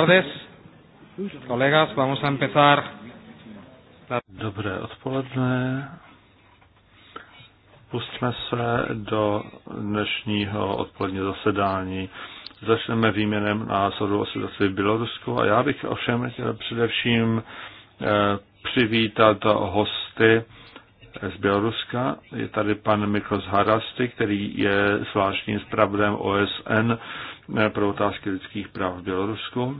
tardes, kolegas. Vamos a empezar. Dobré odpoledne. Pustme se do dnešního odpoledního zasedání. Začneme výměnem názoru o situaci v Bělorusku a já bych ovšem chtěl především eh, přivítat hosty z Běloruska. Je tady pan Miklos Harasty, který je zvláštním zpravodajem OSN eh, pro otázky lidských práv v Bělorusku.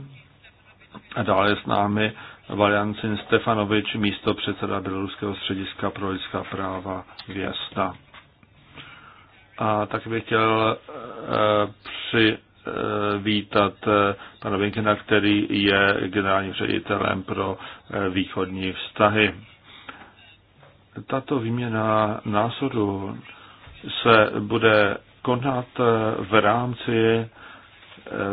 A dále je s námi Valiancin Stefanovič, místo předseda Běloruského střediska pro lidská práva Věsta. A tak bych chtěl e, při eh, vítat pana Vinkina, který je generálním ředitelem pro východní vztahy tato výměna názoru se bude konat eh, v rámci eh,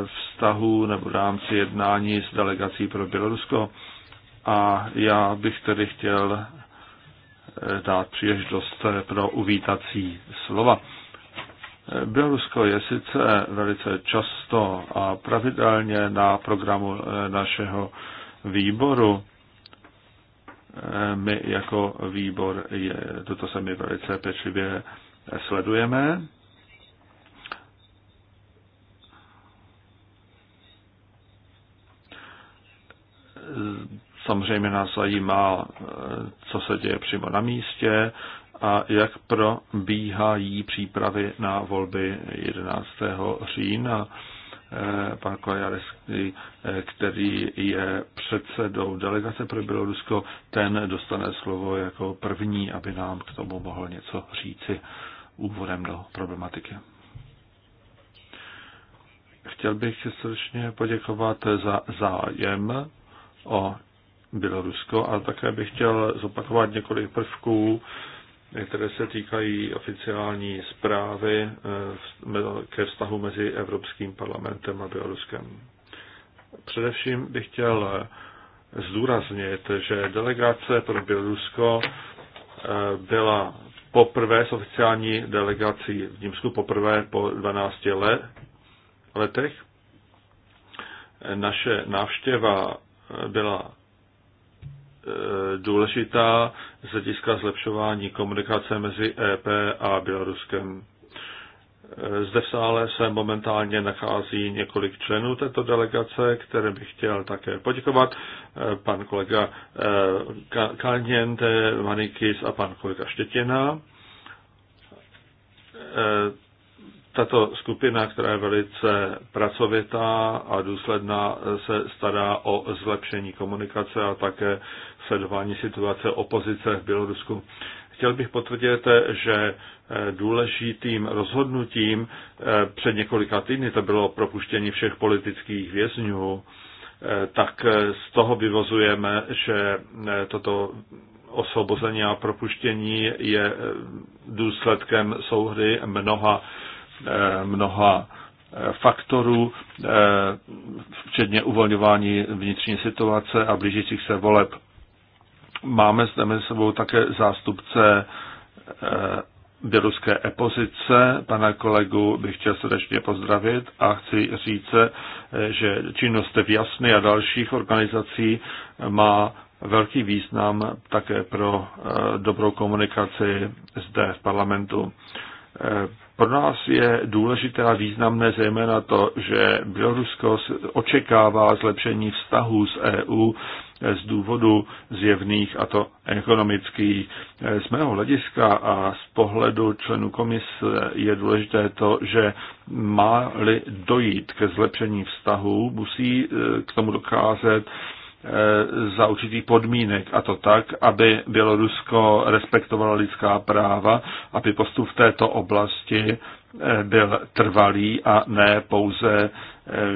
vztahu nebo v rámci jednání s delegací pro Bělorusko. A já bych tedy chtěl eh, dát příležitost pro uvítací slova. Bělorusko je sice velice často a pravidelně na programu našeho výboru, my jako výbor je, toto se mi velice pečlivě sledujeme. Samozřejmě nás zajímá, co se děje přímo na místě a jak probíhají přípravy na volby 11. října Eh, pan Kojareský, eh, který je předsedou delegace pro Bělorusko, ten dostane slovo jako první, aby nám k tomu mohl něco říci úvodem do problematiky. Chtěl bych srdečně poděkovat za zájem o Bělorusko a také bych chtěl zopakovat několik prvků, které se týkají oficiální zprávy eh, ke vztahu mezi Evropským parlamentem a Běloruskem. Především bych chtěl eh, zdůraznit, že delegace pro Bělorusko eh, byla poprvé s oficiální delegací v Dímsku, poprvé po 12 let, letech. Naše návštěva byla důležitá z hlediska zlepšování komunikace mezi EP a Běloruskem. Zde v sále se momentálně nachází několik členů této delegace, které bych chtěl také poděkovat. Pan kolega eh, Kalněnte Manikis a pan kolega Štětina. Eh, tato skupina, která je velice pracovitá a důsledná, se stará o zlepšení komunikace a také sledování situace opozice v Bělorusku. Chtěl bych potvrdit, že eh, důležitým rozhodnutím eh, před několika týdny to bylo propuštění všech politických vězňů, eh, tak z toho vyvozujeme, že toto osvobození a propuštění je důsledkem souhry mnoha, mnoha faktorů, včetně uvolňování vnitřní situace a blížících se voleb. Máme zde mezi sebou také zástupce eh, běloruské epozice, Pana kolegu bych chtěl srdečně pozdravit a chci říct, eh, že činnost v Jasny a dalších organizací má velký význam také pro eh, dobrou komunikaci zde v parlamentu. Pro nás je důležité a významné zejména to, že Bělorusko očekává zlepšení vztahů s EU z důvodu zjevných, a to ekonomických. Z mého hlediska a z pohledu členů komise je důležité to, že má-li dojít ke zlepšení vztahu, musí eh, k tomu dokázat eh, za určitý podmínek, a to tak, aby Bělorusko respektovalo lidská práva, aby postup v této oblasti eh, byl trvalý a ne pouze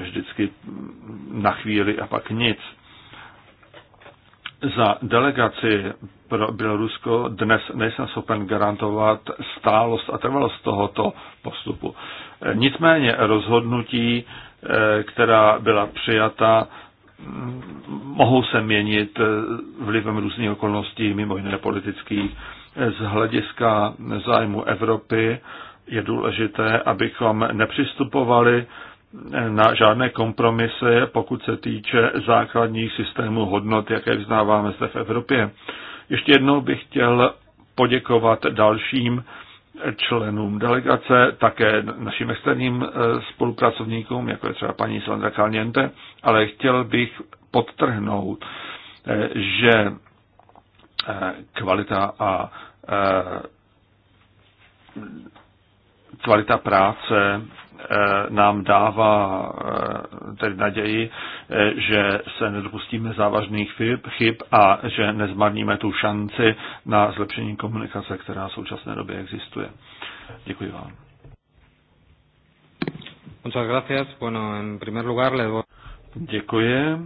vždycky na chvíli a pak nic. Za delegaci pro Bělorusko dnes nejsem schopen garantovat stálost a trvalost tohoto postupu. Nicméně rozhodnutí, eh, která byla přijata, mm, mohou se měnit eh, vlivem různých okolností, mimo jiné politických. Z hlediska zájmu Evropy je důležité, abychom nepřistupovali na žádné kompromisy, pokud se týče základních systémů hodnot, jaké vznáváme zde v Evropě. Ještě jednou bych chtěl poděkovat dalším členům delegace, také našim externím eh, spolupracovníkům, jako je třeba paní Sandra Kalniente, ale chtěl bych podtrhnout, eh, že eh, kvalita a kvalita práce Eh, nám dává eh, tedy naději, eh, že se nedopustíme závažných chyb, a že nezmarníme tu šanci na zlepšení komunikace, která v současné době existuje. Děkuji vám. Děkuji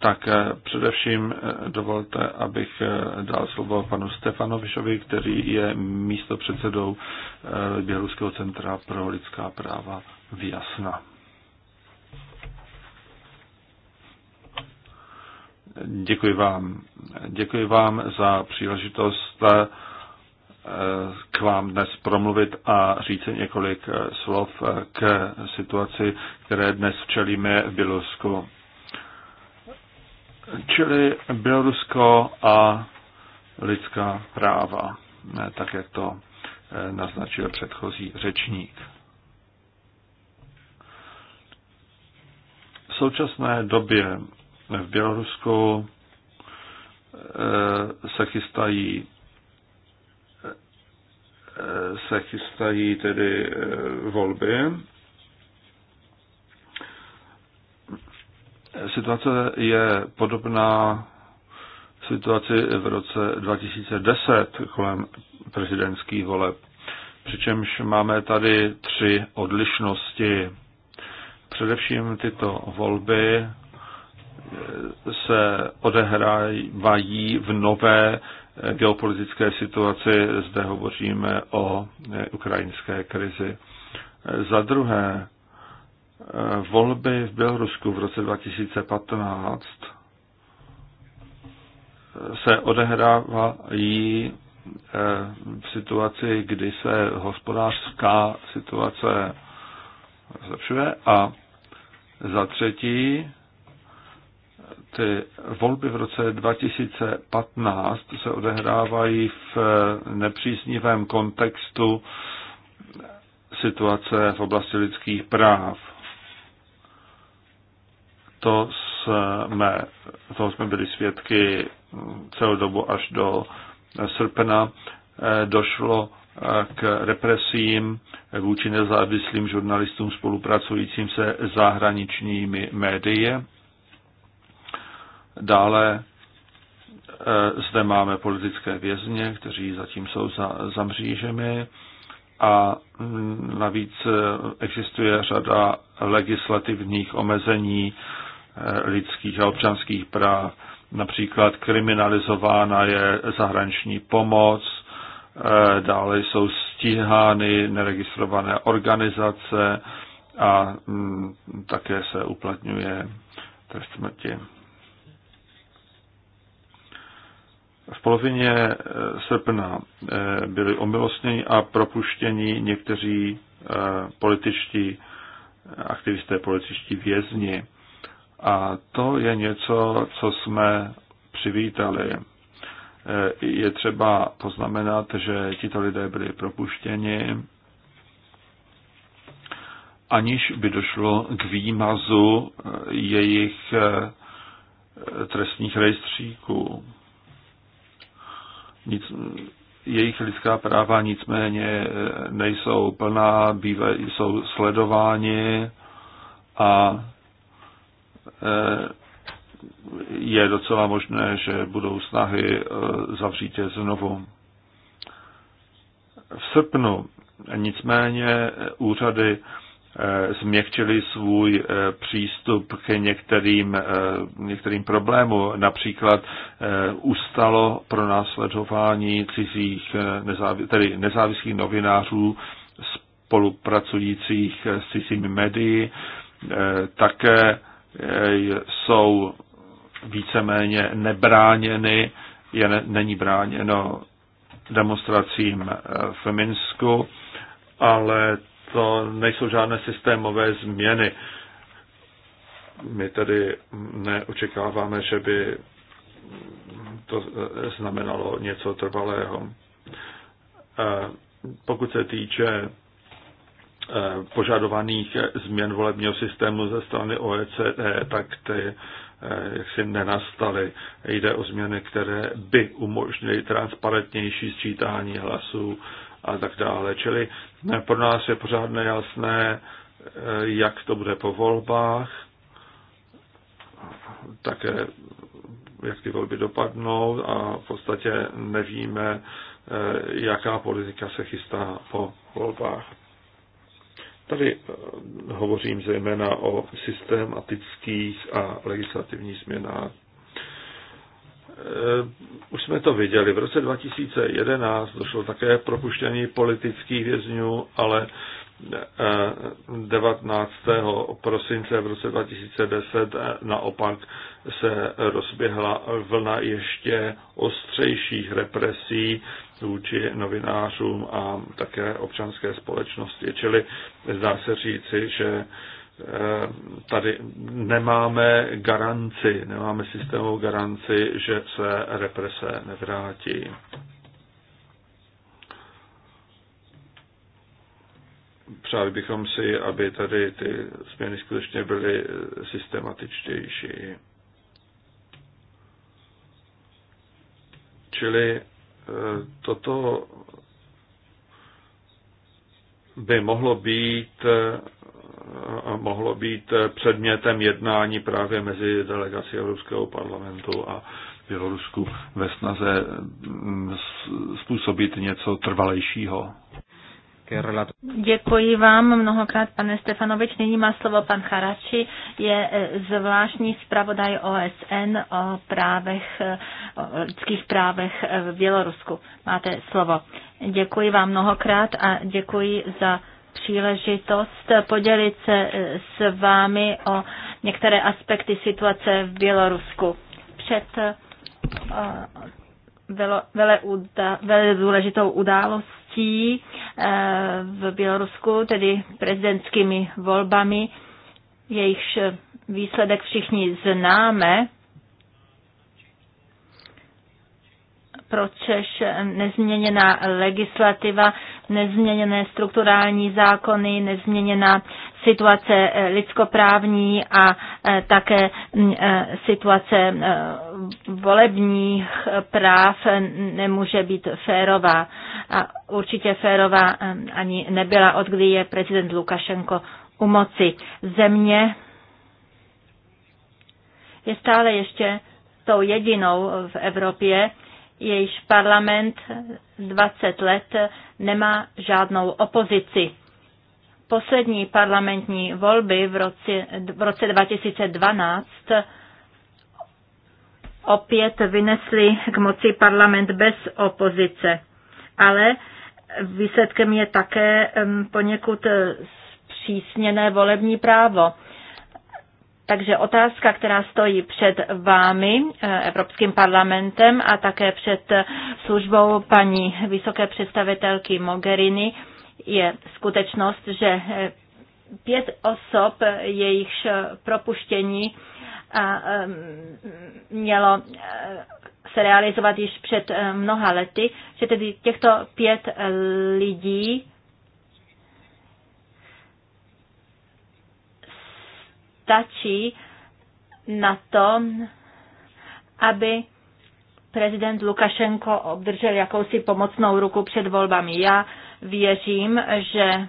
tak eh, především eh, dovolte, abych eh, dal slovo panu Stefanovišovi, který je místopředsedou Běloruského centra pro lidská práva v Jasna. Děkuji vám. Děkuji vám za příležitost k vám dnes promluvit a říct několik slov k situaci, které dnes včelíme v Bělorusku. Čili Bělorusko a lidská práva, tak jak to eh, naznačil předchozí řečník. V současné době v Bělorusku eh, se chystají eh, se chystají tedy volby Situace je podobná situaci v roce 2010 kolem prezidentských voleb. Přičemž máme tady tři odlišnosti. Především tyto volby eh, se odehrávají v nové eh, geopolitické situaci. Zde hovoříme o eh, ukrajinské krizi. Za druhé, Eh, volby v Bělorusku v roce 2015 eh, se odehrávají eh, v situaci, kdy se hospodářská situace zlepšuje a za třetí ty volby v roce 2015 se odehrávají v nepříznivém kontextu situace v oblasti lidských práv to jsme, toho jsme byli svědky celou dobu až do srpna. Došlo k represím vůči nezávislým žurnalistům spolupracujícím se zahraničními médii. Dále eh, zde máme politické vězně, kteří zatím jsou za, za mřížemi a mm, navíc eh, existuje řada legislativních omezení Eh, lidských a občanských práv. Například kriminalizována je zahraniční pomoc, eh, dále jsou stíhány neregistrované organizace a mm, také se uplatňuje trest smrti. V polovině eh, srpna byli omilostněni a propuštěni někteří političtí aktivisté, političtí vězni. A to je něco, co jsme přivítali. E, je třeba poznamenat, že tito lidé byli propuštěni, aniž by došlo k výmazu e, jejich e, trestních rejstříků. Nic, jejich lidská práva nicméně nejsou plná, bývají, jsou sledováni a Eh, je docela možné, že budou snahy eh, zavřít je znovu. V srpnu nicméně úřady eh, změkčili svůj přístup k některým, některým problémům. Například ustalo pro následování cizích, nezávislých, tedy nezávislých novinářů spolupracujících s cizími médií. Také Eh, jsou víceméně nebráněny, je ne, není bráněno demonstracím eh, v Minsku, ale to nejsou žádné systémové změny. My tedy neočekáváme, že by to eh, znamenalo něco trvalého. Pokud se týče Eh, požadovaných změn volebního systému ze strany OECD, tak ty eh, jaksi nenastaly. Jde o změny, které by umožnily transparentnější sčítání hlasů a tak dále. Čili eh, pro nás je pořád nejasné, jak to bude po volbách, také jak ty volby dopadnou a v podstatě nevíme, jaká politika se chystá po volbách. Tady eh, hovořím zejména o systematických a legislativních změnách. Eh, už jsme to viděli. V roce 2011 došlo také propuštění politických vězňů, ale 19. Eh, prosince v roce 2010 naopak se rozběhla vlna ještě ostřejších represí vůči novinářům a také občanské společnosti. Čili zdá se říci, že eh, tady nemáme garanci, nemáme systémovou garanci, že se represe nevrátí. Přáli bychom si, aby tady ty změny skutečně byly systematičtější. Čili Eh, toto by mohlo být, eh, mohlo být předmětem jednání právě mezi delegací Evropského parlamentu a Bělorusku ve snaze mm, způsobit něco trvalejšího. Děkuji vám mnohokrát, pane Stefanovič. Nyní má slovo pan Harači, je e, zvláštní zpravodaj OSN o právech, e, o lidských právech e, v Bělorusku. Máte slovo. Děkuji vám mnohokrát a děkuji za příležitost podělit se s vámi o některé aspekty situace v Bělorusku. Před vele, vele, uda, vele důležitou událostí hnutí eh, v Bělorusku, tedy prezidentskými volbami, jejichž výsledek všichni známe, pročež nezměněná legislativa, nezměněné strukturální zákony, nezměněná situace eh, lidskoprávní a eh, také mm, eh, situace volebních práv nemůže být férová. A určitě férová ani nebyla, od kdy je prezident Lukašenko u moci. Země je stále ještě tou jedinou v Evropě, jejíž parlament 20 let nemá žádnou opozici poslední parlamentní volby v roce, v roce 2012 opět vynesli k moci parlament bez opozice. Ale výsledkem je také poněkud eh, zpřísněné volební právo. Takže otázka, která stojí před vámi, eh, Evropským parlamentem a také před eh, službou paní vysoké představitelky Mogherini, je skutečnost, že eh, pět osob, jejichž propuštění eh, mm, mělo eh, se realizovat již před mnoha lety, že tedy těchto pět lidí stačí na to, aby prezident Lukašenko obdržel jakousi pomocnou ruku před volbami. Já věřím, že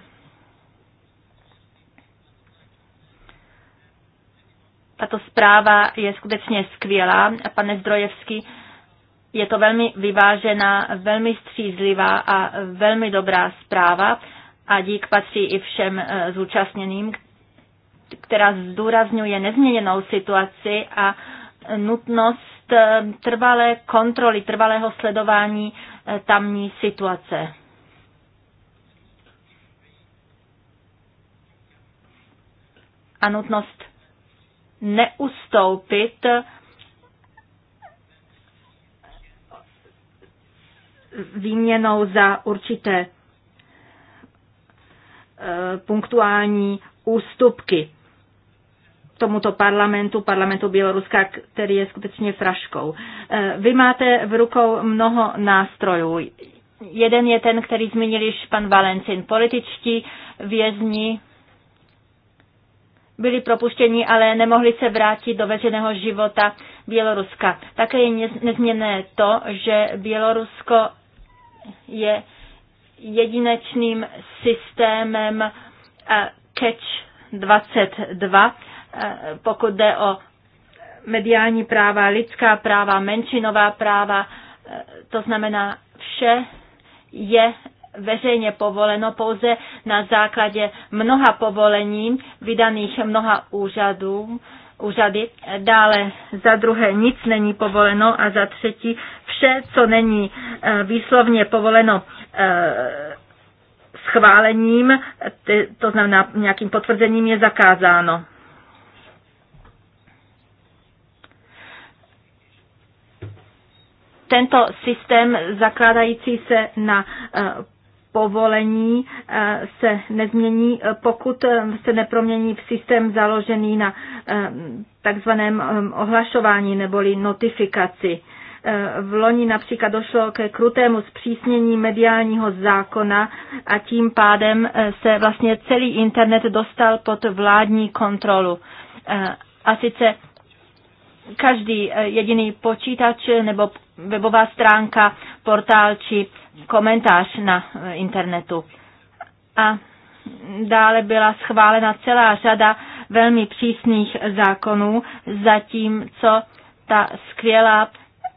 tato zpráva je skutečně skvělá. Pane Zdrojevský, je to velmi vyvážená, velmi střízlivá a velmi dobrá zpráva a dík patří i všem eh, zúčastněným, která zdůrazňuje nezměněnou situaci a nutnost eh, trvalé kontroly, trvalého sledování eh, tamní situace. a nutnost neustoupit výměnou za určité eh, punktuální ústupky tomuto parlamentu, parlamentu Běloruska, který je skutečně fraškou. Eh, vy máte v rukou mnoho nástrojů. Jeden je ten, který zmínil již pan Valencin. Političtí vězni byli propuštěni, ale nemohli se vrátit do veřejného života Běloruska. Také je nezměné to, že Bělorusko je jedinečným systémem eh, Catch 22, eh, pokud jde o mediální práva, lidská práva, menšinová práva, eh, to znamená vše je veřejně povoleno pouze na základě mnoha povolení vydaných mnoha úřadů. úřady. Dále za druhé nic není povoleno a za třetí vše, co není eh, výslovně povoleno eh, schválením, to znamená nějakým potvrzením, je zakázáno. Tento systém zakládající se na eh, povolení eh, se nezmění, eh, pokud eh, se nepromění v systém založený na takzvaném ohlašování neboli notifikaci. V loni například došlo ke krutému zpřísnění mediálního zákona a tím pádem se vlastně celý internet dostal pod vládní kontrolu. A sice každý jediný počítač nebo webová stránka, portál či komentář na eh, internetu. A dále byla schválena celá řada velmi přísných zákonů, zatímco ta skvělá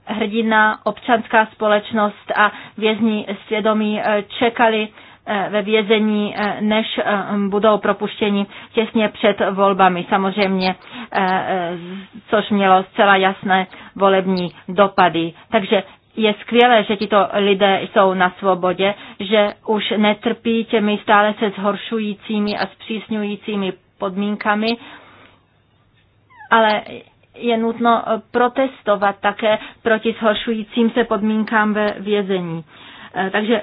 hrdina občanská společnost a vězní svědomí eh, čekali eh, ve vězení, než budou propuštěni těsně před volbami. Samozřejmě, což mělo zcela jasné volební dopady. Takže je skvělé, že tito lidé jsou na svobodě, že už netrpí těmi stále se zhoršujícími a zpřísňujícími podmínkami, ale je nutno protestovat také proti zhoršujícím se podmínkám ve vězení. Eh, takže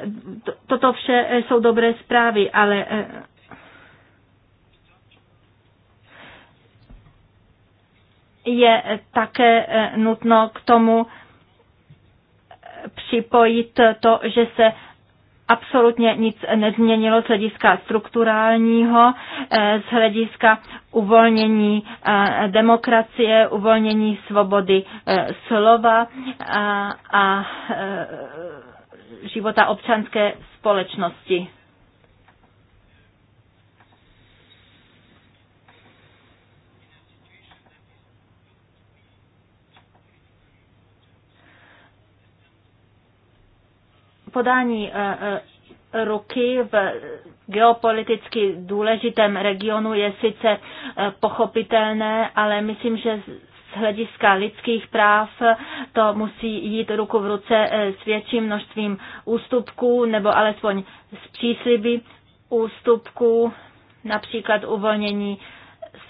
toto vše eh, jsou dobré zprávy, ale eh, je také nutno k tomu připojit to, že se absolutně nic nezměnilo z hlediska strukturálního, eh, z hlediska uvolnění eh, demokracie, uvolnění svobody eh, slova a, a života občanské společnosti. podání eh, eh, ruky v geopoliticky důležitém regionu je sice eh, pochopitelné, ale myslím, že z hlediska lidských práv to musí jít ruku v ruce s větším množstvím ústupků nebo alespoň s přísliby ústupků, například uvolnění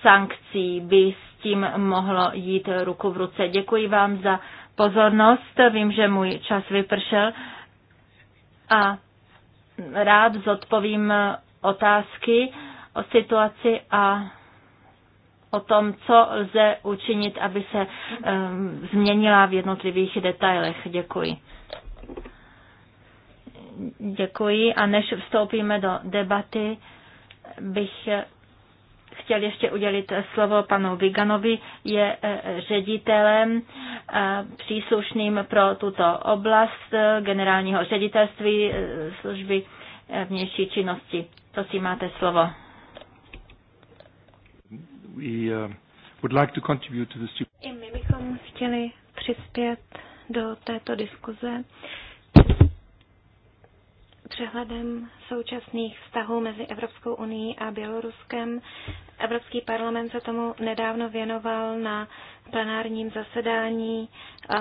sankcí by s tím mohlo jít ruku v ruce. Děkuji vám za pozornost. Vím, že můj čas vypršel a rád zodpovím otázky o situaci a o tom, co lze učinit, aby se um, změnila v jednotlivých detailech. Děkuji. Děkuji a než vstoupíme do debaty, bych chtěl ještě udělit slovo panu Viganovi, je eh, ředitelem eh, příslušným pro tuto oblast eh, generálního ředitelství služby vnější činnosti. Prosím, máte slovo. We, uh, would like to to I my bychom chtěli přispět do této diskuze. Uh, přehledem současných vztahů mezi Evropskou unii a Běloruskem. Evropský parlament se tomu nedávno věnoval na plenárním zasedání, eh,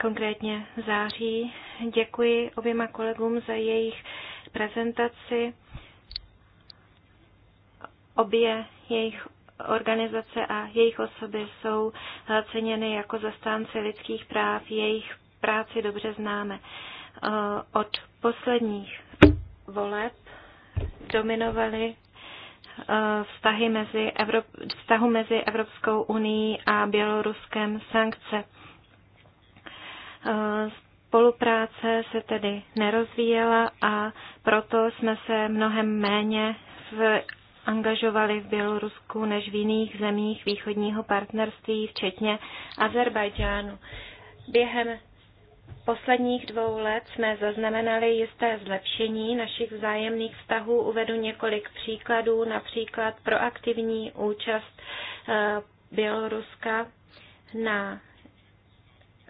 konkrétně v září. Děkuji oběma kolegům za jejich prezentaci. Obě jejich organizace a jejich osoby jsou eh, ceněny jako zastánci lidských práv, jejich práci dobře známe. Od posledních voleb dominovaly e, vztahy mezi Evrop- vztahu mezi Evropskou unii a Běloruskem sankce. E, spolupráce se tedy nerozvíjela a proto jsme se mnohem méně v angažovali v Bělorusku než v jiných zemích východního partnerství, včetně Azerbajdžánu. Během posledních dvou let jsme zaznamenali jisté zlepšení našich vzájemných vztahů. Uvedu několik příkladů, například proaktivní účast eh, Běloruska na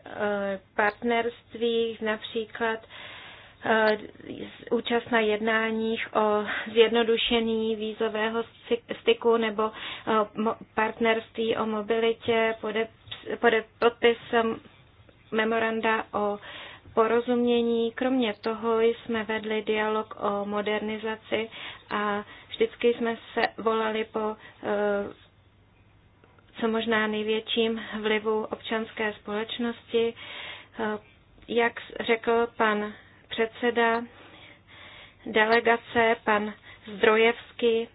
eh, partnerstvích, například eh, účast na jednáních o zjednodušení vízového styku nebo partnerství o mobilitě, podepis podpis memoranda o porozumění. Kromě toho jsme vedli dialog o modernizaci a vždycky jsme se volali po eh, co možná největším vlivu občanské společnosti. Eh, jak řekl pan předseda delegace, pan Zdrojevský,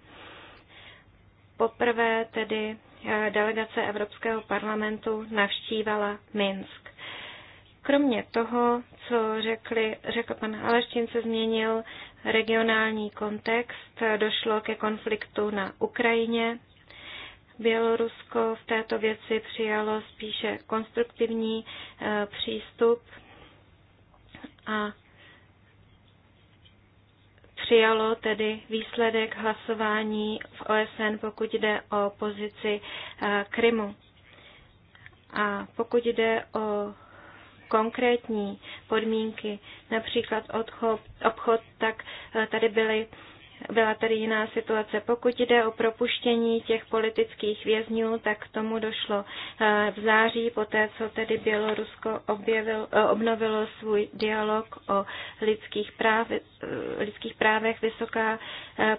poprvé tedy eh, delegace Evropského parlamentu navštívala Minsk. Kromě toho, co řekli, řekl pan Aleštin, se změnil regionální kontext, došlo ke konfliktu na Ukrajině. Bělorusko v této věci přijalo spíše konstruktivní eh, přístup a přijalo tedy výsledek hlasování v OSN, pokud jde o pozici eh, Krymu. A pokud jde o konkrétní podmínky, například odchop, obchod, tak eh, tady byly byla tady jiná situace. Pokud jde o propuštění těch politických vězňů, tak k tomu došlo eh, v září, poté co tedy Bělorusko objevil, eh, obnovilo svůj dialog o lidských, práv, lidských právech. Vysoká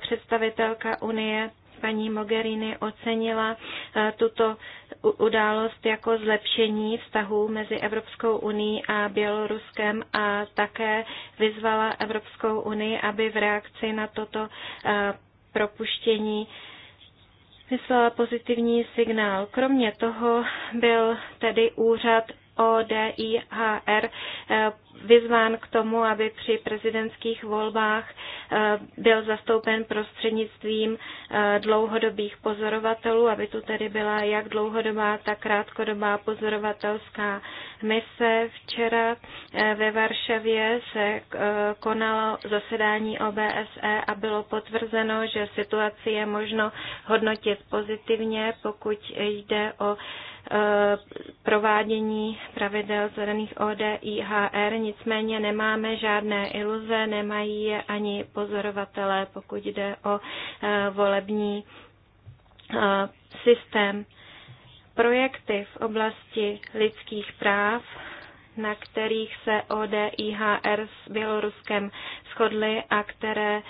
představitelka Unie paní Mogherini ocenila eh, tuto událost jako zlepšení vztahů mezi Evropskou uní a Běloruskem a také vyzvala Evropskou unii, aby v reakci na toto eh, propuštění vyslala pozitivní signál. Kromě toho byl tedy úřad ODIHR eh, vyzván k tomu, aby při prezidentských volbách eh, byl zastoupen prostřednictvím eh, dlouhodobých pozorovatelů, aby tu tedy byla jak dlouhodobá, tak krátkodobá pozorovatelská mise. Včera ve Varšavě se konalo zasedání OBSE a bylo potvrzeno, že situaci je možno hodnotit pozitivně, pokud jde o Eh, provádění pravidel zelených ODIHR, nicméně nemáme žádné iluze, nemají je ani pozorovatelé, pokud jde o eh, volební eh, systém. Projekty v oblasti lidských práv na kterých se ODIHR s Běloruskem shodly a které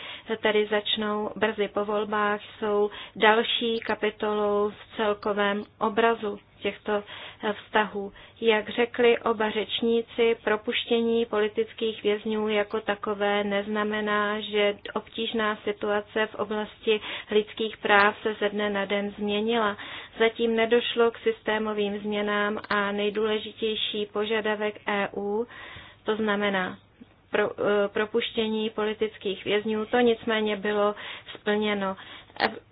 tedy začnou brzy po volbách, jsou další kapitolou v celkovém obrazu těchto eh, vztahů. Jak řekli oba řečníci, propuštění politických vězňů jako takové neznamená, že obtížná situace v oblasti lidských práv se ze dne na den změnila. Zatím nedošlo k systémovým změnám a nejdůležitější požadavek EU, to znamená pro, eh, propuštění politických vězňů. To nicméně bylo splněno.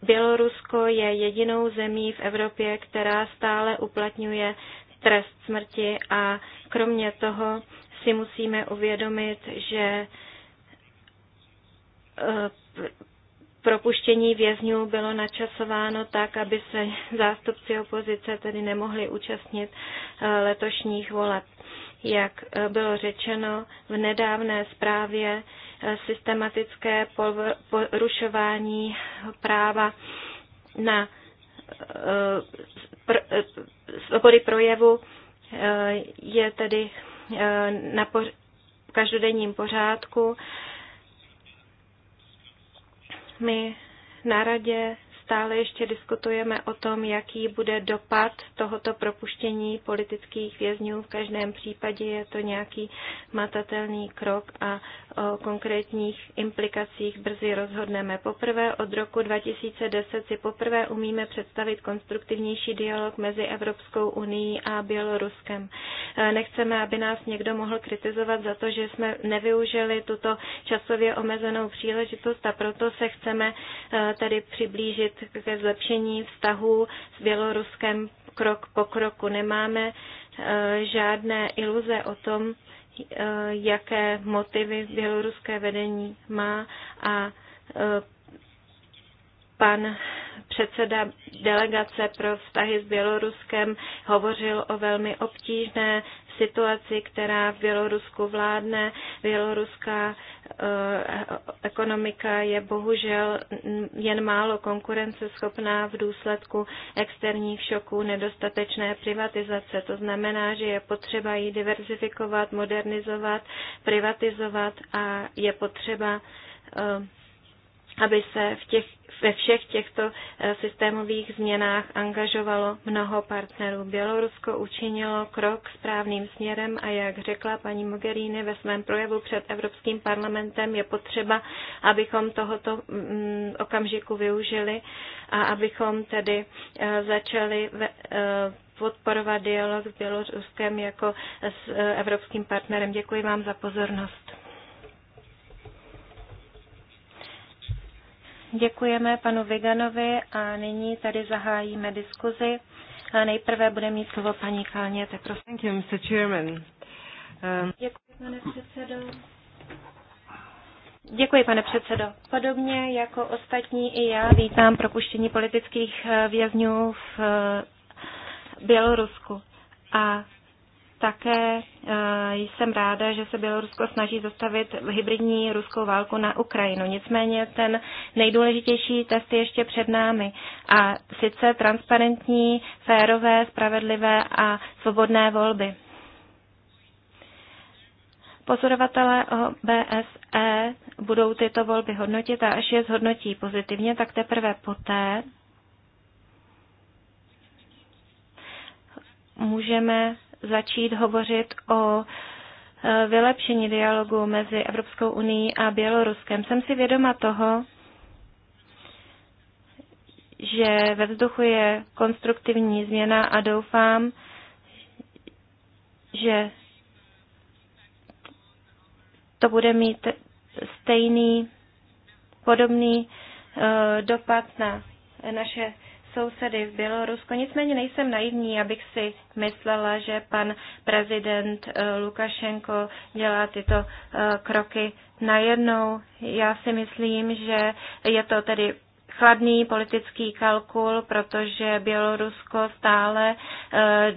Bělorusko je jedinou zemí v Evropě, která stále uplatňuje trest smrti a kromě toho si musíme uvědomit, že eh, propuštění vězňů bylo načasováno tak, aby se zástupci opozice tedy nemohli účastnit eh, letošních voleb. Jak eh, bylo řečeno v nedávné zprávě, systematické porušování práva na e, e, svobody projevu e, je tedy na každodenním pořádku. My na radě stále ještě diskutujeme o tom, jaký bude dopad tohoto propuštění politických vězňů. V každém případě je to nějaký matatelný krok a O konkrétních implikacích brzy rozhodneme. Poprvé od roku 2010 si poprvé umíme představit konstruktivnější dialog mezi Evropskou unii a Běloruskem. E, nechceme, aby nás někdo mohl kritizovat za to, že jsme nevyužili tuto časově omezenou příležitost a proto se chceme e, tady přiblížit ke zlepšení vztahů s Běloruskem krok po kroku. Nemáme e, žádné iluze o tom, Eh, jaké motivy běloruské vedení má a eh, pan předseda delegace pro vztahy s Běloruskem hovořil o velmi obtížné situaci, která v Bělorusku vládne. Běloruská eh, ekonomika je bohužel jen málo konkurenceschopná v důsledku externích šoků nedostatečné privatizace. To znamená, že je potřeba ji diverzifikovat, modernizovat, privatizovat a je potřeba eh, aby se v těch, ve všech těchto eh, systémových změnách angažovalo mnoho partnerů. Bělorusko učinilo krok správným směrem a jak řekla paní Mogherini ve svém projevu před Evropským parlamentem, je potřeba, abychom tohoto mm, okamžiku využili a abychom tedy eh, začali ve, eh, podporovat dialog s Běloruskem jako s evropským partnerem. Děkuji vám za pozornost. Děkujeme panu Viganovi a nyní tady zahájíme diskuzi. A nejprve bude mít slovo paní Kalněte. Teprost. Thank you, Mr. Chairman. Um... Děkuji, pane předsedo. Děkuji, pane předsedo. Podobně jako ostatní i já vítám propuštění politických eh, vězňů v eh, Bělorusku. A také eh, jsem ráda, že se Bělorusko snaží zastavit hybridní ruskou válku na Ukrajinu. Nicméně ten nejdůležitější test je ještě před námi. A sice transparentní, férové, spravedlivé a svobodné volby. Pozorovatelé OBSE budou tyto volby hodnotit a až je zhodnotí pozitivně, tak teprve poté můžeme začít hovořit o e, vylepšení dialogu mezi Evropskou unii a Běloruskem. Jsem si vědoma toho, že ve vzduchu je konstruktivní změna a doufám, že to bude mít stejný, podobný e, dopad na naše sousedy v Bělorusku. Nicméně nejsem naivní, abych si myslela, že pan prezident eh, Lukašenko dělá tyto eh, kroky najednou. Já si myslím, že je to tedy chladný politický kalkul, protože Bělorusko stále eh,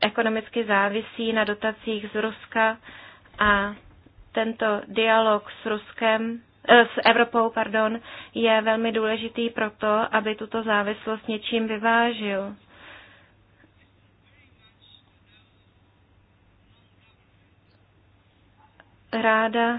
ekonomicky závisí na dotacích z Ruska a tento dialog s Ruskem Eh, s Evropou, pardon, je velmi důležitý proto, aby tuto závislost něčím vyvážil. Ráda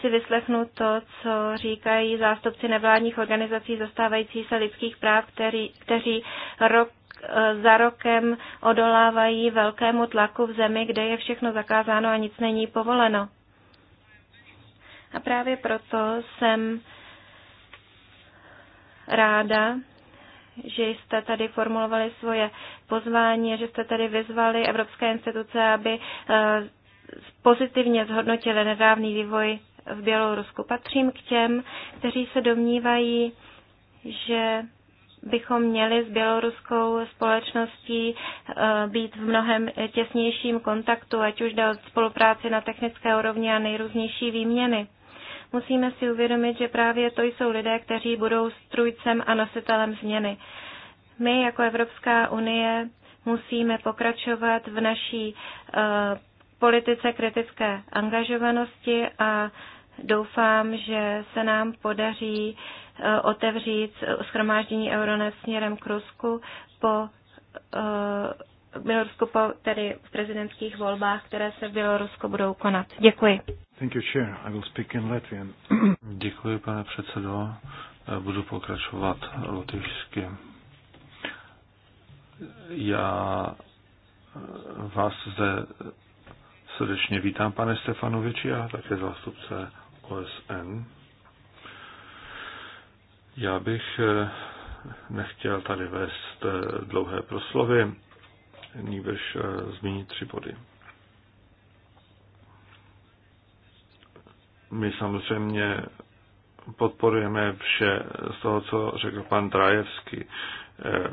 si vyslechnu to, co říkají zástupci nevládních organizací zastávající se lidských práv, který, kteří rok eh, za rokem odolávají velkému tlaku v zemi, kde je všechno zakázáno a nic není povoleno. A právě proto jsem ráda, že jste tady formulovali svoje pozvání, že jste tady vyzvali evropské instituce, aby eh, pozitivně zhodnotili nedávný vývoj v Bělorusku. Patřím k těm, kteří se domnívají, že bychom měli s běloruskou společností eh, být v mnohem těsnějším kontaktu, ať už jde o spolupráci na technické úrovni a nejrůznější výměny. Musíme si uvědomit, že právě to jsou lidé, kteří budou strujcem a nositelem změny. My jako Evropská unie musíme pokračovat v naší eh, politice kritické angažovanosti a doufám, že se nám podaří eh, otevřít schromáždění Euronet směrem k Rusku po eh, Bělorusko po tedy v prezidentských volbách, které se v Bělorusku budou konat. Děkuji. Thank you, Chair. I will speak in Latvian. Děkuji, pane předsedo. Budu pokračovat lotyšsky. Já vás zde srdečně vítám, pane Stefanoviči, a také zástupce OSN. Já bych nechtěl tady vést dlouhé proslovy nýbrž eh, zmínit tři body. My samozřejmě podporujeme vše z toho, co řekl pan Drajevský, eh,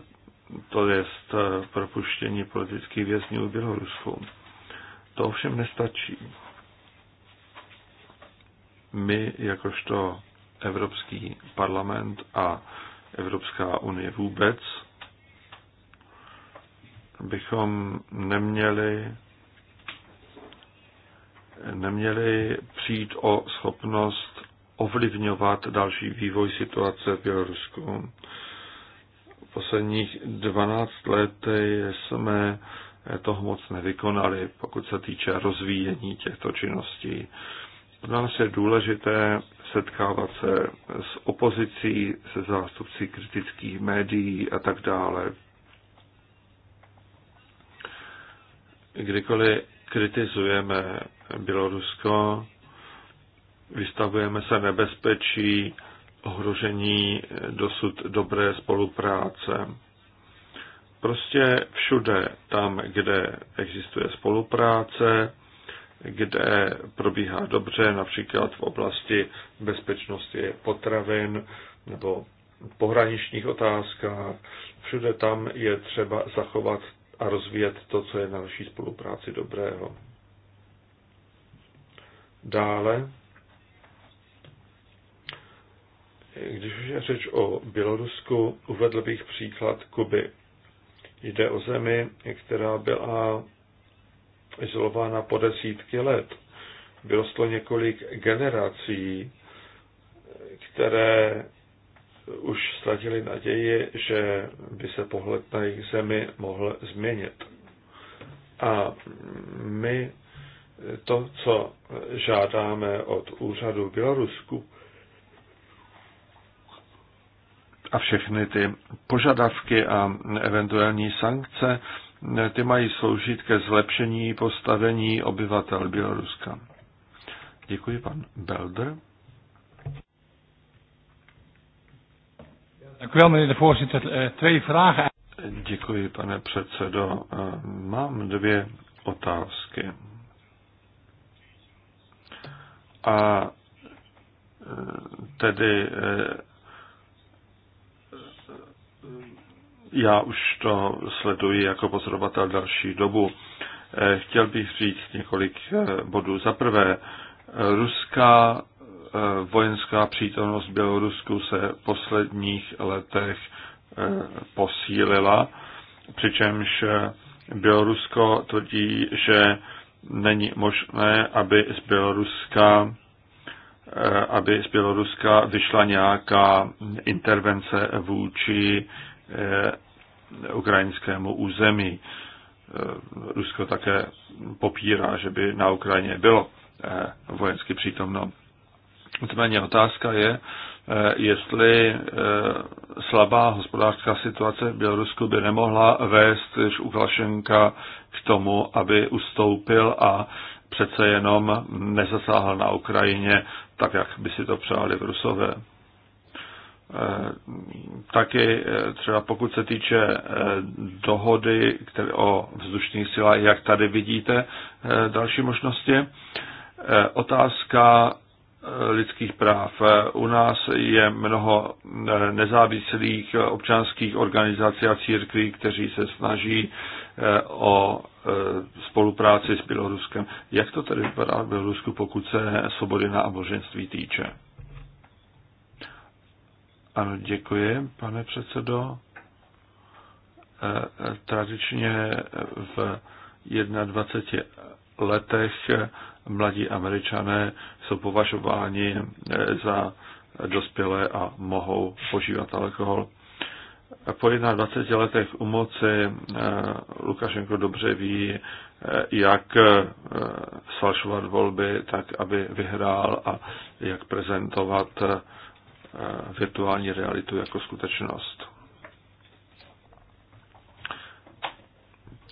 to je eh, propuštění politických vězňů v Bělorusku. To ovšem nestačí. My, jakožto Evropský parlament a Evropská unie vůbec, bychom neměli neměli přijít o schopnost ovlivňovat další vývoj situace v Bělorusku. Posledních 12 let jsme toho moc nevykonali, pokud se týče rozvíjení těchto činností. Pro nás je důležité setkávat se s opozicí, se zástupci kritických médií a tak dále. kdykoliv kritizujeme Bělorusko, vystavujeme se nebezpečí ohrožení dosud dobré spolupráce. Prostě všude tam, kde existuje spolupráce, kde probíhá dobře, například v oblasti bezpečnosti potravin nebo pohraničních otázkách, všude tam je třeba zachovat a rozvíjet to, co je na naší spolupráci dobrého. Dále, když už je řeč o Bělorusku, uvedl bych příklad Kuby. Jde o zemi, která byla izolována po desítky let. to několik generací, které už ztratili naději, že by se pohled na jejich zemi mohl změnit. A my to, co žádáme od úřadu Bělorusku a všechny ty požadavky a eventuální sankce, ty mají sloužit ke zlepšení postavení obyvatel Běloruska. Děkuji, pan Belder. Eh, Děkuji, pane předsedo. Eh, mám dvě otázky. A eh, tedy já už to sleduji jako pozorovatel další dobu. Chtěl bych říct několik bodů. Za prvé, ruská Eh, vojenská přítomnost v Bělorusku se v posledních letech eh, posílila, přičemž Bělorusko tvrdí, že není možné, aby z Běloruska eh, aby z Běloruska vyšla nějaká intervence vůči ukrajinskému území. Rusko také popírá, že by na Ukrajině bylo vojensky přítomno. Nicméně otázka je, eh, jestli eh, slabá hospodářská situace v Bělorusku by nemohla vést Lukašenka k tomu, aby ustoupil a přece jenom nezasáhl na Ukrajině tak, jak by si to přáli v Rusové. Eh, taky třeba pokud se týče dohody které o vzdušných silách, jak tady vidíte další možnosti, otázka lidských práv. U nás je mnoho nezávislých občanských organizací a církví, kteří se snaží eh, o eh, spolupráci s Běloruskem. Jak to tedy vypadá v Bělorusku, pokud se svobody na náboženství týče? Ano, děkuji, pane předsedo. Eh, tradičně v 21 letech mladí američané jsou považováni eh, za dospělé a mohou požívat alkohol. Po 21 letech u moci eh, Lukašenko dobře ví, eh, jak falšovat volby tak, aby vyhrál a jak prezentovat virtuální realitu jako skutečnost.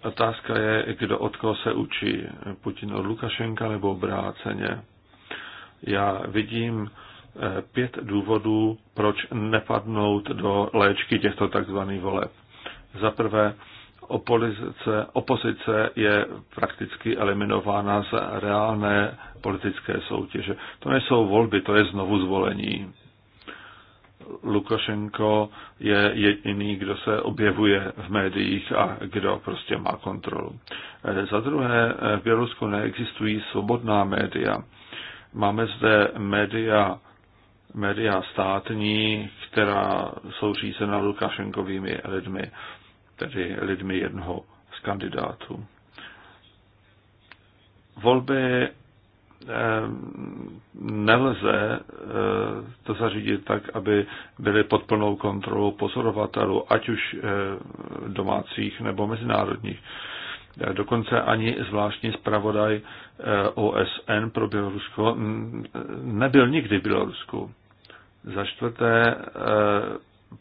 Otázka je, kdo od koho se učí. Putin od Lukašenka nebo obráceně. Já vidím eh, pět důvodů, proč nepadnout do léčky těchto takzvaných voleb. Za prvé, opozice, opozice je prakticky eliminována z reálné politické soutěže. To nejsou volby, to je znovu zvolení. Lukašenko je jediný, kdo se objevuje v médiích a kdo prostě má kontrolu. Eh, za druhé, eh, v Bělorusku neexistují svobodná média. Máme zde média, média státní, která jsou řízena Lukašenkovými lidmi, tedy lidmi jednoho z kandidátů. Volby Ehm, nelze eh, to zařídit tak, aby byly pod plnou kontrolou pozorovatelů, ať už eh, domácích nebo mezinárodních. Eh, dokonce ani zvláštní zpravodaj OSN pro Bělorusko mm, nebyl nikdy v Bělorusku. Za čtvrté,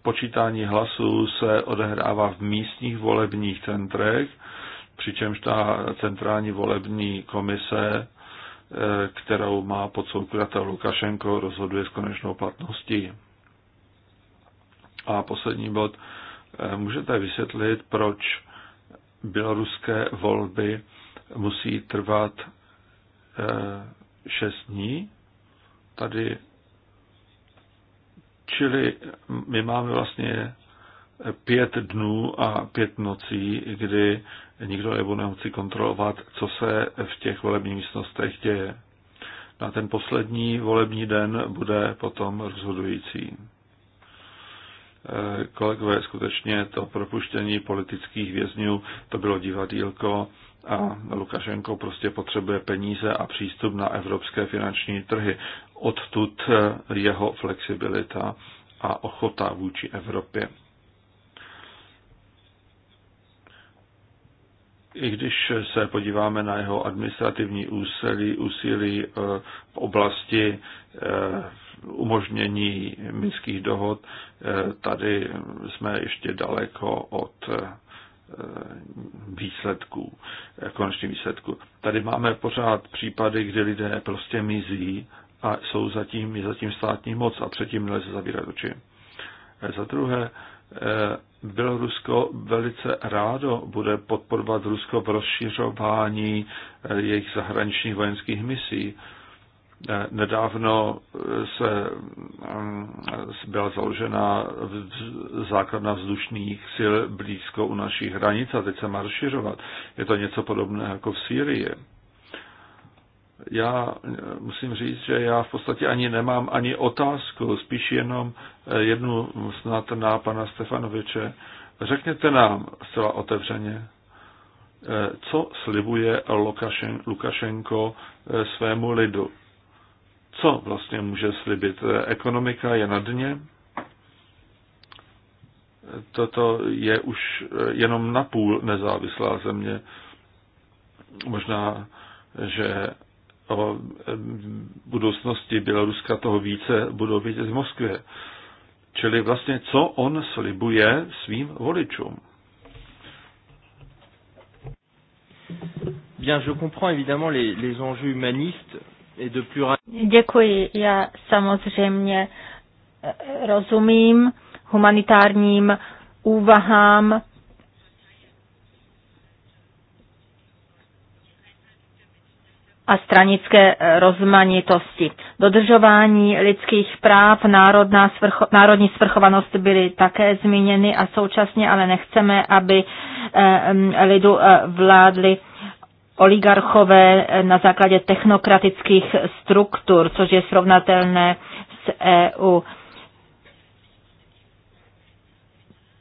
počítání hlasů se odehrává v místních volebních centrech, přičemž ta centrální volební komise kterou má pod soukratel Lukašenko, rozhoduje s konečnou platností. A poslední bod. Eh, můžete vysvětlit, proč běloruské volby musí trvat 6 eh, dní? Tady Čili my máme vlastně eh, pět dnů a pět nocí, kdy nikdo nebude moci kontrolovat, co se v těch volebních místnostech děje. Na ten poslední volební den bude potom rozhodující. Eh, kolegové, skutečně to propuštění politických vězňů, to bylo divadílko a Lukašenko prostě potřebuje peníze a přístup na evropské finanční trhy. Odtud eh, jeho flexibilita a ochota vůči Evropě. i když se podíváme na jeho administrativní úsilí, úsilí eh, v oblasti eh, umožnění minských dohod, eh, tady jsme ještě daleko od výsledků, konečných výsledků. Tady máme pořád případy, kdy lidé prostě mizí a jsou zatím, je zatím státní moc a předtím nelze zavírat oči. Za druhé, Bělorusko velice rádo bude podporovat Rusko v rozšiřování eh, jejich zahraničních vojenských misí. Eh, nedávno eh, se mm, byla založena základna vzdušných sil blízko u našich hranic a teď se má rozšiřovat. Je to něco podobné jako v Sýrii já eh, musím říct, že já v podstatě ani nemám ani otázku, spíš jenom eh, jednu snad na pana Stefanoviče. Řekněte nám zcela otevřeně, eh, co slibuje Lukašenko svému lidu. Co vlastně může slibit? Ekonomika je na dně? Toto je už jenom napůl nezávislá země. Možná, že o eh, budoucnosti Běloruska, toho více budou vědět v Moskvě. Čili vlastně, co on slibuje svým voličům. Bien, je comprends évidemment les, les enjeux humanistes et de plural... Děkuji, já samozřejmě eh, rozumím humanitárním úvahám a stranické eh, rozmanitosti. Dodržování lidských práv, národná svrcho, národní svrchovanost byly také zmíněny a současně ale nechceme, aby eh, lidu eh, vládly oligarchové na základě technokratických struktur, což je srovnatelné s EU.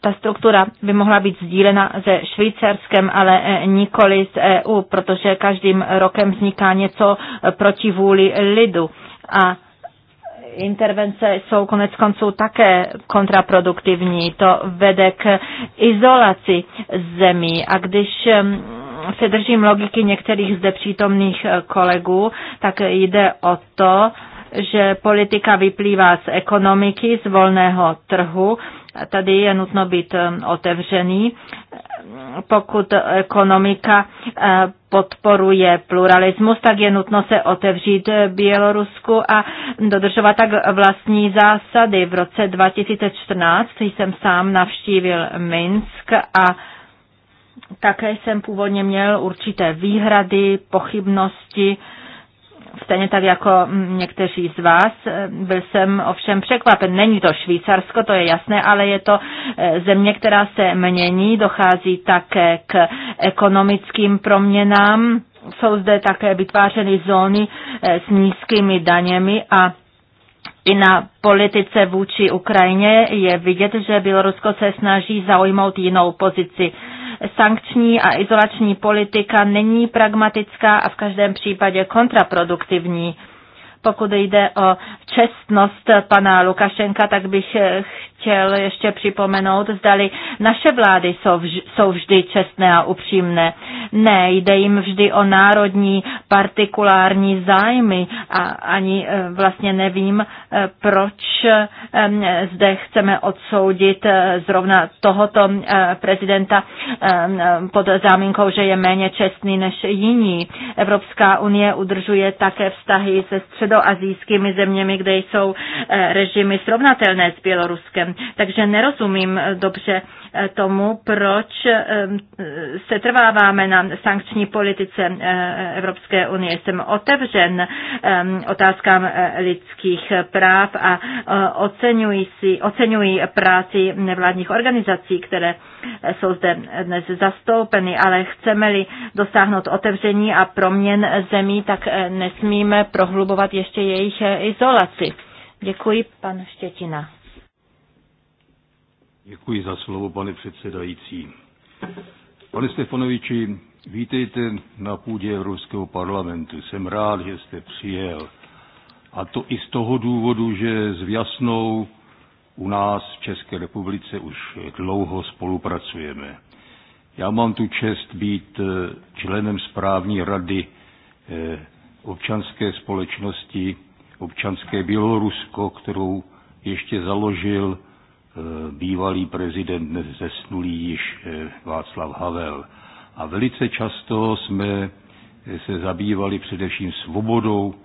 ta struktura by mohla být sdílena se Švýcarskem, ale e, nikoli z EU, protože každým rokem vzniká něco e, proti vůli lidu. A intervence jsou konec konců také kontraproduktivní. To vede k izolaci zemí. A když se držím logiky některých zde přítomných e, kolegů, tak jde o to, že politika vyplývá z ekonomiky, z volného trhu Tady je nutno být um, otevřený. Pokud ekonomika eh, podporuje pluralismus, tak je nutno se otevřít Bělorusku a dodržovat tak vlastní zásady. V roce 2014 jsem sám navštívil Minsk a také jsem původně měl určité výhrady, pochybnosti, Stejně tak jako někteří z vás, e, byl jsem ovšem překvapen. Není to Švýcarsko, to je jasné, ale je to e, země, která se mění, dochází také k ekonomickým proměnám. Jsou zde také vytvářeny zóny e, s nízkými daněmi a i na politice vůči Ukrajině je vidět, že Bělorusko se snaží zaujmout jinou pozici sankční a izolační politika není pragmatická a v každém případě kontraproduktivní. Pokud jde o čestnost pana Lukašenka, tak bych chtěl ještě připomenout, zdali naše vlády jsou, vž, jsou vždy čestné a upřímné. Ne, jde jim vždy o národní partikulární zájmy a ani eh, vlastně nevím, eh, proč ehm, zde chceme odsoudit eh, zrovna tohoto prezidenta ehm, pod záminkou, že je méně čestný než jiní. Evropská unie udržuje také vztahy se středoazijskými zeměmi, kde jsou režimy srovnatelné s Běloruskem. Takže nerozumím eh, dobře eh, tomu, proč eh, se trváváme na sankční politice Evropské unie. Jsem otevřen ehm, otázkám lidských práv a oceňuji, si, oceňuji práci nevládních organizací, které jsou zde dnes zastoupeny, ale chceme-li dosáhnout otevření a proměn zemí, tak nesmíme prohlubovat ještě jejich izolaci. Děkuji, pan Štětina. Děkuji za slovo, pane předsedající. Pane Stefanoviči, vítejte na půdě Evropského parlamentu. Jsem rád, že jste přijel. A to i z toho důvodu, že s Vjasnou u nás v České republice už dlouho spolupracujeme. Já mám tu čest být eh, členem správní rady eh, občanské společnosti občanské Bělorusko, kterou ještě založil Eh, bývalý prezident, dnes zesnulý již eh, Václav Havel. A velice často jsme eh, se zabývali především svobodou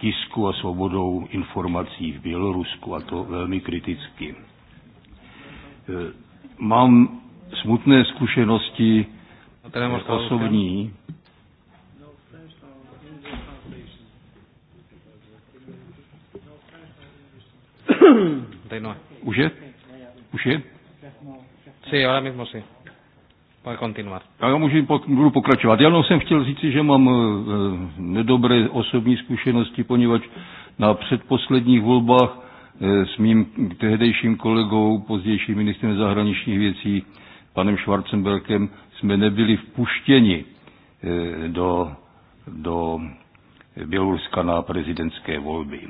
tisku a svobodou informací v Bělorusku, a to velmi kriticky. Mám smutné zkušenosti osobní. Hmm. 39. No. ¿Už es? ¿Už es? Sí, ahora mismo sí. Můžeme já můžu, budu pokračovat. Já jsem chtěl říct, že mám e, nedobré osobní zkušenosti, poněvadž na předposledních volbách e, s mým tehdejším kolegou, pozdějším ministrem zahraničních věcí, panem Schwarzenberkem, jsme nebyli vpuštěni e, do, do Běloruska na prezidentské volby.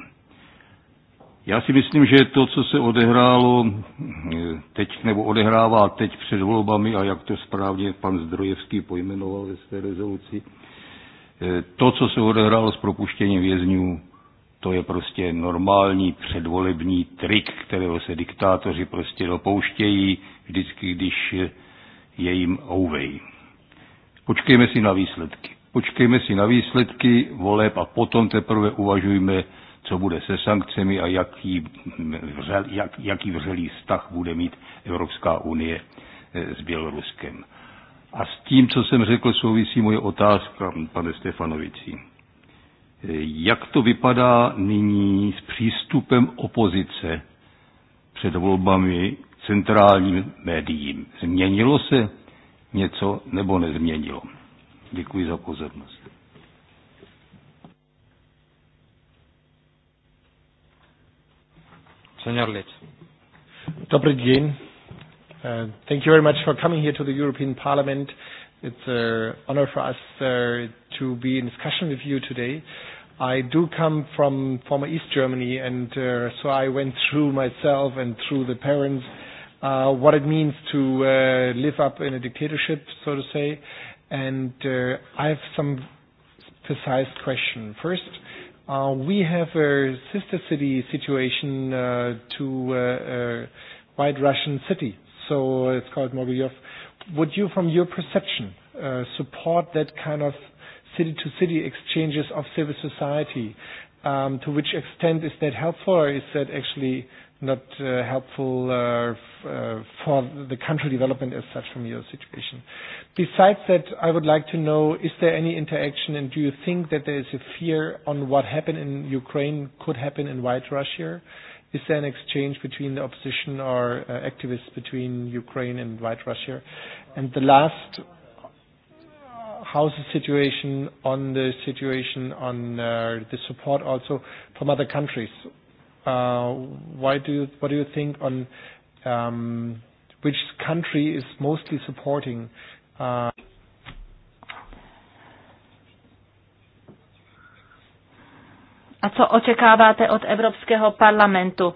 Já si myslím, že to, co se odehrálo eh, teď nebo odehrává teď před volbami a jak to správně pan Zdrojevský pojmenoval ve své rezoluci, eh, to, co se odehrálo s propuštěním vězňů, to je prostě normální předvolební trik, kterého se diktátoři prostě dopouštějí vždycky, když je jim ouvej. Počkejme si na výsledky. Počkejme si na výsledky voleb a potom teprve uvažujme, co bude se sankcemi a jaký, vřel, jak, jaký vřelý vztah bude mít Evropská unie eh, s Běloruskem. A s tím, co jsem řekl, souvisí moje otázka, pane Stefanovici. Eh, jak to vypadá nyní s přístupem opozice před volbami centrálním médiím? Změnilo se něco nebo nezměnilo? Děkuji za pozornost. Senor Lips. Dobrý den. Uh, thank you very much for coming here to the European Parliament. It's an uh, honor for us uh, to be in discussion with you today. I do come from former East Germany, and uh, so I went through myself and through the parents uh, what it means to uh, live up in a dictatorship, so to say. And uh, I have some precise question. First, Uh, we have a sister city situation uh, to uh, a uh, White Russian city, so uh, it's called Mogilyov. Would you, from your perception, uh, support that kind of city-to-city -city exchanges of civil society? Um, to which extent is that helpful, or is that actually not uh, helpful uh, uh, for the country development as such from your situation. Besides that, I would like to know, is there any interaction, and do you think that there is a fear on what happened in Ukraine could happen in White Russia? Is there an exchange between the opposition or uh, activists between Ukraine and White Russia? And the last, uh, how's the situation on the situation on uh, the support also from other countries? Uh, why do you, what do you think on um, which country is mostly supporting? Uh, A co očekáváte od Evropského parlamentu?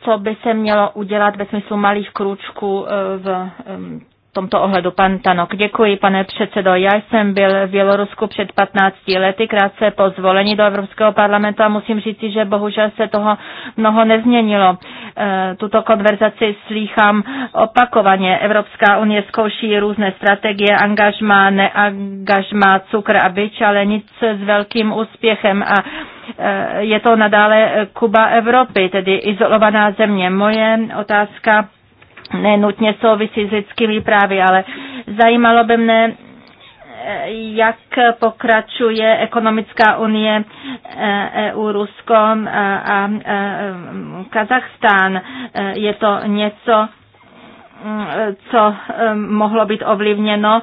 Co by se mělo udělat ve smyslu malých krůčků uh, v um, tomto ohledu. Pan Tanok, děkuji, pane předsedo. Já jsem byl v Bělorusku před 15 lety, krátce po zvolení do Evropského parlamentu a musím říci, že bohužel se toho mnoho nezměnilo. E, tuto konverzaci slýchám opakovaně. Evropská unie zkouší různé strategie, angažma, neangažma, cukr a byč, ale nic s velkým úspěchem. A e, je to nadále Kuba Evropy, tedy izolovaná země. Moje otázka nenutně souvisí s lidskými právy, ale zajímalo by mne, eh, jak pokračuje ekonomická unie EU, eh, e Rusko eh, a Kazachstán. Je to něco, co eh, mohlo být ovlivněno eh,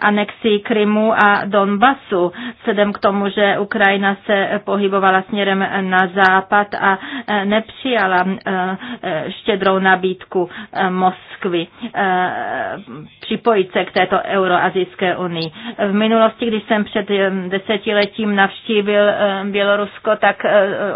anexí Krymu a Donbasu, vzhledem k tomu, že Ukrajina se pohybovala směrem na západ a eh, nepřijala štědrou nabídku Moskvy připojit se k této Euroazijské unii. V minulosti, když jsem před desetiletím navštívil Bělorusko, tak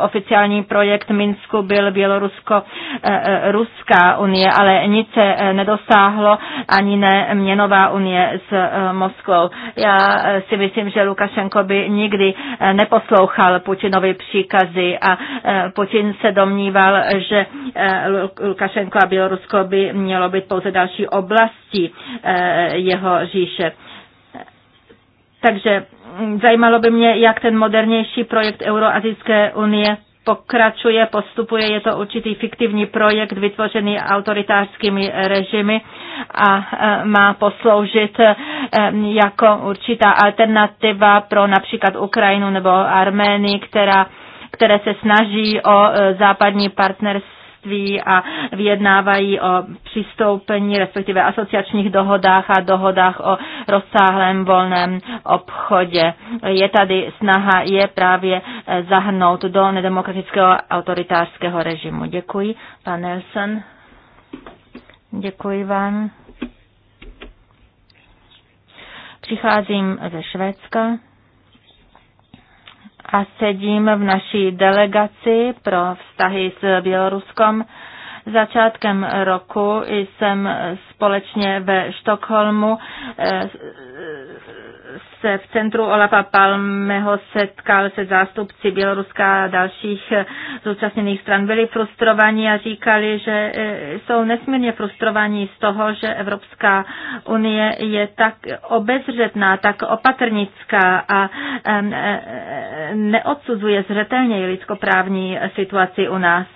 oficiální projekt Minsku byl Bělorusko-Ruská unie, ale nic se nedosáhlo ani ne měnová unie s eh, Moskvou. Já eh, si myslím, že Lukašenko by nikdy eh, neposlouchal Putinovi příkazy a Putin se domníval, že Lukašenko a Bělorusko by mělo být pouze další oblastí jeho říše. Takže hm, zajímalo by mě, jak ten modernější projekt Euroazijské unie pokračuje, postupuje, je to určitý fiktivní projekt vytvořený autoritářskými režimy a e, má posloužit e, jako určitá alternativa pro například Ukrajinu nebo Arménii, která které se snaží o e, západní partnerství partnerství a vyjednávají o přistoupení, respektive asociačních dohodách a dohodách o rozsáhlém volném obchodě. Je tady snaha je právě eh, zahrnout do nedemokratického autoritářského režimu. Děkuji, pan Nelson. Děkuji vám. Přicházím ze Švédska a sedím v naší delegaci pro vztahy s Běloruskom. Začátkem roku jsem společně ve Štokholmu eh, se v centru Olafa Palmeho setkal se zástupci Běloruska a dalších zúčastněných stran. Byli frustrovaní a říkali, že eh, jsou nesmírně frustrovaní z toho, že Evropská unie je tak obezřetná, tak opatrnická a eh, neodsuzuje zřetelně lidskoprávní situaci u nás.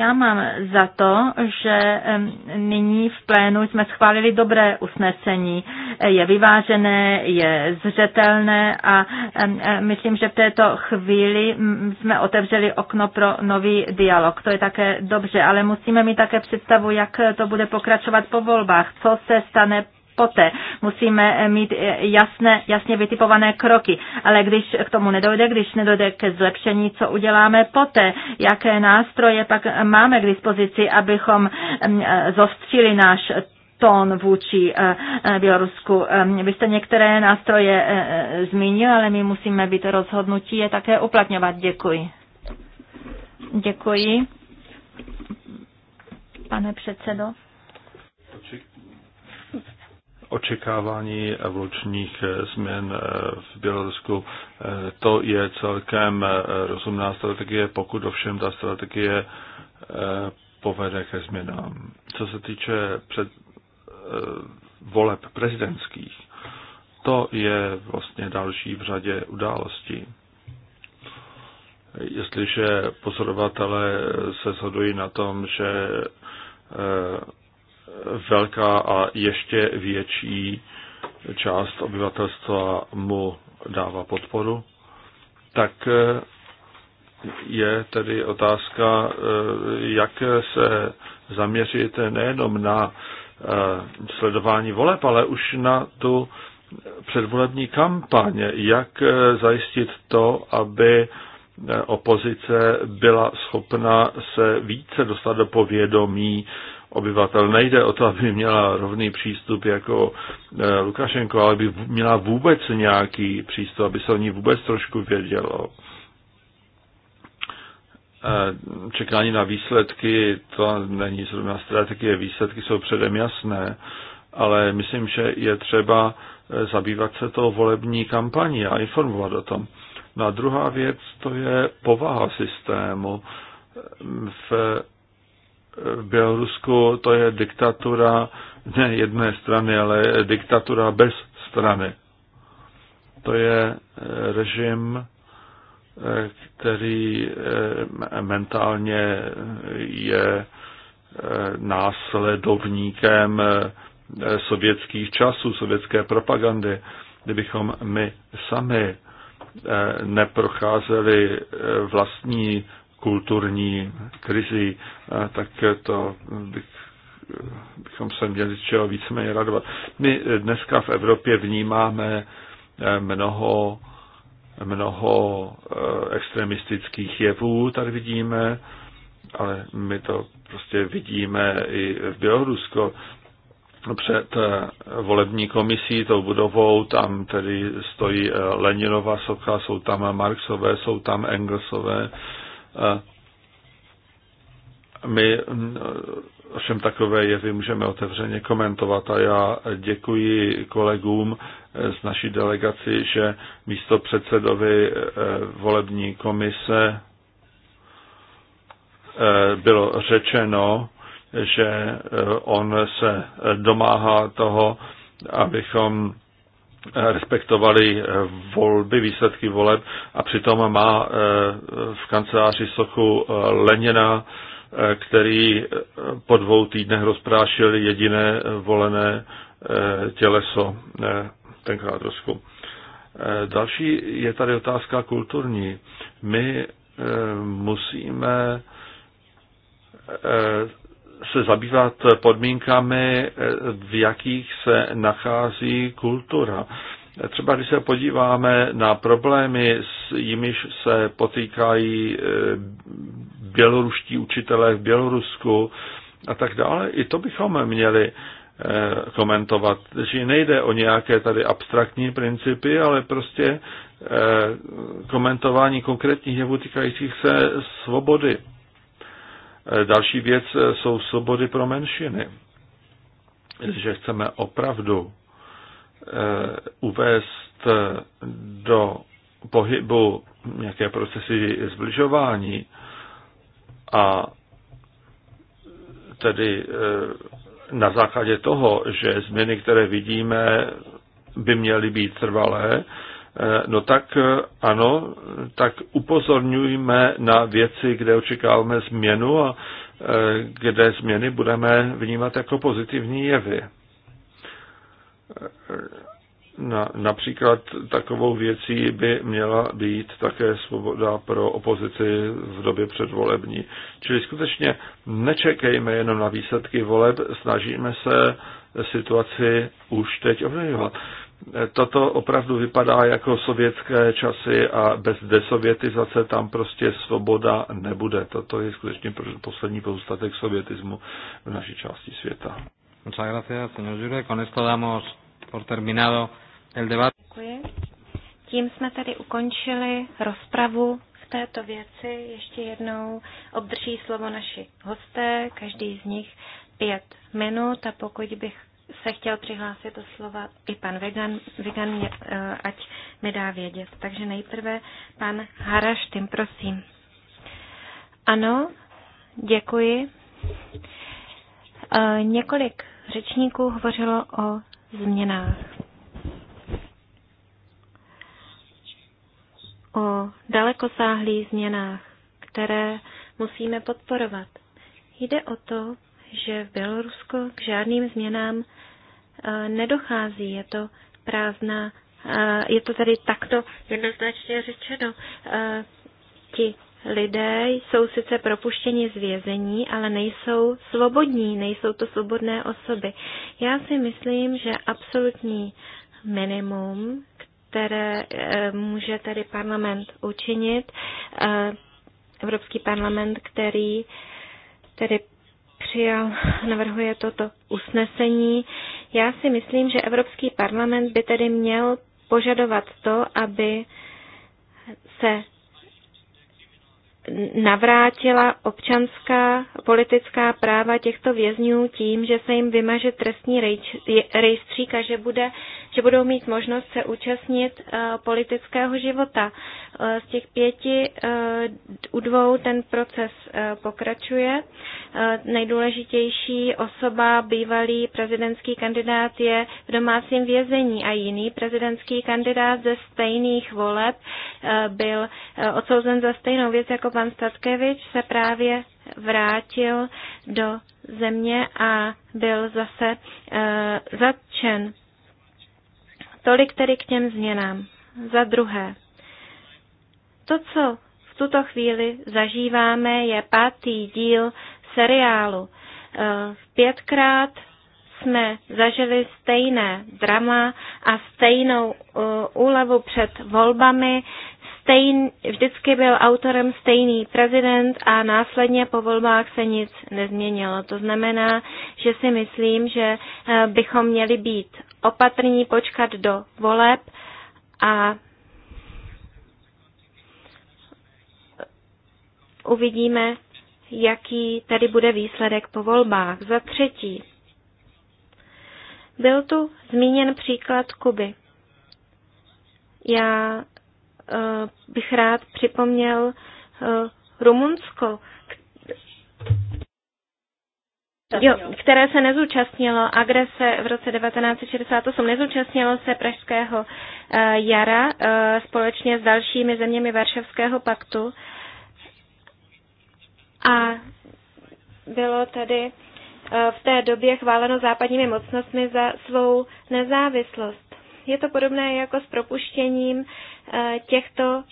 Já mám za to, že nyní v plénu jsme schválili dobré usnesení. Je vyvážené, je zřetelné a myslím, že v této chvíli jsme otevřeli okno pro nový dialog. To je také dobře, ale musíme mít také představu, jak to bude pokračovat po volbách, co se stane poté. Musíme mít jasné, jasně vytipované kroky. Ale když k tomu nedojde, když nedojde ke zlepšení, co uděláme poté, jaké nástroje pak máme k dispozici, abychom mm, zostřili náš tón vůči eh, eh, Bělorusku. Eh, vy jste některé nástroje zmínil, ale my musíme být rozhodnutí je také uplatňovat. Děkuji. Děkuji. Pane předsedo očekávání evolučních změn v Bělorusku. To je celkem rozumná strategie, pokud ovšem ta strategie povede ke změnám. Co se týče před eh, voleb prezidentských, to je vlastně další v řadě událostí. Jestliže pozorovatele se shodují na tom, že eh, velká a ještě větší část obyvatelstva mu dává podporu, tak eh, je tedy otázka, eh, jak se zaměřit nejenom na eh, sledování voleb, ale už na tu předvolební kampaň, jak zajistit to, aby opozice byla schopna se více dostat do povědomí obyvatel. Nejde o to, aby měla rovný přístup jako eh, Lukašenko, ale aby měla vůbec nějaký přístup, aby se o ní vůbec trošku vědělo. Eh, čekání na výsledky, to není zrovna strategie, výsledky jsou předem jasné, ale myslím, že je třeba eh, zabývat se tou volební kampaní a informovat o tom. No a druhá věc, to je povaha systému. V v Bělorusku to je diktatura ne jedné strany, ale diktatura bez strany. To je eh, režim, eh, který eh, mentálně je následovníkem sovětských časů, sovětské propagandy. Kdybychom my sami neprocházeli vlastní kulturní krizi, tak to bych, bychom se měli z čeho víceméně radovat. My dneska v Evropě vnímáme eh, mnoho, mnoho eh, extremistických jevů, tady vidíme, ale my to prostě vidíme i v Bělorusko. Před eh, volební komisí, tou budovou, tam tedy stojí Leninova socha, jsou tam Marxové, jsou tam Engelsové, my mm, všem takové jevy můžeme otevřeně komentovat a já děkuji kolegům z naší delegaci, že místo předsedovi eh, volební komise eh, bylo řečeno, že eh, on se domáhá toho, abychom respektovali eh, volby, výsledky voleb a přitom má eh, v kanceláři sochu eh, Lenina, který po dvou týdnech rozprášil jediné volené těleso, tenkrát Rusku. Další je tady otázka kulturní. My musíme se zabývat podmínkami, v jakých se nachází kultura. Třeba když se podíváme na problémy, s jimiž se potýkají eh, běloruští učitelé v Bělorusku a tak dále, i to bychom měli eh, komentovat. Že nejde o nějaké tady abstraktní principy, ale prostě eh, komentování konkrétních jevů týkajících se svobody Eh, další věc eh, jsou svobody pro menšiny. Že chceme opravdu eh, uvést do pohybu nějaké procesy zbližování a tedy na základě toho, že změny, které vidíme, by měly být trvalé, Eh, no tak eh, ano, tak upozorňujme na věci, kde očekáváme změnu a eh, kde změny budeme vnímat jako pozitivní jevy. Na, například takovou věcí by měla být také svoboda pro opozici v době předvolební. Čili skutečně nečekejme jenom na výsledky voleb, snažíme se situaci už teď ovlivňovat toto opravdu vypadá jako sovětské časy a bez desovětizace tam prostě svoboda nebude. Toto je skutečně poslední pozůstatek sovětismu v naší části světa. Muchas gracias, señor Jure. Con esto damos por terminado el debate. Děkuji. Tím jsme tady ukončili rozpravu v této věci. Ještě jednou obdrží slovo naši hosté, každý z nich pět minut a pokud bych se chtěl přihlásit do slova i pan Vegan, Vegan mě, eh, ať mi dá vědět. Takže nejprve pan Haraš tím prosím. Ano, děkuji. Eh, několik řečníků hovořilo o změnách. O dalekosáhlých změnách, které musíme podporovat. Jde o to, že v Bělorusko k žádným změnám nedochází. Je to prázdná, je to tady takto jednoznačně řečeno. Ti lidé jsou sice propuštěni z vězení, ale nejsou svobodní, nejsou to svobodné osoby. Já si myslím, že absolutní minimum, které e, může tady parlament učinit, e, Evropský parlament, který tedy přijal, navrhuje toto usnesení. Já si myslím, že Evropský parlament by tedy měl požadovat to, aby se navrátila občanská politická práva těchto vězňů tím, že se jim vymaže trestní rejstřík a že, bude, že budou mít možnost se účastnit eh, politického života. Eh, z těch pěti eh, u dvou ten proces pokračuje. Nejdůležitější osoba, bývalý prezidentský kandidát je v domácím vězení a jiný prezidentský kandidát ze stejných voleb byl odsouzen za stejnou věc jako pan Ivan Statkevič se právě vrátil do země a byl zase uh, zatčen. Tolik tedy k těm změnám. Za druhé, to, co v tuto chvíli zažíváme, je pátý díl seriálu. Eh, pětkrát jsme zažili stejné drama a stejnou eh, úlevu před volbami stejn, vždycky byl autorem stejný prezident a následně po volbách se nic nezměnilo. To znamená, že si myslím, že eh, bychom měli být opatrní, počkat do voleb a uvidíme, jaký tady bude výsledek po volbách. Za třetí, byl tu zmíněn příklad Kuby. Já Eh, bych rád připomněl eh, Rumunsko, Jo, které se nezúčastnilo agrese v roce 1968, nezúčastnilo se Pražského eh, jara společně s dalšími zeměmi Varšavského paktu. A bylo tedy v té době chváleno západními mocnostmi za svou nezávislost. Je to podobné jako s propuštěním Eh, těchto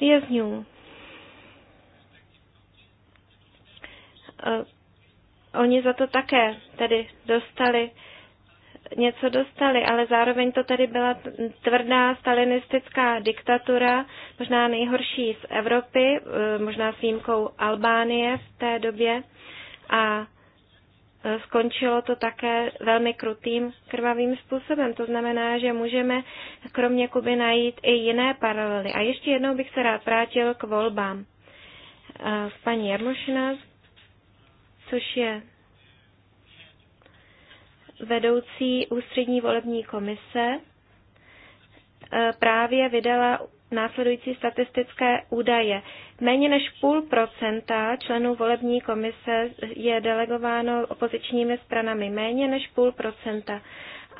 vězňů. Eh, oni za to také tedy dostali něco dostali, ale zároveň to tady byla tvrdá stalinistická diktatura, možná nejhorší z Evropy, eh, možná s výjimkou Albánie v té době. A skončilo to také velmi krutým, krvavým způsobem. To znamená, že můžeme kromě Kuby najít i jiné paralely. A ještě jednou bych se rád vrátil k volbám. Paní Jarmošina, což je vedoucí ústřední volební komise, právě vydala následující statistické údaje. Méně než půl procenta členů volební komise je delegováno opozičními stranami. Méně než půl procenta.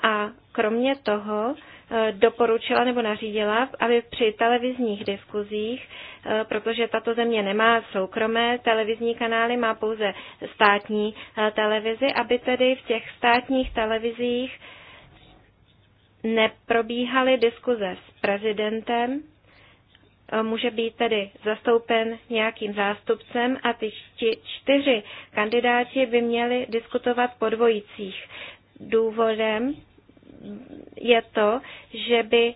A kromě toho eh, doporučila nebo nařídila, aby při televizních diskuzích, eh, protože tato země nemá soukromé televizní kanály, má pouze státní eh, televizi, aby tedy v těch státních televizích neprobíhaly diskuze s prezidentem, Eh, může být tedy zastoupen nějakým zástupcem a ty čtyři kandidáti by měli diskutovat po dvojicích. Důvodem je to, že by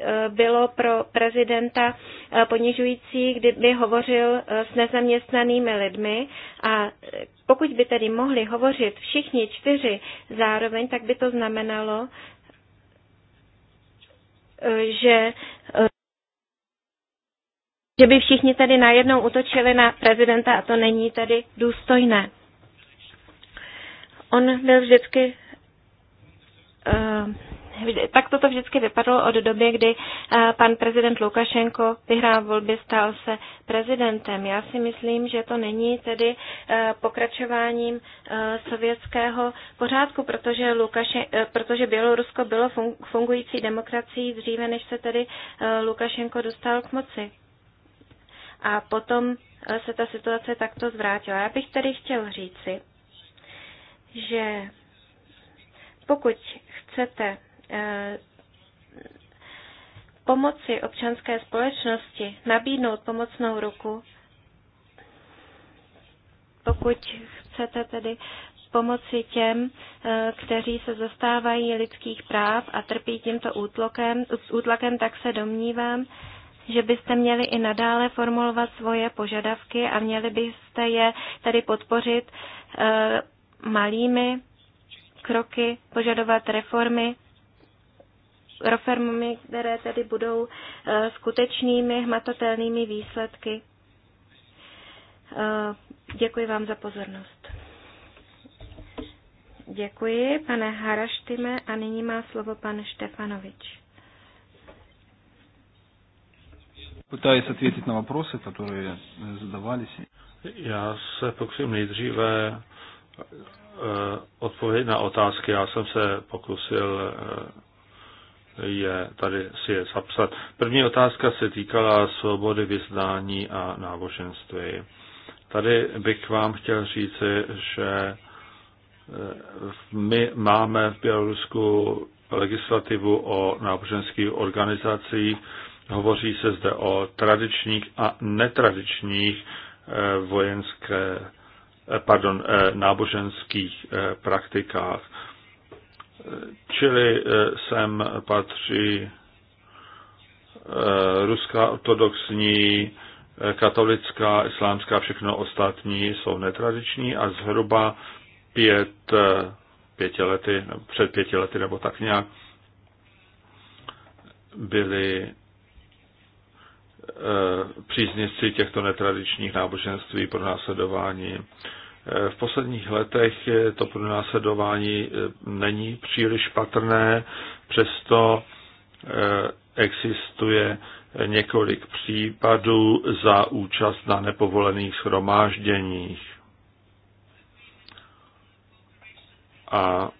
eh, bylo pro prezidenta eh, ponižující, kdyby hovořil s nezaměstnanými lidmi a pokud by tedy mohli hovořit všichni čtyři zároveň, tak by to znamenalo, že že by všichni tady najednou utočili na prezidenta a to není tady důstojné. On byl vždycky uh, tak toto vždycky vypadalo od doby, kdy eh, pan prezident Lukašenko vyhrál volby, stal se prezidentem. Já si myslím, že to není tedy eh, pokračováním sovětského pořádku, protože, Lukaše, protože Bělorusko bylo fungující demokracií dříve, než se tedy Lukašenko dostal k moci a potom eh, se ta situace takto zvrátila. Já bych tedy chtěl říci, že pokud chcete eh, pomoci občanské společnosti, nabídnout pomocnou ruku, pokud chcete tedy pomoci těm, eh, kteří se zastávají lidských práv a trpí tímto útlokem, útlakem, tak se domnívám, že byste měli i nadále formulovat svoje požadavky a měli byste je tedy podpořit eh, malými kroky, požadovat reformy, reformy, které tedy budou eh, skutečnými hmatatelnými výsledky. Eh, děkuji vám za pozornost. Děkuji, pane Haraštime, a nyní má slovo pan Štefanovič. Пытаюсь ответить на вопросы, которые задавались. Já se pokusím nejdříve eh, odpovědět na otázky. Já jsem se pokusil eh, je tady si je zapsat. První otázka se týkala svobody vyznání a náboženství. Tady bych vám chtěl říci, že eh, my máme v Bělorusku legislativu o náboženských organizacích, Hovoří se zde o tradičních a netradičních eh, vojenské, eh, pardon, eh, náboženských praktikách. Čili sem patří ruská ortodoxní, katolická, islámská, všechno ostatní jsou netradiční a zhruba pět, pěti lety, před pěti lety nebo tak nějak byly Eh, příznivci těchto netradičních náboženství pro následování. Eh, v posledních letech to pro následování eh, není příliš patrné, přesto existuje několik případů za účast na nepovolených schromážděních. A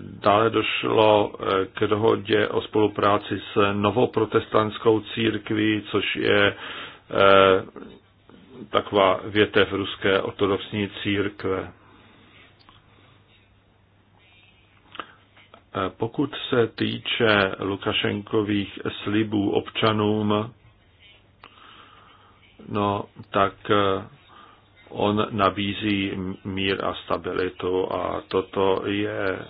Dále došlo eh, k dohodě o spolupráci s novoprotestantskou církví, což je eh, taková větev ruské ortodoxní církve. Eh, pokud se týče Lukašenkových slibů občanům, no tak On nabízí mír a stabilitu a toto je e,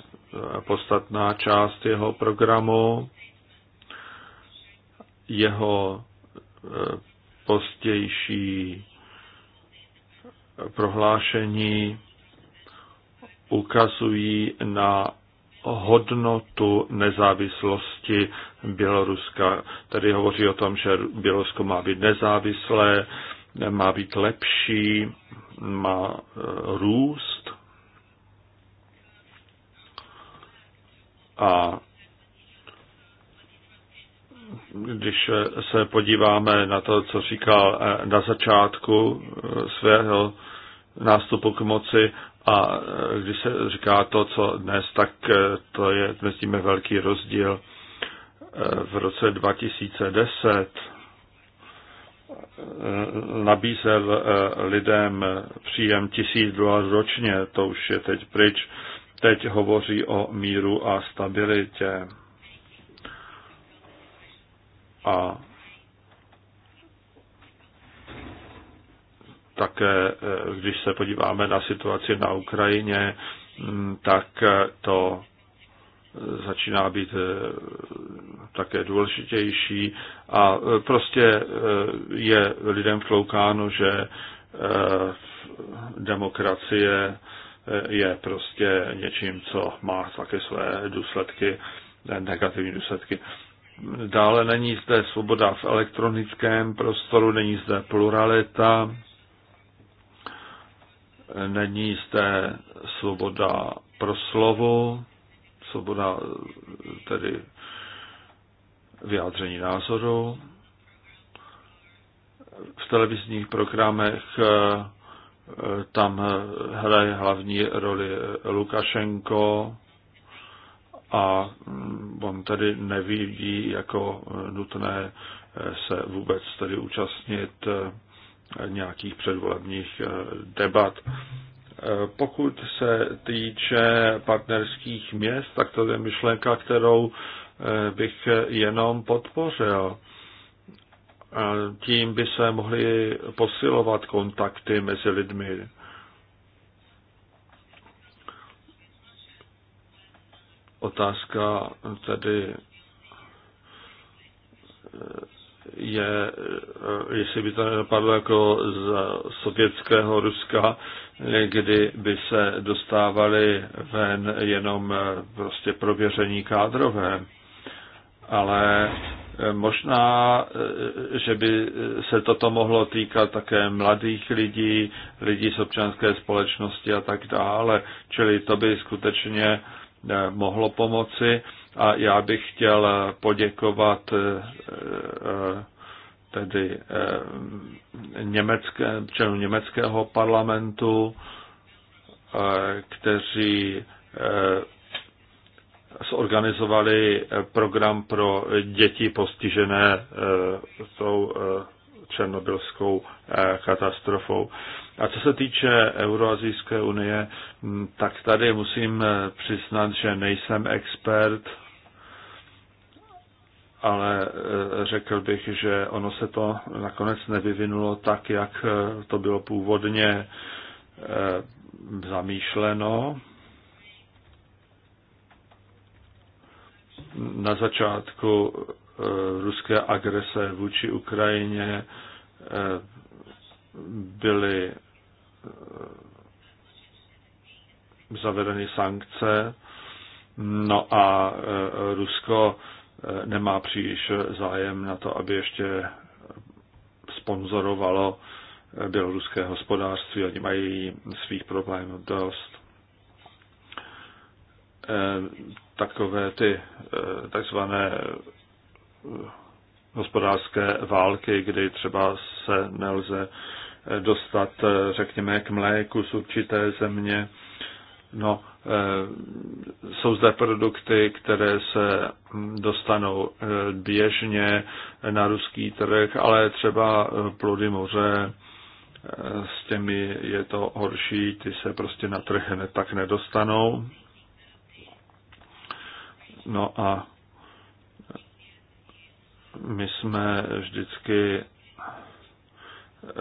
podstatná část jeho programu. Jeho e, postější e, prohlášení ukazují na hodnotu nezávislosti Běloruska. Tady hovoří o tom, že Bělorusko má být nezávislé, má být lepší, má e, růst a když se podíváme na to, co říkal e, na začátku e, svého nástupu k moci a když se říká to, co dnes, tak to je mezi tím velký rozdíl. V roce 2010 Eh, nabízel eh, lidem příjem tisíc dolarů ročně, to už je teď pryč, teď hovoří o míru a stabilitě. A také, eh, když se podíváme na situaci na Ukrajině, mm, tak to začíná být eh, také důležitější a eh, prostě eh, je lidem vtloukáno, že demokracie je prostě něčím, co má také své důsledky, negativní důsledky. Dále není zde svoboda v elektronickém prostoru, není zde pluralita, není zde svoboda pro slovo, svoboda tedy vyjádření názoru. V televizních programech eh, tam hraje hlavní roli Lukašenko a mm, on tedy nevidí jako nutné eh, se vůbec tedy účastnit eh, nějakých předvolebních debat. Pokud se týče partnerských měst, tak to je myšlenka, kterou eh, bych jenom podpořil. Tím by se mohly posilovat kontakty mezi lidmi. Otázka tedy eh, je, eh, jestli by to nedopadlo jako z sovětského Ruska, eh, kdy by se dostávali ven jenom eh, prostě prověření kádrové. Ale možná, že by se toto mohlo týkat také mladých lidí, lidí z občanské společnosti a tak dále. Čili to by skutečně mohlo pomoci a já bych chtěl poděkovat eh, eh, tedy eh, německé, členů německého parlamentu, kteří zorganizovali program pro děti postižené tou černobylskou katastrofou. A co se týče Euroazijské unie, tak tady musím přiznat, že nejsem expert ale e, řekl bych, že ono se to nakonec nevyvinulo tak, jak e, to bylo původně e, zamýšleno. Na začátku ruské agrese vůči Ukrajině byly zavedeny sankce, no a Rusko Eh, nemá příliš zájem na to, aby ještě sponzorovalo eh, běloruské hospodářství. Oni mají svých problémů dost. Eh, takové ty takzvané hospodářské války, kdy třeba se nelze dostat, řekněme, k mléku z určité země. No, Eh, jsou zde produkty, které se dostanou eh, běžně na ruský trh, ale třeba eh, plody moře, s těmi je to horší, ty se prostě na trh hned tak nedostanou. No a my jsme vždycky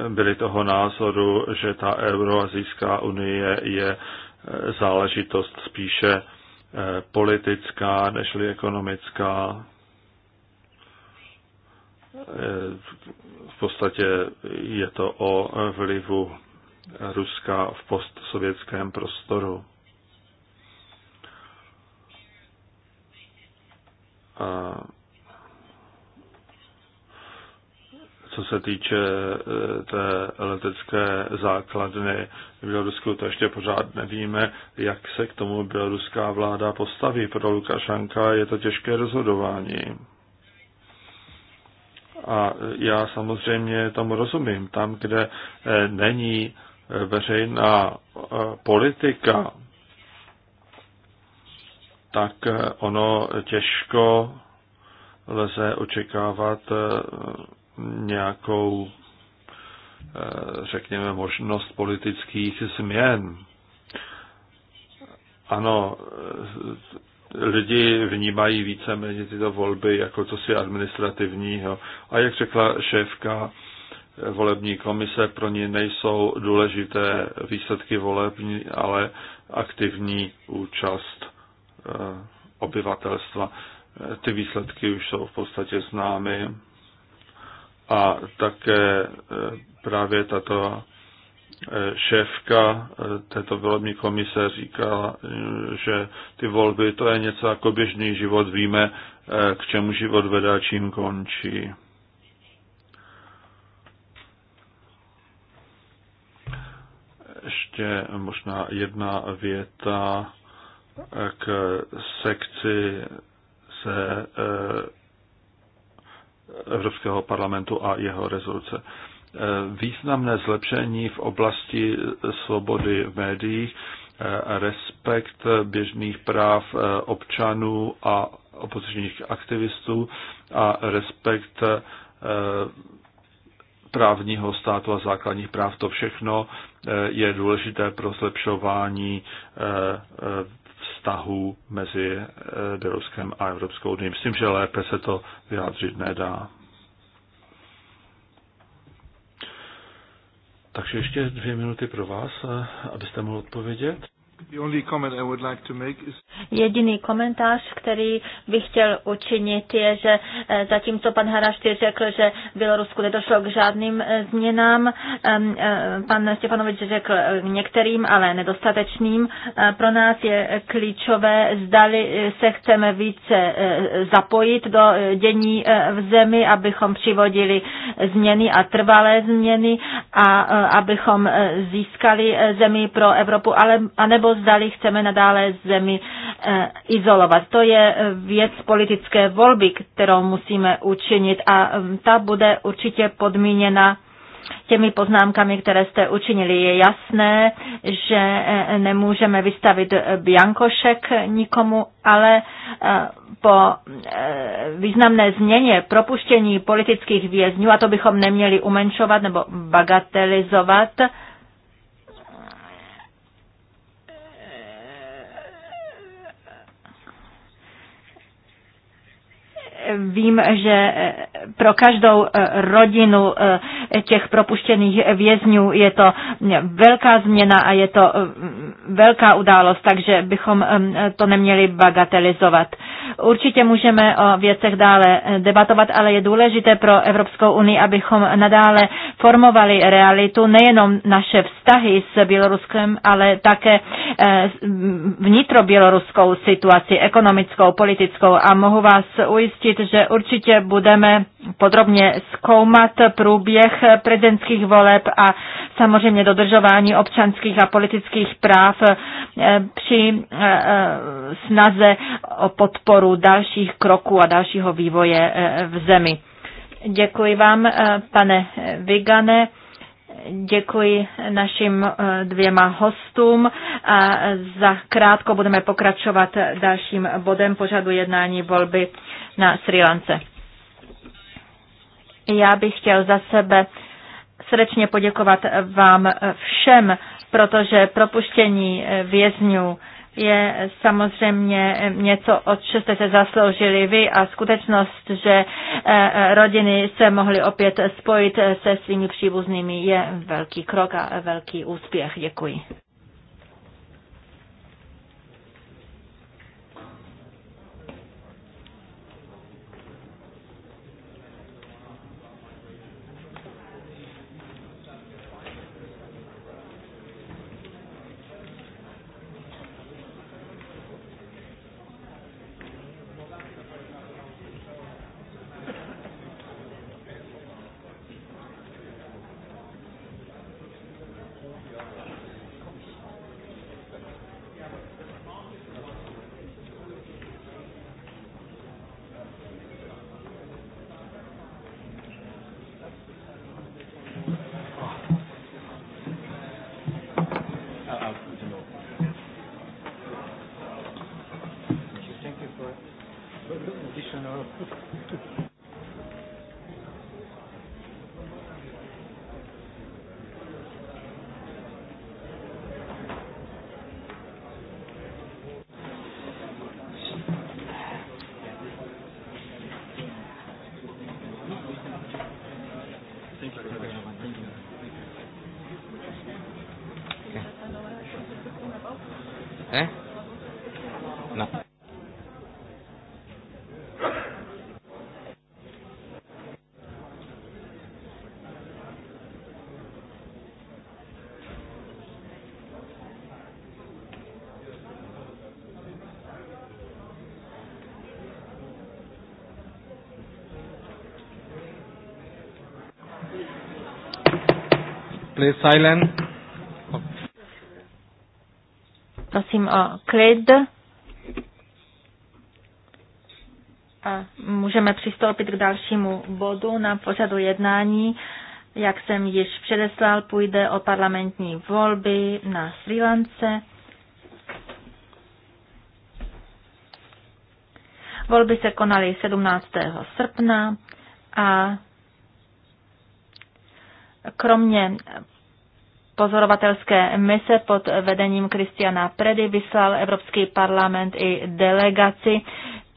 byli toho názoru, že ta Euroazijská unie je záležitost spíše eh, politická nežli ekonomická. Eh, v podstatě je to o vlivu Ruska v postsovětském prostoru. A co se týče eh, té letecké základny v Bělorusku, to ještě pořád nevíme, jak se k tomu běloruská vláda postaví. Pro Lukašanka je to těžké rozhodování. A já samozřejmě tomu rozumím. Tam, kde eh, není eh, veřejná politika, tak ono těžko lze očekávat nějakou, eh, řekněme, možnost politických změn. Ano, eh, lidi vnímají víceméně tyto volby jako co si administrativního. A jak řekla šéfka eh, volební komise, pro ně nejsou důležité výsledky volební, ale aktivní účast obyvatelstva. Ty výsledky už jsou v podstatě známy a také e, právě tato e, šéfka e, této volební komise říkala, že ty volby to je něco jako běžný život, víme, k čemu život vede a čím končí. Ještě možná jedna věta k sekci se Evropského parlamentu a jeho rezoluce. Eh, významné zlepšení v oblasti svobody v médiích, eh, respekt běžných práv eh, občanů a opozičních aktivistů a respekt právního státu a základních práv. To všechno je důležité pro zlepšování vztahů mezi eh, Běloruskem a Evropskou unii. Myslím, že lépe se to vyjádřit nedá. Takže ještě dvě minuty pro vás, eh, abyste mohl odpovědět. Jediný komentář, který bych chtěl učinit, je, že eh, zatímco pan Harašty řekl, že v Bělorusku nedošlo k žádným eh, změnám, eh, pan Stefanovič řekl některým, ale nedostatečným. Pro nás je klíčové, zdali se chceme více zapojit do dění v zemi, abychom přivodili změny a trvalé změny a abychom získali zemi pro Evropu, ale, anebo zdali chceme nadále zemi eh, izolovat. To je eh, věc politické volby, kterou musíme učinit a mm, ta bude určitě podmíněna těmi poznámkami, které jste učinili. Je jasné, že eh, nemůžeme vystavit biankošek nikomu, ale po významné změně propuštění politických vězňů, a to bychom neměli umenšovat nebo bagatelizovat, Vím, že eh, pro každou eh, rodinu eh, těch propuštěných vězňů je to mm, velká změna a je to mm, velká událost, takže bychom mm, to neměli bagatelizovat. Určitě můžeme o věcech dále debatovat, ale je důležité pro Evropskou unii, abychom nadále formovali realitu, nejenom naše vztahy s Běloruskem, ale také eh, vnitroběloruskou situaci, ekonomickou, politickou. A mohu vás ujistit, že určitě budeme podrobně zkoumat průběh prezidentských voleb a samozřejmě dodržování občanských a politických práv eh, při eh, eh, snaze o podporu dalších kroků a dalšího vývoje v zemi. Děkuji vám, pane Vigane. Děkuji našim dvěma hostům a za krátko budeme pokračovat dalším bodem pořadu jednání volby na Sri Lance. Já bych chtěl za sebe srdečně poděkovat vám všem, protože propuštění vězňů je samozřejmě něco, o co jste se zasloužili vy a skutečnost, že eh, rodiny se mohly opět spojit se svými příbuznými, je velký krok a velký úspěch. Děkuji. Please silent. Prosím o klid. A můžeme přistoupit k dalšímu bodu na pořadu jednání. Jak jsem již předeslal, půjde o parlamentní volby na Sri Lance. Volby se konaly 17. srpna a kromě pozorovatelské mise pod vedením Kristiana Predy vyslal Evropský parlament i delegaci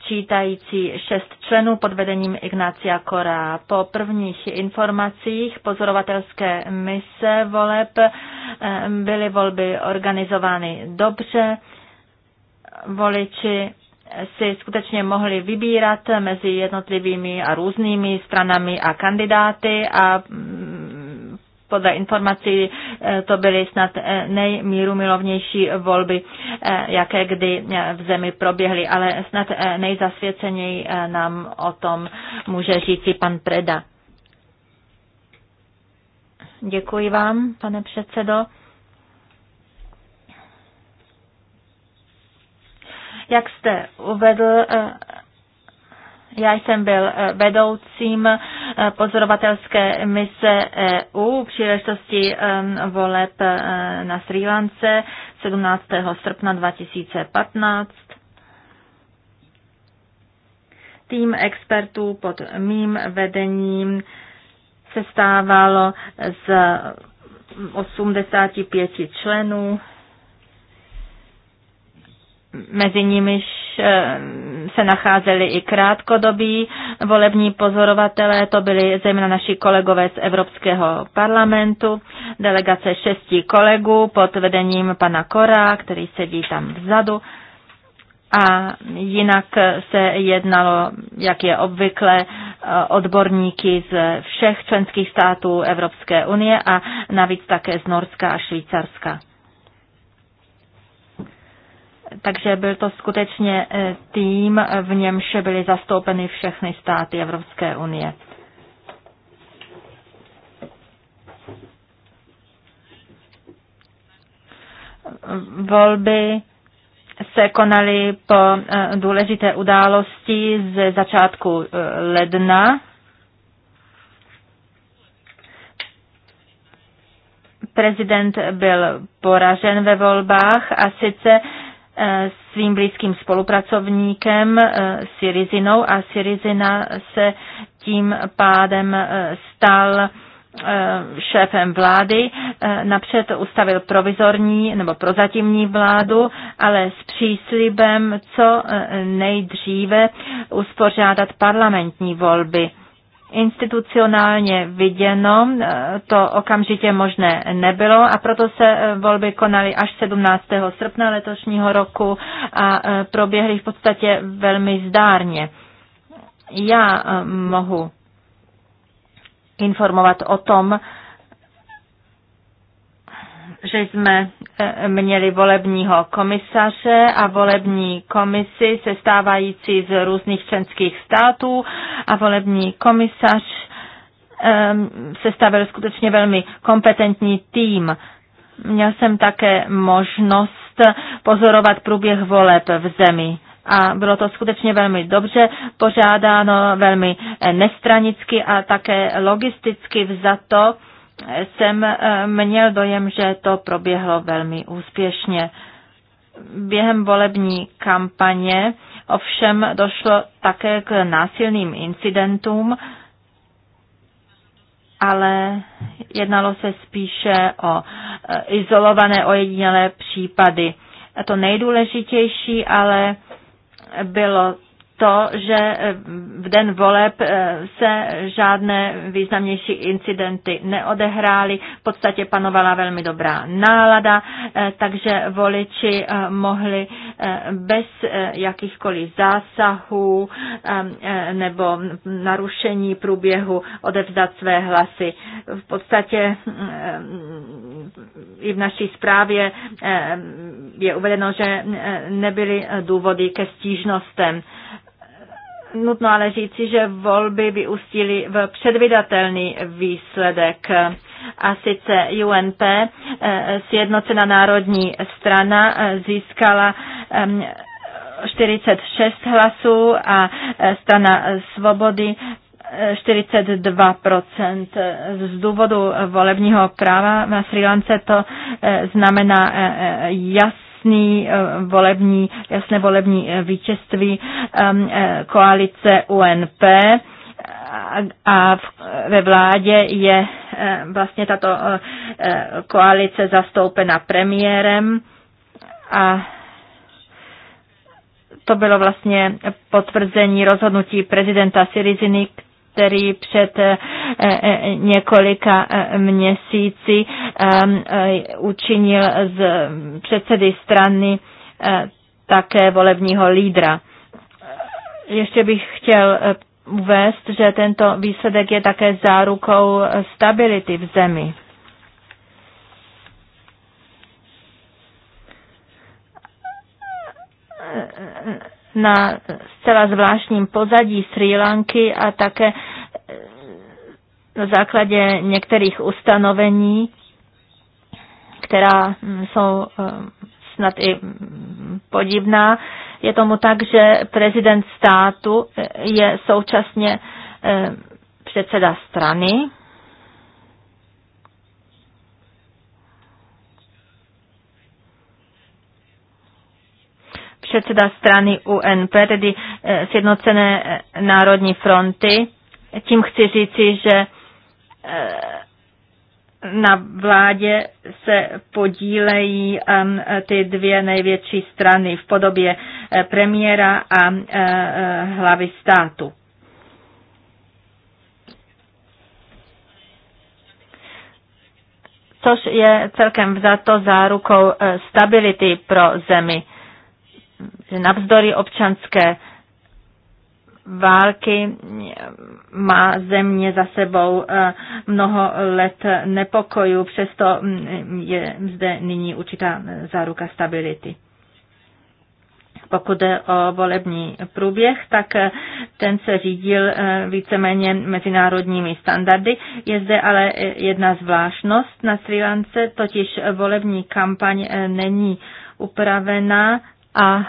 čítající šest členů pod vedením Ignácia Korá. Po prvních informacích pozorovatelské mise voleb eh, byly volby organizovány dobře. Voliči si skutečně mohli vybírat mezi jednotlivými a různými stranami a kandidáty a mm, podle informací eh, to byly snad eh, nejmíru milovnější volby, eh, jaké kdy v zemi proběhly, ale snad nejzasvěceněji nám o tom může říci pan Preda. Děkuji vám, pane předsedo. Jak jste uvedl, já jsem byl eh, vedoucím eh, pozorovatelské mise EU příležitosti eh, voleb na Sri Lance 17. srpna 2015. Tým expertů pod mým vedením se stávalo z 85 členů mezi nimiž eh, se nacházeli i krátkodobí volební pozorovatelé, to byli zejména naši kolegové z Evropského parlamentu, delegace šesti kolegů pod vedením pana Kora, který sedí tam vzadu. A jinak se jednalo, jak je obvykle, eh, odborníky z všech členských států Evropské unie a navíc také z Norska a Švýcarska. Takže byl to skutečně eh, tým, v němž byly zastoupeny všechny státy Evropské unie. Volby se konaly po eh, důležité události z začátku eh, ledna. Prezident byl poražen ve volbách a sice svým blízkým spolupracovníkem eh, Syrizinou a Syrizina se tím pádem eh, stal eh, šéfem vlády. Napřed ustavil provizorní nebo prozatímní vládu, ale s příslibem co nejdříve uspořádat parlamentní volby. Institucionálně viděno e, to okamžitě možné nebylo a proto se e, volby konaly až 17. srpna letošního roku a e, proběhly v podstatě velmi zdárně. Já mohu informovat o tom, že jsme e, měli volebního komisaře a volební se sestávající z různých členských států a volební komisař e, sestavil skutečně velmi kompetentní tým. Měl jsem také možnost pozorovat průběh voleb v zemi a bylo to skutečně velmi dobře pořádáno, velmi e, nestranicky a také logisticky vzato jsem eh, měl dojem, že to proběhlo velmi úspěšně. Během volební kampaně ovšem došlo také k násilným incidentům, ale jednalo se spíše o eh, izolované ojedinělé případy. A to nejdůležitější ale bylo to, že eh, v den voleb eh, se žádné významnější incidenty neodehrály, v podstatě panovala velmi dobrá nálada, eh, takže voliči mohli bez jakýchkoliv zásahů nebo narušení průběhu odevzdat své hlasy. V podstatě mm, i v naší zprávě je uvedeno, že nebyly důvody ke stížnostem. Nutno ale říci, že volby vyústily v předvydatelný výsledek. A sice UNP, eh, Sjednocená národní strana, eh, získala 46 ehm, hlasů a eh, strana svobody 42%. Z důvodu volebního práva na Sri Lance to znamená jas jasný eh, volební, jasné volební eh, vítězství ehm, eh, koalice UNP a ve vládě je vlastně tato koalice zastoupena premiérem a to bylo vlastně potvrzení rozhodnutí prezidenta Siriziny, který před několika měsíci Um, eh, učinil z předsedy strany eh, také volebního lídra. Ještě bych chtěl eh, uvést, že tento výsledek je také zárukou stability v zemi. Na zcela zvláštním pozadí Sri Lanky a také na základě některých ustanovení která mm, jsou eh, snad i mm, podivná. Je tomu tak, že prezident státu eh, je současně eh, předseda strany. předseda strany UNP, tedy Sjednocené národní fronty. Tím chci říci, že na vládě se podílejí um, ty dvě největší strany v podobě eh, premiéra a eh, eh, hlavy státu. Což je celkem vzato zárukou stability pro zemi. Navzdory občanské války má země za sebou eh, mnoho let nepokojů, přesto mm, je zde nyní určitá záruka stability. Pokud jde o volební průběh, tak eh, ten se řídil eh, víceméně mezinárodními standardy. Je zde ale jedna zvláštnost na Sri Lance, totiž volební kampaň není upravená a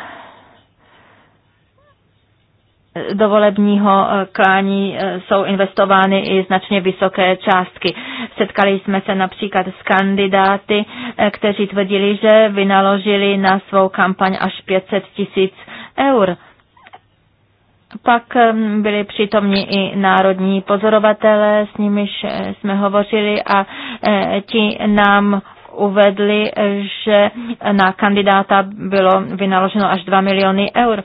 do volebního eh, klání eh, jsou investovány i značně vysoké částky. Setkali jsme se například s kandidáty, eh, kteří tvrdili, že vynaložili na svou kampaň až 500 tisíc eur. Pak byli přítomni i národní pozorovatelé, s nimiž jsme hovořili a ti nám uvedli, že na kandidáta bylo vynaloženo až 2 miliony eur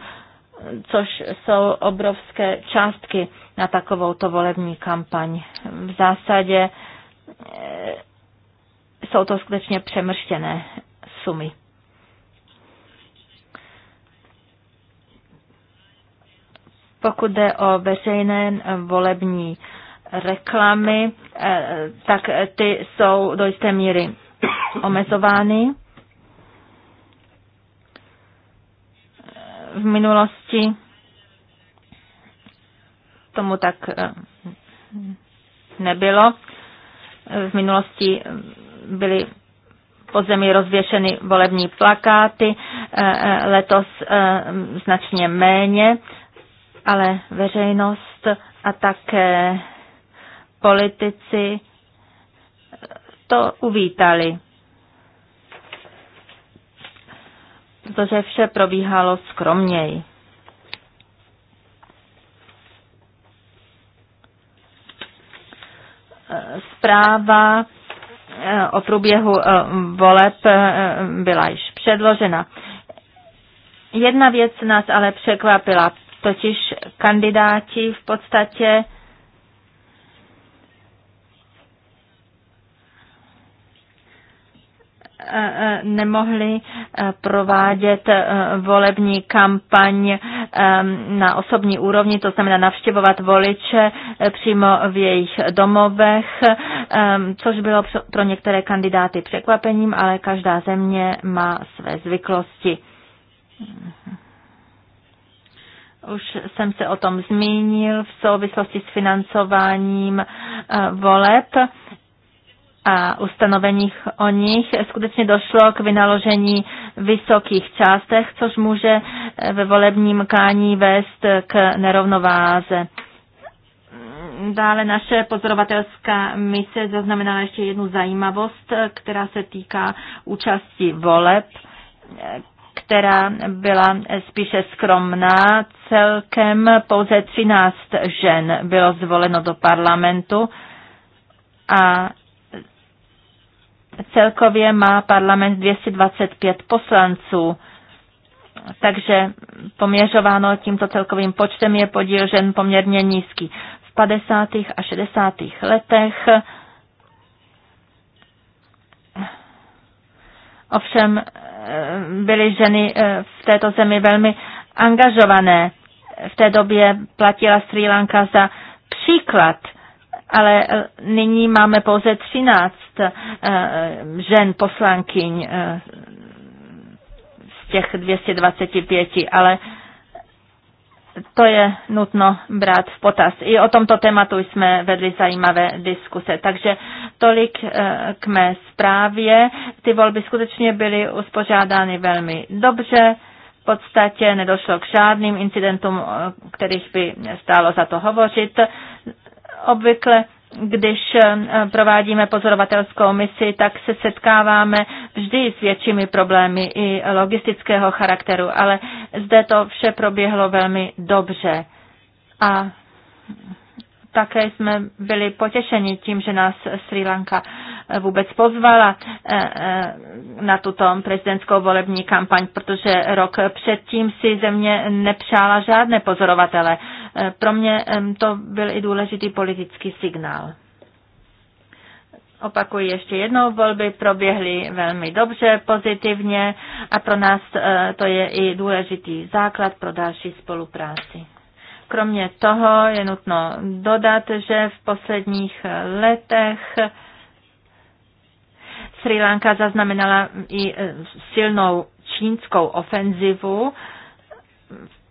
což jsou obrovské částky na takovouto volební kampaň. V zásadě e, jsou to skutečně přemrštěné sumy. Pokud jde o veřejné volební reklamy, e, tak ty jsou do jisté míry omezovány. v minulosti tomu tak eh, nebylo. V minulosti eh, byly po zemi rozvěšeny volební plakáty, eh, letos značně méně, ale veřejnost a také politici to uvítali. protože vše probíhalo skromněji. Zpráva eh, o průběhu eh, voleb eh, byla již předložena. Jedna věc nás ale překvapila, totiž kandidáti v podstatě nemohli eh, provádět eh, volební kampaň eh, na osobní úrovni, to znamená navštěvovat voliče přímo v jejich domovech, což bylo pro některé kandidáty překvapením, ale každá země má své zvyklosti. Už jsem se o tom zmínil v souvislosti s financováním voleb a ustanoveních o nich skutečně došlo k vynaložení vysokých částech, což může eh, ve volebním kání vést k nerovnováze. Dále naše pozorovatelská mise zaznamenala ještě jednu zajímavost, eh, která se týká účasti voleb, eh, která byla spíše skromná. Celkem pouze 13 žen bylo zvoleno do parlamentu a Celkově má parlament 225 poslanců, takže poměřováno tímto celkovým počtem je podíl žen poměrně nízký. V 50. a 60. letech ovšem eh, byly ženy eh, v této zemi velmi angažované. V té době platila Sri Lanka za příklad ale eh, nyní máme pouze 13 eh, žen poslankyň eh, z těch 225, ale to je nutno brát v potaz. I o tomto tématu jsme vedli zajímavé diskuse. Takže tolik k mé zprávě. Ty volby skutečně byly uspořádány velmi dobře. V podstatě nedošlo k žádným incidentům, kterých by stálo za to hovořit. Obvykle když eh, provádíme pozorovatelskou misi, tak se setkáváme vždy s většími problémy i logistického charakteru, ale zde to vše proběhlo velmi dobře. A také jsme byli potěšeni tím, že nás Sri Lanka eh, vůbec pozvala eh, na tuto prezidentskou volební kampaň, protože rok předtím si země nepřála žádné pozorovatele pro mě to byl i důležitý politický signál. Opakuji ještě jednou, volby proběhly velmi dobře, pozitivně a pro nás e, to je i důležitý základ pro další spolupráci. Kromě toho je nutno dodat, že v posledních e, letech Sri Lanka zaznamenala i e, silnou čínskou ofenzivu v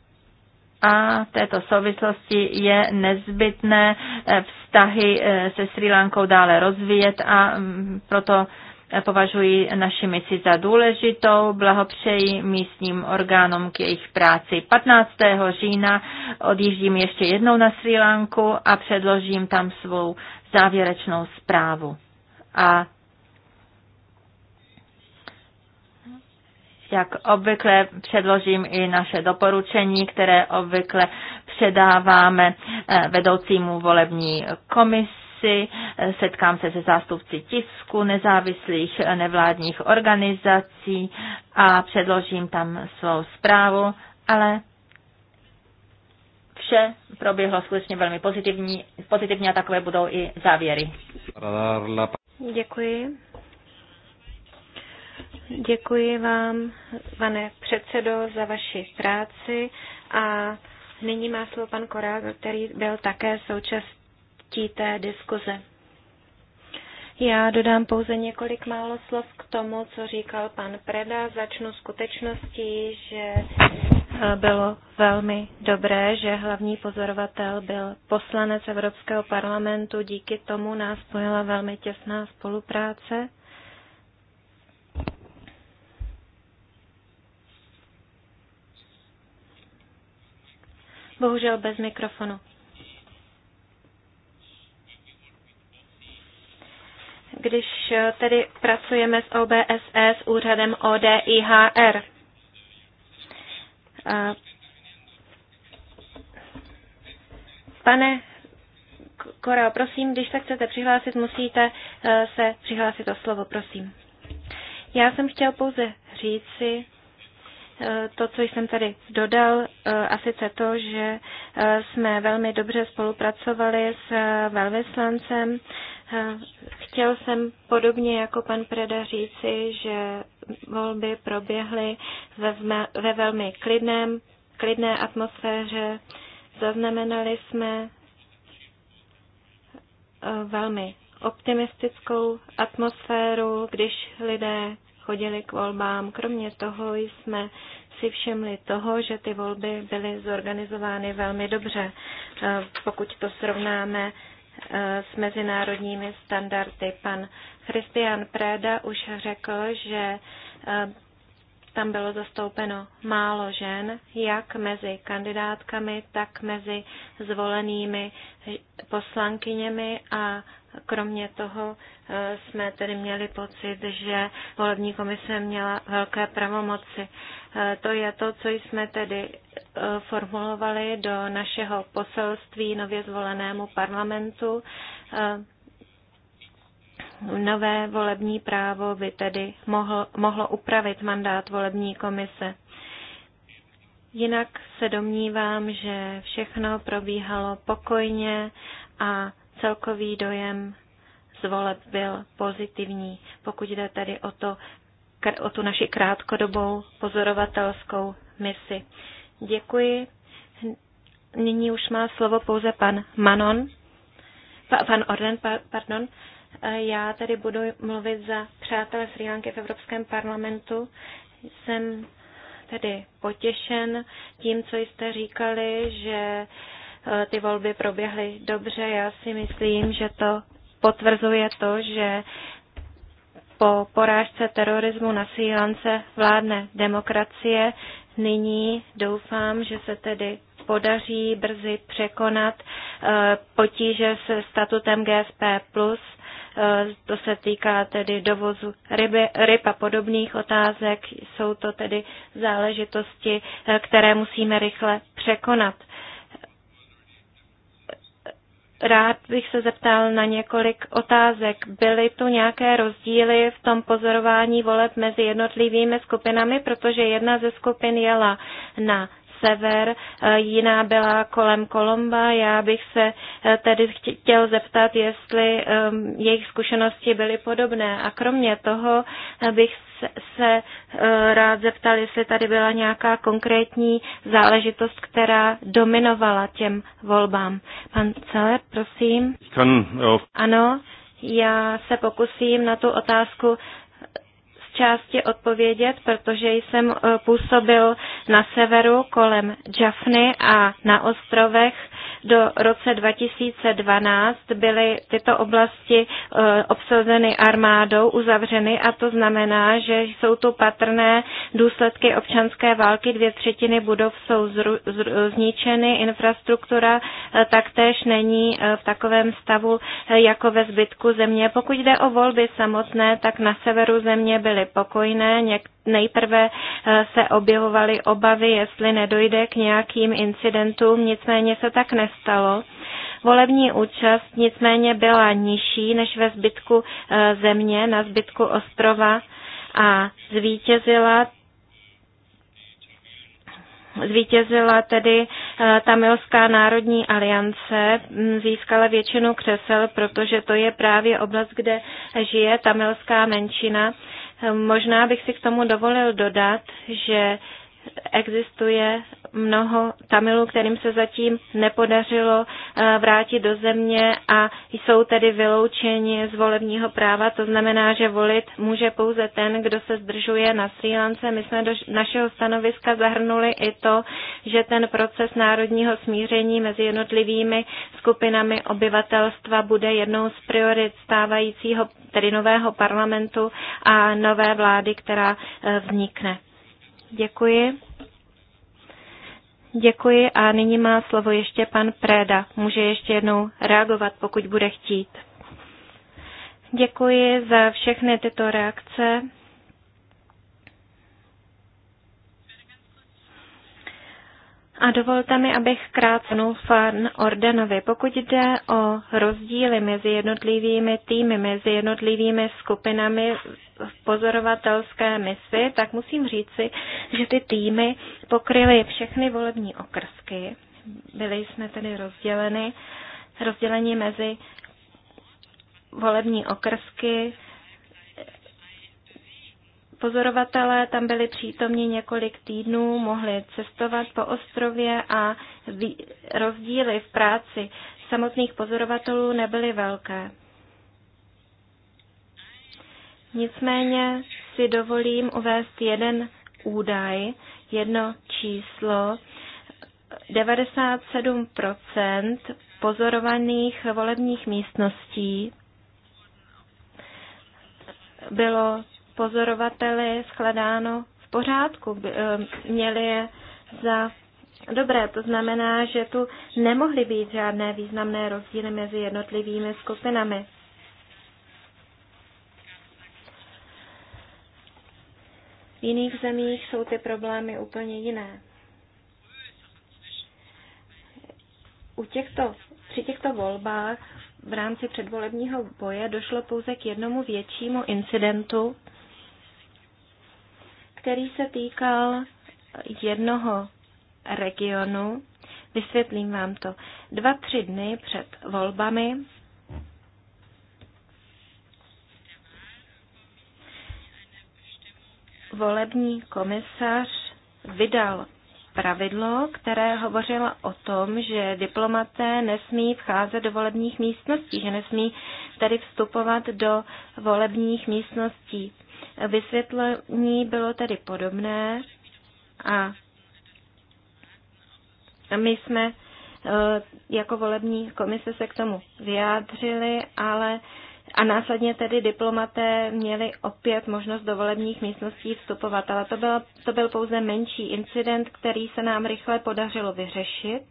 a v této souvislosti je nezbytné eh, vztahy eh, se Sri Lankou dále rozvíjet a mm, proto eh, považuji naši misi za důležitou, blahopřeji místním orgánům k jejich práci. 15. října odjíždím ještě jednou na Sri Lanku a předložím tam svou závěrečnou zprávu. A Jak obvykle předložím i naše doporučení, které obvykle předáváme eh, vedoucímu volební komisi. Eh, Setkám se se zástupci tisku, nezávislých eh, nevládních organizací a předložím tam svou zprávu, ale vše proběhlo skutečně velmi pozitivní, pozitivně a takové budou i závěry. Děkuji. Děkuji vám, pane předsedo, za vaši práci a nyní má slovo pan Korál, který byl také součástí té diskuze. Já dodám pouze několik málo slov k tomu, co říkal pan Preda. Začnu skutečností, že eh, bylo velmi dobré, že hlavní pozorovatel byl poslanec Evropského parlamentu. Díky tomu nás spojila velmi těsná spolupráce. bohužel bez mikrofonu. Když tedy pracujeme s OBSE, s úřadem ODIHR, Pane Koral, prosím, když se chcete přihlásit, musíte e, se přihlásit o slovo, prosím. Já jsem chtěl pouze říci, Eh, to, co jsem tady dodal, eh, a sice to, že eh, jsme velmi dobře spolupracovali s velvyslancem. Chtěl jsem podobně jako pan Preda říci, že volby proběhly ve, velmi klidném, klidné atmosféře. Zaznamenali jsme velmi optimistickou atmosféru, když lidé chodili k volbám. Kromě toho jsme si všimli toho, že ty volby byly zorganizovány velmi dobře, e, pokud to srovnáme e, s mezinárodními standardy. Pan Christian Preda už řekl, že e, tam bylo zastoupeno málo žen, jak mezi kandidátkami, tak mezi zvolenými poslankyněmi a kromě toho eh, jsme tedy měli pocit, že volební komise měla velké pravomoci. Eh, to je to, co jsme tedy eh, formulovali do našeho poselství nově zvolenému parlamentu nové volební právo by tedy mohl, mohlo upravit mandát volební komise. Jinak se domnívám, že všechno probíhalo pokojně a celkový dojem z voleb byl pozitivní, pokud jde tedy o, to, o tu naši krátkodobou pozorovatelskou misi. Děkuji. Nyní už má slovo pouze pan Manon, pa, pan Orden, pa, pardon. Já tady budu mluvit za přátelé Sri Lanky v Evropském parlamentu. Jsem tedy potěšen tím, co jste říkali, že eh, ty volby proběhly dobře. Já si myslím, že to potvrzuje to, že po porážce terorismu na Sri Lance vládne demokracie. Nyní doufám, že se tedy podaří brzy překonat eh, potíže se statutem GSP+, Eh, to se týká tedy dovozu ryby, ryb a podobných otázek. Jsou to tedy záležitosti, eh, které musíme rychle překonat. Rád bych se zeptal na několik otázek. Byly tu nějaké rozdíly v tom pozorování voleb mezi jednotlivými skupinami, protože jedna ze skupin jela na sever, e, jiná byla kolem Kolomba. Já bych se e, tedy chtěl zeptat, jestli jejich zkušenosti byly podobné. A kromě toho e, bych se rád zeptal, jestli tady byla nějaká konkrétní záležitost, která dominovala těm volbám. Pan Celer, prosím. Ano, já se pokusím na tu otázku části odpovědět, protože jsem eh, působil na severu kolem Jaffny a na ostrovech do roce 2012 byly tyto oblasti eh, obsazeny armádou, uzavřeny a to znamená, že jsou tu patrné důsledky občanské války, dvě třetiny budov jsou zničeny, infrastruktura eh, taktéž není eh, v takovém stavu jako ve zbytku země. Pokud jde o volby samotné, tak na severu země byly pokojné, něk- nejprve se objevovaly obavy, jestli nedojde k nějakým incidentům, nicméně se tak nestalo stalo. Volební účast nicméně byla nižší než ve zbytku eh, země, na zbytku ostrova a zvítězila Zvítězila tedy eh, Tamilská národní aliance, hm, získala většinu křesel, protože to je právě oblast, kde žije tamilská menšina. Eh, možná bych si k tomu dovolil dodat, že existuje mnoho Tamilů, kterým se zatím nepodařilo eh, vrátit do země a jsou tedy vyloučeni z volebního práva. To znamená, že volit může pouze ten, kdo se zdržuje na Sri Lance. My jsme do našeho stanoviska zahrnuli i to, že ten proces národního smíření mezi jednotlivými skupinami obyvatelstva bude jednou z priorit stávajícího, tedy nového parlamentu a nové vlády, která eh, vznikne. Děkuji. Děkuji a nyní má slovo ještě pan Préda. Může ještě jednou reagovat, pokud bude chtít. Děkuji za všechny tyto reakce. A dovolte mi, abych krátce Fan Ordenovi. Pokud jde o rozdíly mezi jednotlivými týmy, mezi jednotlivými skupinami v pozorovatelské misi, tak musím říci, že ty týmy pokryly všechny volební okrsky. Byli jsme tedy rozděleni, rozděleni mezi volební okrsky Pozorovatelé tam byli přítomni několik týdnů, mohli cestovat po ostrově a rozdíly v práci samotných pozorovatelů nebyly velké. Nicméně si dovolím uvést jeden údaj, jedno číslo. 97 pozorovaných volebních místností bylo pozorovateli shledáno v pořádku, eh, měli je za dobré. To znamená, že tu nemohly být žádné významné rozdíly mezi jednotlivými skupinami. V jiných zemích jsou ty problémy úplně jiné. U těchto, při těchto volbách v rámci předvolebního boje došlo pouze k jednomu většímu incidentu, který se týkal jednoho regionu. Vysvětlím vám to. Dva, tři dny před volbami volební komisař vydal pravidlo, které hovořilo o tom, že diplomaté nesmí vcházet do volebních místností, že nesmí tady vstupovat do volebních místností. Vysvětlení bylo tedy podobné a my jsme e, jako volební komise se k tomu vyjádřili, ale a následně tedy diplomaté měli opět možnost do volebních místností vstupovat, ale to byl, to byl pouze menší incident, který se nám rychle podařilo vyřešit.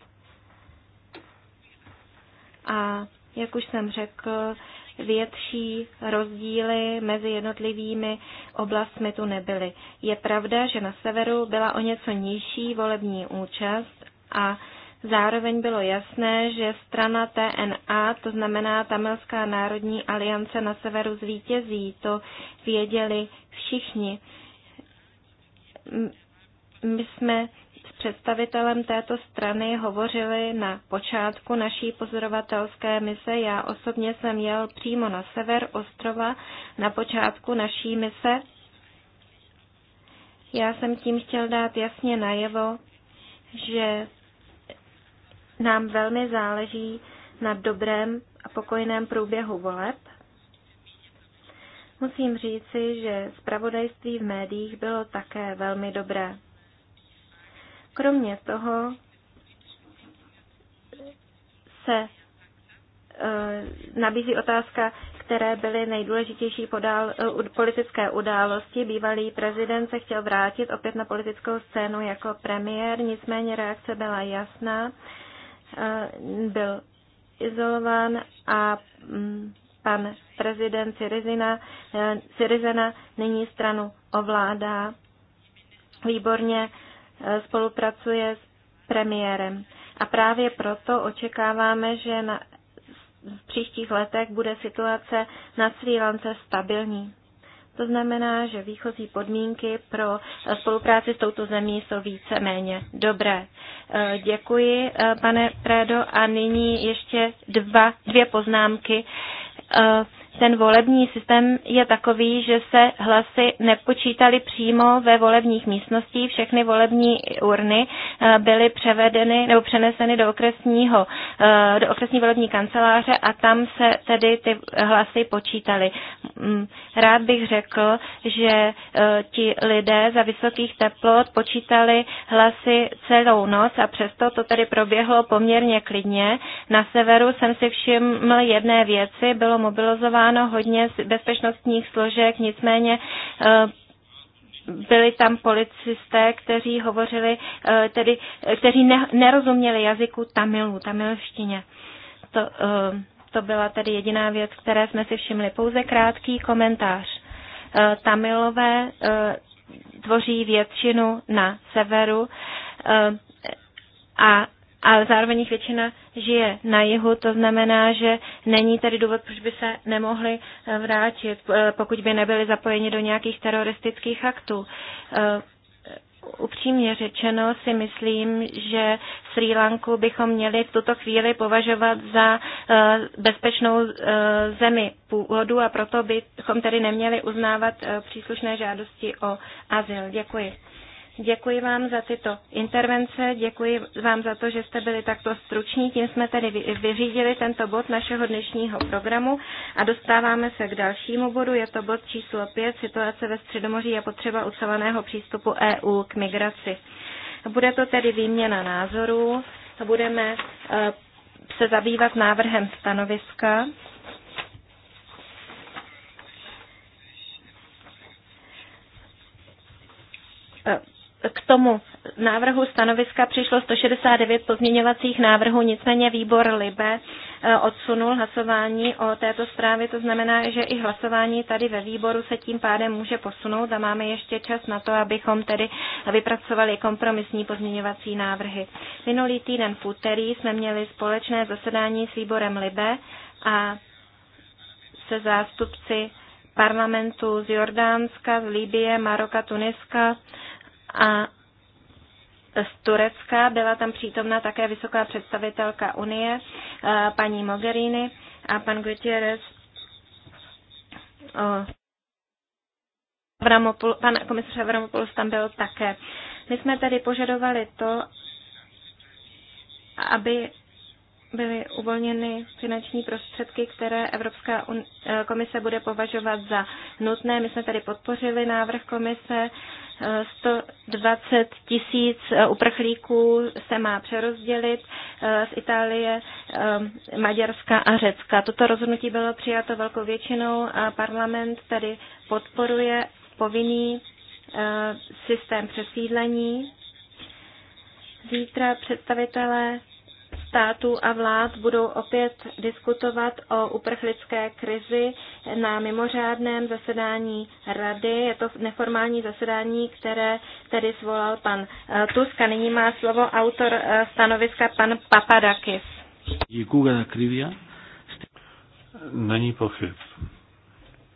A jak už jsem řekl, větší rozdíly mezi jednotlivými oblastmi tu nebyly. Je pravda, že na severu byla o něco nižší volební účast a Zároveň bylo jasné, že strana TNA, to znamená Tamilská národní aliance na severu zvítězí, to věděli všichni. My jsme představitelem této strany hovořili na počátku naší pozorovatelské mise. Já osobně jsem jel přímo na sever ostrova na počátku naší mise. Já jsem tím chtěl dát jasně najevo, že nám velmi záleží na dobrém a pokojném průběhu voleb. Musím říci, že zpravodajství v médiích bylo také velmi dobré. Kromě toho se e, nabízí otázka, které byly nejdůležitější podál, e, politické události. Bývalý prezident se chtěl vrátit opět na politickou scénu jako premiér, nicméně reakce byla jasná. E, byl izolován a mm, pan prezident Syrizina, Syrizena nyní stranu ovládá výborně spolupracuje s premiérem. A právě proto očekáváme, že na, v příštích letech bude situace na Sri Lance stabilní. To znamená, že výchozí podmínky pro spolupráci s touto zemí jsou více-méně dobré. E, děkuji, e, pane Prédo, A nyní ještě dva, dvě poznámky e, ten volební systém je takový, že se hlasy nepočítaly přímo ve volebních místností. Všechny volební urny eh, byly převedeny nebo přeneseny do, okresního, eh, do okresní volební kanceláře a tam se tedy ty hlasy počítaly. Mm, rád bych řekl, že eh, ti lidé za vysokých teplot počítali hlasy celou noc a přesto to tedy proběhlo poměrně klidně. Na severu jsem si všiml jedné věci, bylo mobilizováno věnováno hodně bezpečnostních složek, nicméně eh, byli tam policisté, kteří hovořili, eh, tedy, eh, kteří nerozuměli jazyku tamilu, tamilštině. To, to byla tedy jediná věc, které jsme si všimli. Pouze krátký komentář. Tamilové tvoří většinu na severu a ale zároveň jich většina žije na jihu, to znamená, že není tady důvod, proč by se nemohli eh, vrátit, eh, pokud by nebyli zapojeni do nějakých teroristických aktů. Eh, upřímně řečeno si myslím, že Sri Lanku bychom měli v tuto chvíli považovat za bezpečnou zemi původu a proto bychom tedy neměli uznávat příslušné žádosti o azyl. Děkuji. Děkuji vám za tyto intervence, děkuji vám za to, že jste byli takto struční. Tím jsme tedy vyřídili tento bod našeho dnešního programu a dostáváme se k dalšímu bodu. Je to bod číslo 5, situace ve Středomoří a potřeba ucelaného přístupu EU k migraci. Bude to tedy výměna názorů, budeme e, se zabývat návrhem stanoviska. E, k tomu návrhu stanoviska přišlo 169 pozměňovacích návrhů, nicméně výbor Libe e, odsunul hlasování o této zprávě, to znamená, že i hlasování tady ve výboru se tím pádem může posunout a máme ještě čas na to, abychom tedy vypracovali kompromisní pozměňovací návrhy. Minulý týden v úterý jsme měli společné zasedání s výborem Libe a se zástupci parlamentu z Jordánska, z Libie, Maroka, Tuniska, a z Turecka. Byla tam přítomna také vysoká představitelka Unie, eh, paní Mogherini a pan Gutierrez. Eh, pan komisař Avramopoulos tam byl také. My jsme tedy požadovali to, aby byly uvolněny finanční prostředky, které Evropská eh, komise bude považovat za nutné. My jsme tady podpořili návrh komise 120 tisíc eh, uprchlíků se má přerozdělit eh, z Itálie, eh, Maďarska a Řecka. Toto rozhodnutí bylo přijato velkou většinou a parlament tedy podporuje povinný systém přesídlení. Zítra představitelé států a vlád budou opět diskutovat o uprchlické krizi na mimořádném zasedání rady. Je to neformální zasedání, které tedy zvolal pan eh, Tusk a nyní má slovo autor eh, stanoviska pan Papadakis. Není pochyb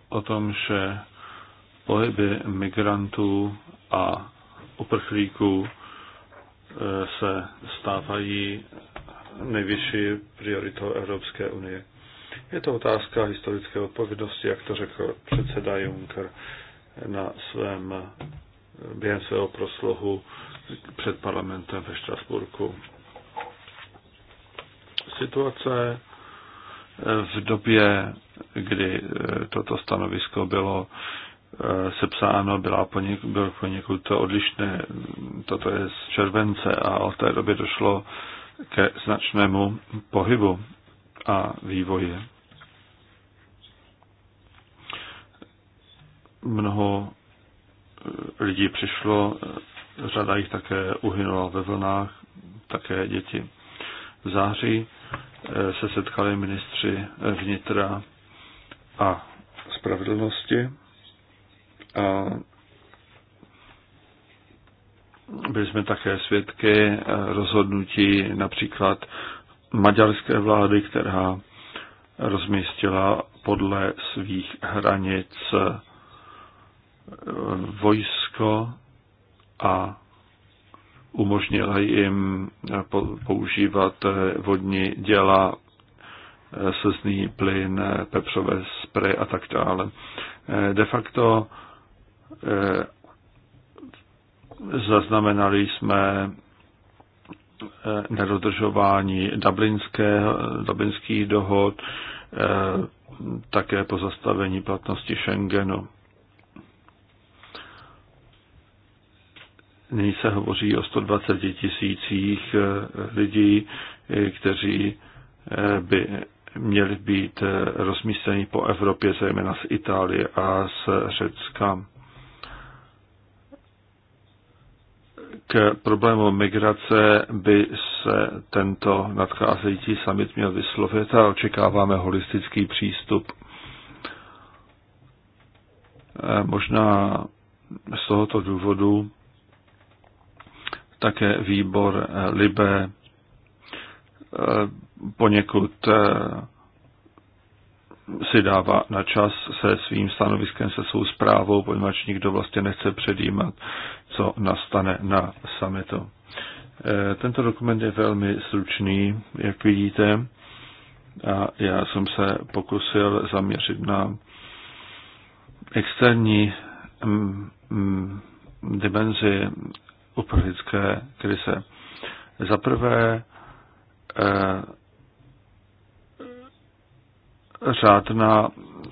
o tom, že pohyby migrantů a uprchlíků eh, se stávají nejvyšší prioritou Evropské unie. Je to otázka historické odpovědnosti, jak to řekl předseda Juncker na svém, během svého proslohu před parlamentem ve Štrasburku. Situace v době, kdy eh, toto stanovisko bylo eh, sepsáno, byla poněk, bylo poněkud odlišné. Toto je z července a od té doby došlo ke značnému pohybu a vývoji. Mnoho eh, lidí přišlo, eh, řada jich také uhynula ve vlnách, také děti. V září eh, se setkali ministři vnitra a spravedlnosti a byli jsme také svědky eh, rozhodnutí například maďarské vlády, která rozmístila podle svých hranic eh, vojsko a umožnila jim eh, používat vodní děla, slzný plyn, pepřové spry a tak dále. De facto Zaznamenali jsme eh, nedodržování dublinských dohod, eh, také pozastavení platnosti Schengenu. Nyní se hovoří o 120 tisících eh, lidí, kteří by měli být rozmístěni po Evropě, zejména z Itálie a z Řecka. k problému migrace by se tento nadcházející summit měl vyslovit a očekáváme holistický přístup. E, možná z tohoto důvodu také výbor e, Libe e, poněkud si dává na čas se svým stanoviskem, se svou zprávou, poněvadž nikdo vlastně nechce předjímat, co nastane na summitu. Eh, tento dokument je velmi stručný, jak vidíte, a já jsem se pokusil zaměřit na externí mm, mm, dimenzi uprchlické krize. Za prvé eh, řádná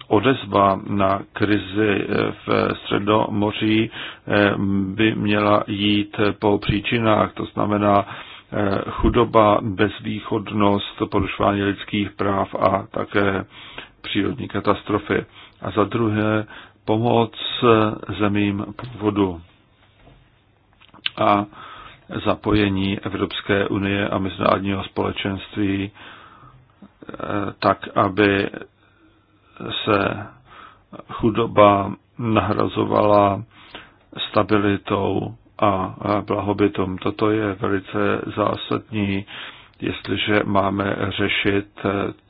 odezva na krizi v Středomoří eh, by měla jít po příčinách, to znamená eh, chudoba, bezvýchodnost, porušování lidských práv a také přírodní katastrofy. A za druhé pomoc zemím původu a zapojení Evropské unie a mezinárodního společenství tak, aby se chudoba nahrazovala stabilitou a blahobytom. Toto je velice zásadní, jestliže máme řešit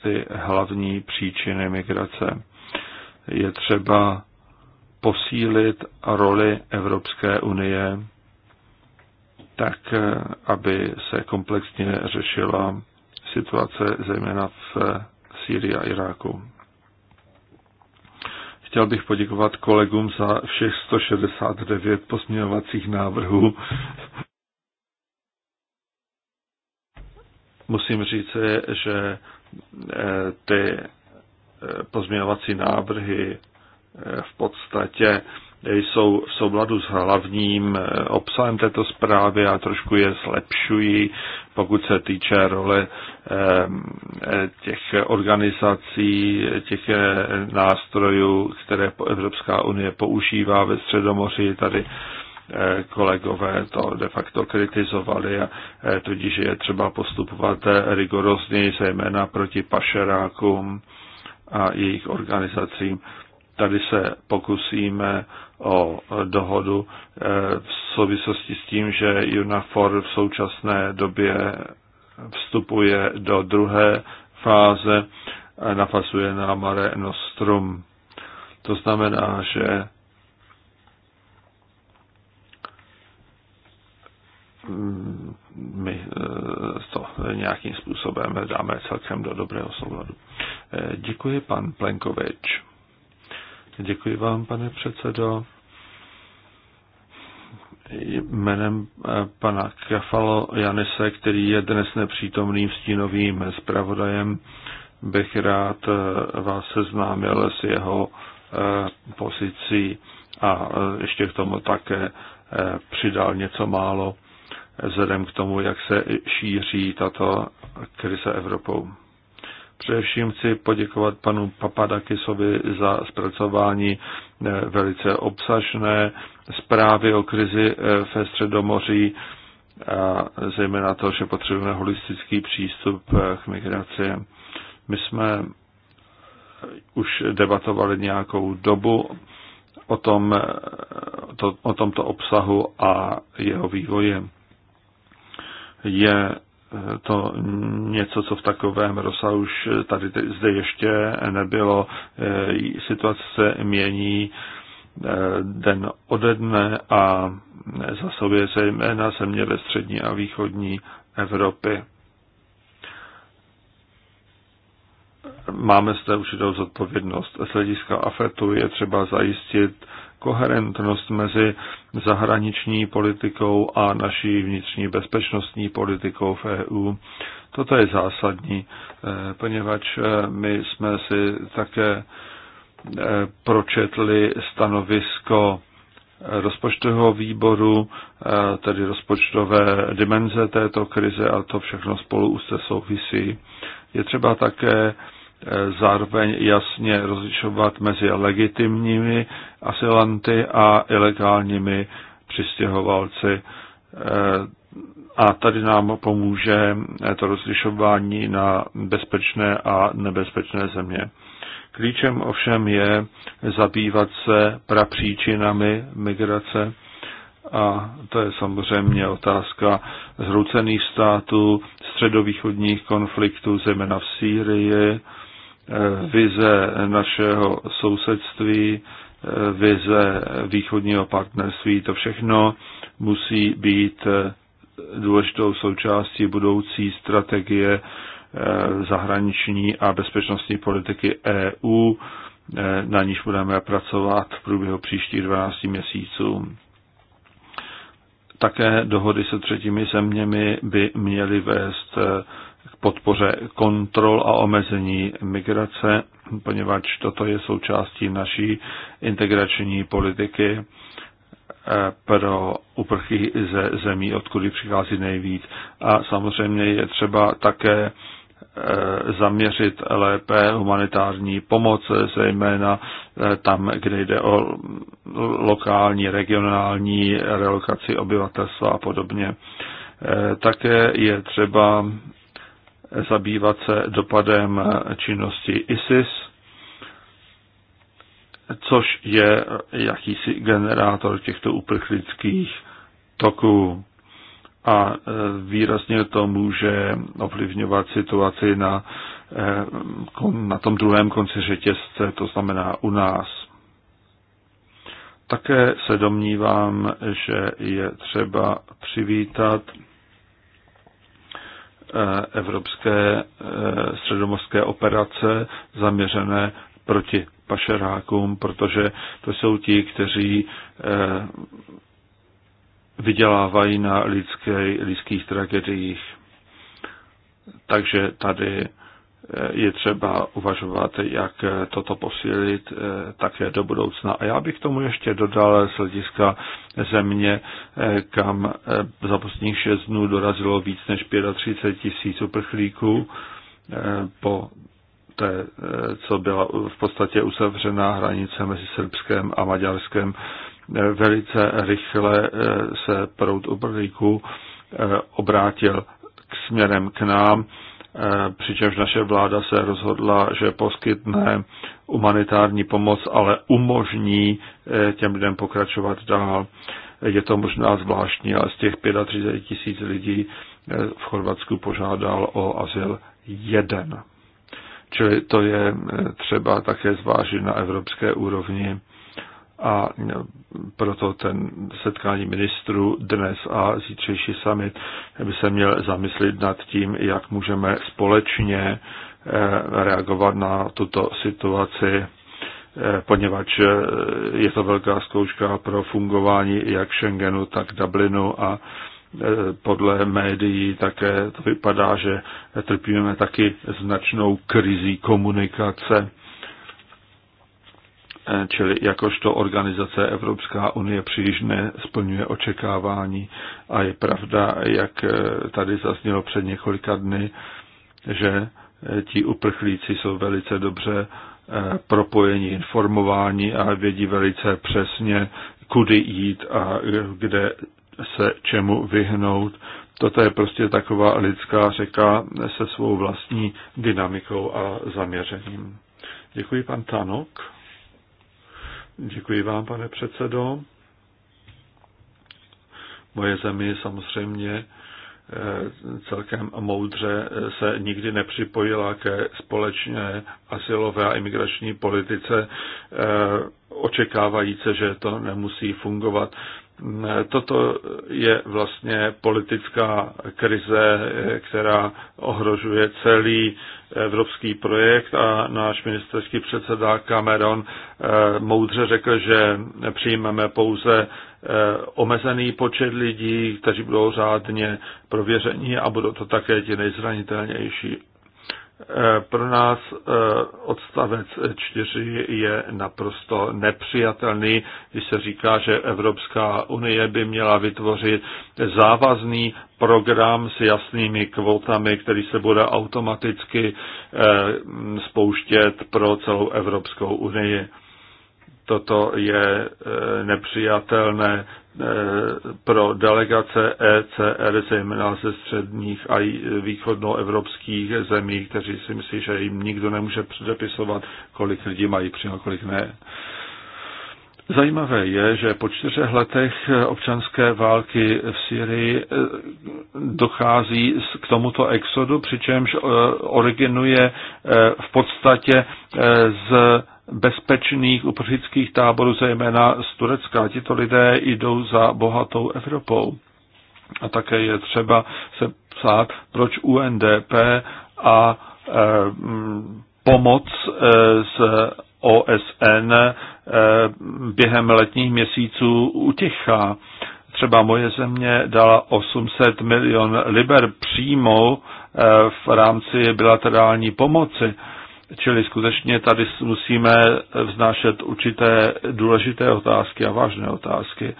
ty hlavní příčiny migrace. Je třeba posílit roli Evropské unie tak, aby se komplexně řešila situace zejména v Sýrii a Iráku. Chtěl bych poděkovat kolegům za všech 169 posměňovacích návrhů. Musím říct, že eh, ty eh, pozměňovací návrhy eh, v podstatě jsou v souladu s hlavním eh, obsahem této zprávy a trošku je zlepšují, pokud se týče role eh, eh, těch organizací, těch nástrojů, které Evropská unie používá ve Středomoří. Tady kolegové to de facto kritizovali a tudíž je třeba postupovat rigorozněji, zejména proti pašerákům a jejich organizacím. Tady se pokusíme o dohodu eh, v souvislosti s tím, že UNAFOR v současné době vstupuje do druhé fáze nafasuje na Mare Nostrum. To znamená, že my eh, to nějakým způsobem dáme celkem do dobrého souladu. Eh, děkuji, pan Plenkovič. Děkuji vám, pane předsedo. Jménem eh, pana Kafalo Janise, který je dnes nepřítomným stínovým zpravodajem, bych rád eh, vás seznámil s jeho eh, pozicí a ještě k tomu také přidal něco málo vzhledem k tomu, jak se šíří tato krize Evropou. Především chci poděkovat panu Papadakisovi za zpracování eh, velice obsažné zprávy o krizi eh, ve Středomoří a zejména to, že potřebujeme holistický přístup eh, k migraci. My jsme už debatovali nějakou dobu o, tom, to, o tomto obsahu a jeho vývoji. Je to něco, co v takovém rozsahu už tady zde ještě nebylo. E, situace se mění e, den ode dne a sobě se jména země ve střední a východní Evropy. Máme zde určitou zodpovědnost. Z hlediska AFETu je třeba zajistit koherentnost mezi zahraniční politikou a naší vnitřní bezpečnostní politikou v EU. Toto je zásadní, eh, poněvadž eh, my jsme si také eh, pročetli stanovisko rozpočtového výboru, tedy rozpočtové dimenze této krize a to všechno spolu úzce souvisí. Je třeba také Eh, zároveň jasně rozlišovat mezi legitimními asilanty a ilegálními přistěhovalci. Eh, a tady nám pomůže eh, to rozlišování na bezpečné a nebezpečné země. Klíčem ovšem je zabývat se prapříčinami migrace a to je samozřejmě otázka zhroucených států, středovýchodních konfliktů, zejména v Sýrii, Eh, vize našeho sousedství, eh, vize východního partnerství, to všechno musí být eh, důležitou součástí budoucí strategie zahraniční a bezpečnostní politiky EU, na níž budeme pracovat v průběhu příštích 12 měsíců. Také dohody se třetími zeměmi by měly vést k podpoře kontrol a omezení migrace, poněvadž toto je součástí naší integrační politiky eh, pro uprchy ze zemí, odkud přichází nejvíc. A samozřejmě je třeba také eh, zaměřit lépe humanitární pomoc, zejména eh, tam, kde jde o lokální, regionální relokaci obyvatelstva a podobně. Také je třeba zabývat se dopadem činnosti ISIS, což je jakýsi generátor těchto uprchlických toků a e, výrazně to může ovlivňovat situaci na, e, na tom druhém konci řetězce, to znamená u nás. Také se domnívám, že je třeba přivítat Eh, evropské eh, středomorské operace zaměřené proti pašerákům, protože to jsou ti, kteří eh, vydělávají na lidské, lidských tragediích. Takže tady je třeba uvažovat, jak toto posílit eh, také do budoucna. A já bych tomu ještě dodal z hlediska země, eh, kam eh, za posledních 6 dnů dorazilo víc než 35 tisíc uprchlíků po té, co byla v podstatě uzavřená hranice mezi Srbskem a Maďarskem. Velice rychle se proud uprchlíků obrátil k směrem k nám Eh, přičemž naše vláda se rozhodla, že poskytne humanitární pomoc, ale umožní eh, těm lidem pokračovat dál. Je to možná zvláštní, ale z těch 35 tisíc lidí eh, v Chorvatsku požádal o azyl jeden. Čili to je třeba také zvážit na evropské úrovni a proto ten setkání ministrů dnes a zítřejší summit by se měl zamyslit nad tím, jak můžeme společně eh, reagovat na tuto situaci, eh, poněvadž eh, je to velká zkouška pro fungování jak Schengenu, tak Dublinu a podle médií také to vypadá, že trpíme taky značnou krizí komunikace Eh, čili jakožto organizace Evropská unie příliš nesplňuje očekávání. A je pravda, jak eh, tady zaznělo před několika dny, že eh, ti uprchlíci jsou velice dobře propojení, informování a vědí velice přesně, kudy jít a kde se čemu vyhnout. Toto je prostě taková lidská řeka se svou vlastní dynamikou a zaměřením. Děkuji, pan Tanok. Děkuji vám, pane předsedo. Moje země samozřejmě eh, celkem moudře se nikdy nepřipojila ke společné asilové a imigrační politice, eh, očekávajíce, že to nemusí fungovat. Toto je vlastně politická krize, eh, která ohrožuje celý evropský projekt a náš ministerský předseda Cameron eh, moudře řekl, že přijmeme pouze eh, omezený počet lidí, kteří budou řádně prověření a budou to také ti nejzranitelnější. Eh, pro nás eh, odstavec 4 je naprosto nepřijatelný, když se říká, že Evropská unie by měla vytvořit závazný program s jasnými kvotami, který se bude automaticky eh, spouštět pro celou Evropskou unii. Toto je nepřijatelné Eh, pro delegace ECR, zejména ze středních a východnoevropských zemí, kteří si myslí, že jim nikdo nemůže předepisovat, kolik lidí mají přímo, kolik ne. Zajímavé je, že po čtyřech letech občanské války v Syrii eh, dochází k tomuto exodu, přičemž eh, originuje v podstatě z bezpečných uprchlických táborů, zejména z Turecka. Tito lidé jdou za bohatou Evropou. A také je třeba se psát, proč UNDP a e, pomoc e, z OSN e, eh, během letních měsíců utichá. Třeba moje země dala 800 milion liber přímo v rámci bilaterální pomoci Čili skutečně tady musíme vznášet určité důležité otázky a vážné otázky.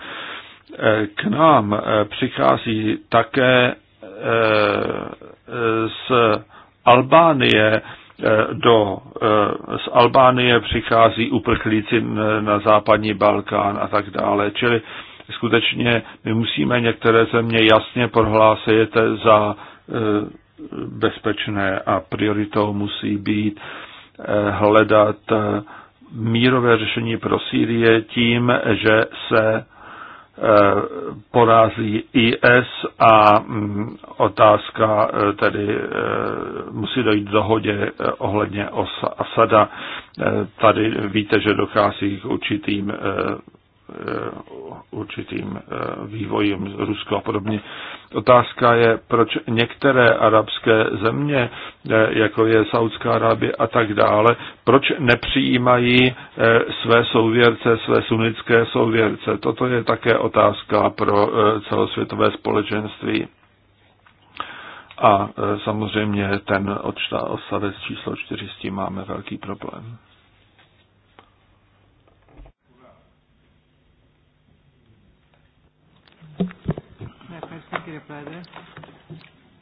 E, k nám e, přichází také e, z Albánie do, z Albánie přichází uprchlíci na západní Balkán a tak dále. Čili skutečně my musíme některé země jasně prohlásit za bezpečné a prioritou musí být eh, hledat eh, mírové řešení pro Sýrie tím, že se eh, porazí IS a mm, otázka tedy musí dojít dohodě ohledně Asada. Tady víte, že dochází k určitým Eh, určitým eh, vývojem Rusko a podobně. Otázka je, proč některé arabské země, eh, jako je Saudská Arábie a tak dále, proč nepřijímají své souvěrce, své sunnické souvěrce. Toto je také otázka pro celosvětové společenství. A samozřejmě ten odstavec číslo 4 máme velký problém. κύριε Πρόεδρε.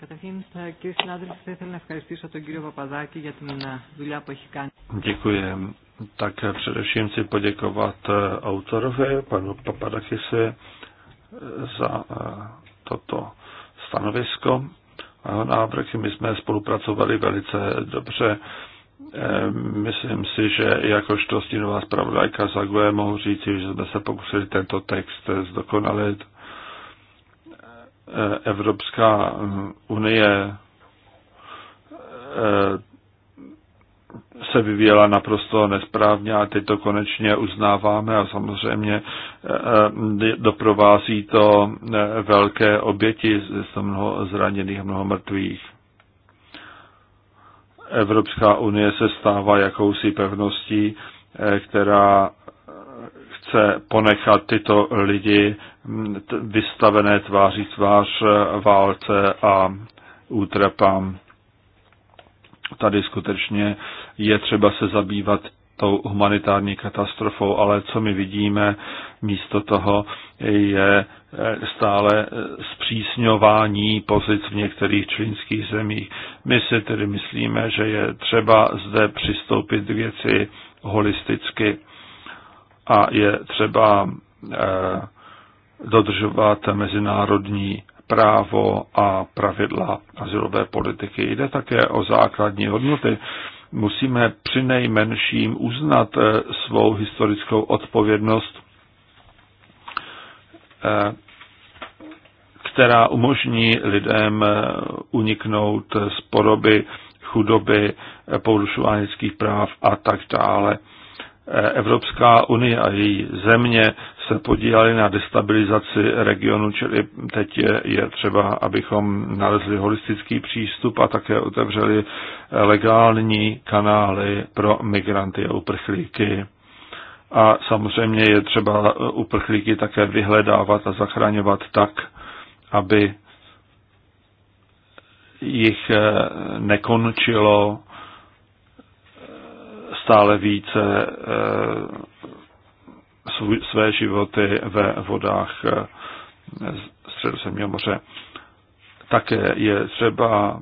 Καταρχήν, κύριε συνάδελφε, θα ήθελα να ευχαριστήσω τον κύριο Παπαδάκη για την δουλειά που έχει κάνει. Děkuji. Tak především chci poděkovat e, autorovi, panu Papadakise, e, za e, toto stanovisko a jeho návrhy. My jsme spolupracovali velice dobře. Myslím si, že jakožto stínová zpravodajka Zague mohu říci, že jsme se pokusili tento text zdokonalit Eh, Evropská hm, unie eh, se vyvíjela naprosto nesprávně a teď to konečně uznáváme a samozřejmě eh, doprovází to velké oběti, je mnoho zraněných, mnoho mrtvých. Evropská unie se stává jakousi pevností, která chce ponechat tyto lidi vystavené tváří tvář e, válce a útrapám. Tady skutečně je třeba se zabývat tou humanitární katastrofou, ale co my vidíme místo toho je e, stále e, zpřísňování pozic v některých členských zemích. My si tedy myslíme, že je třeba zde přistoupit k věci holisticky a je třeba eh, dodržovat mezinárodní právo a pravidla asilové politiky. Jde také o základní hodnoty. Musíme při nejmenším uznat eh, svou historickou odpovědnost, eh, která umožní lidem uniknout z poroby chudoby, porušování lidských práv a tak dále. Evropská unie a její země se podílely na destabilizaci regionu, čili teď je, je třeba, abychom nalezli holistický přístup a také otevřeli legální kanály pro migranty a uprchlíky. A samozřejmě je třeba uprchlíky také vyhledávat a zachraňovat tak, aby jich nekončilo stále více eh, své životy ve vodách eh, Středozemního moře. Také je třeba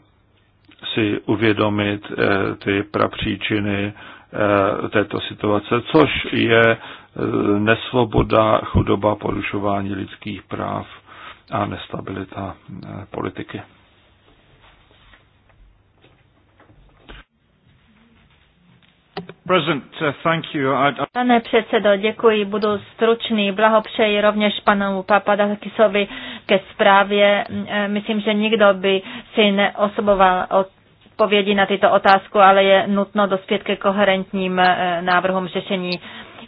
si uvědomit eh, ty prapříčiny této situace, což je nesvoboda, chudoba, porušování lidských práv a nestabilita politiky. Uh, Pane předsedo, děkuji, budu stručný. Blahopřeji rovněž panu Papadakisovi ke zprávě. Mm, myslím, že nikdo by si neosoboval odpovědi na tyto otázku, ale je nutno dospět ke koherentním eh, návrhům řešení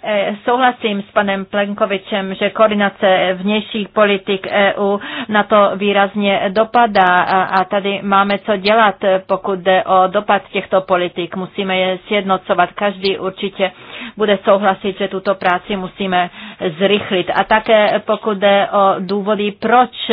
Eh, souhlasím s panem Plenkovičem, že koordinace vnějších politik EU na to výrazně dopadá a tady máme co dělat, pokud jde o dopad těchto politik. Musíme je sjednocovat. Každý určitě bude souhlasit, že tuto práci musíme zrychlit. A také pokud jde o důvody, proč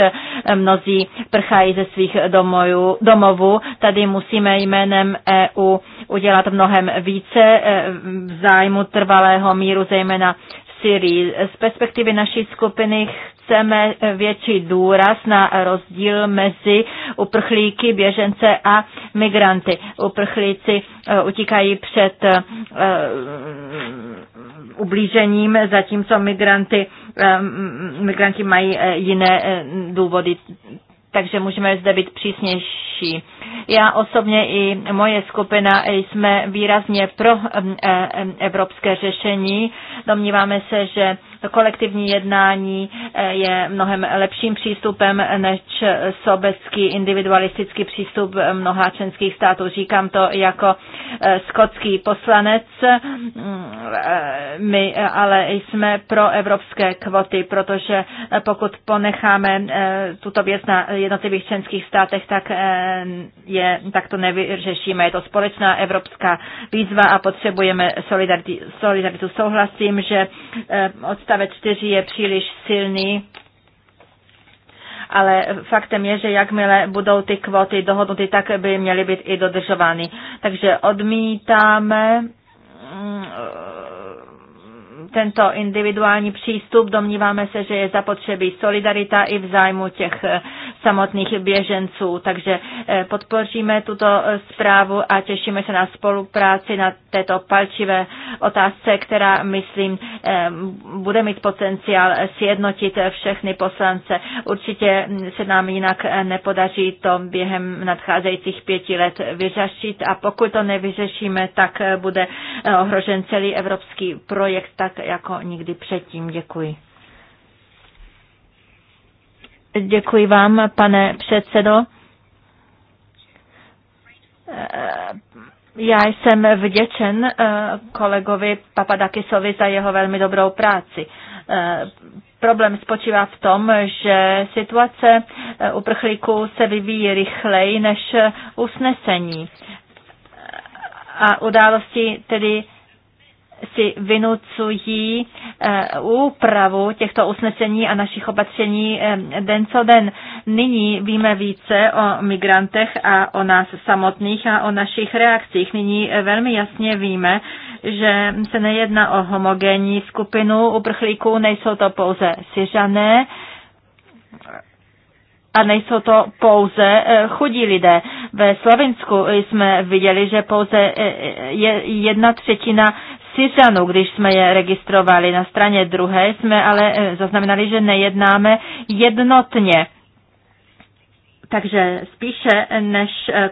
mnozí prchají ze svých domojů, domovů, tady musíme jménem EU udělat mnohem více eh, v zájmu trvalého míru míru, zejména v Syrii. Z perspektivy naší skupiny chceme větší důraz na rozdíl mezi uprchlíky, běžence a migranty. Uprchlíci eh, utíkají před eh, eh, ublížením, zatímco migranty, migranti mají jiné důvody takže můžeme zde být přísnější. Já osobně i moje skupina jsme výrazně pro eh, eh, evropské řešení. Domníváme se, že kolektivní jednání eh, je mnohem lepším přístupem než sobecký individualistický přístup mnoha členských států. Říkám to jako eh, skotský poslanec. Mm, eh, my ale jsme pro evropské kvoty, protože pokud ponecháme tuto věc na jednotlivých členských státech, tak, je, tak to nevyřešíme. Je to společná evropská výzva a potřebujeme solidaritu. solidaritu. Souhlasím, že od odstavec 4 je příliš silný, ale faktem je, že jakmile budou ty kvóty dohodnuty, tak by měly být i dodržovány. Takže odmítáme mm, tento individuální přístup. Domníváme se, že je zapotřebí solidarita i v zájmu těch samotných běženců. Takže eh, podpoříme tuto eh, zprávu a těšíme se na spolupráci na této palčivé otázce, která, myslím, eh, bude mít potenciál sjednotit všechny poslance. Určitě se nám jinak nepodaří to během nadcházejících pěti let vyřešit a pokud to nevyřešíme, tak bude ohrožen celý evropský projekt tak jako nikdy předtím. Děkuji. Děkuji vám, pane předsedo. Já jsem vděčen eh, kolegovi Papadakisovi za jeho velmi dobrou práci. Eh, problém spočívá v tom, že situace eh, uprchlíků se vyvíjí rychleji než usnesení. A události tedy si vynucují eh, úpravu těchto usnesení a našich opatření eh, den co den. Nyní víme více o migrantech a o nás samotných a o našich reakcích. Nyní eh, velmi jasně víme, že se nejedná o homogenní skupinu uprchlíků, nejsou to pouze Syřané, a nejsou to pouze chudí lidé. Ve Slovensku jsme viděli, že pouze jedna třetina Syřanů, když jsme je registrovali. Na straně druhé jsme ale eh, zaznamenali, že nejednáme jednotně. Takže spíše než eh,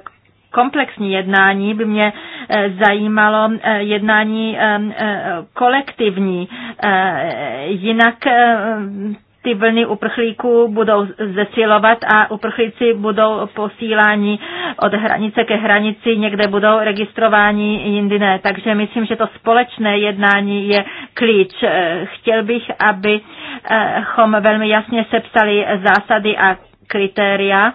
komplexní jednání by mě eh, zajímalo jednání kolektivní. Jinak ty vlny uprchlíků budou zesilovat a uprchlíci budou posíláni od hranice ke hranici, někde budou registrováni, jindy ne. Takže myslím, že to společné jednání je klíč. Eh, chtěl bych, abychom velmi jasně sepsali zásady a kritéria,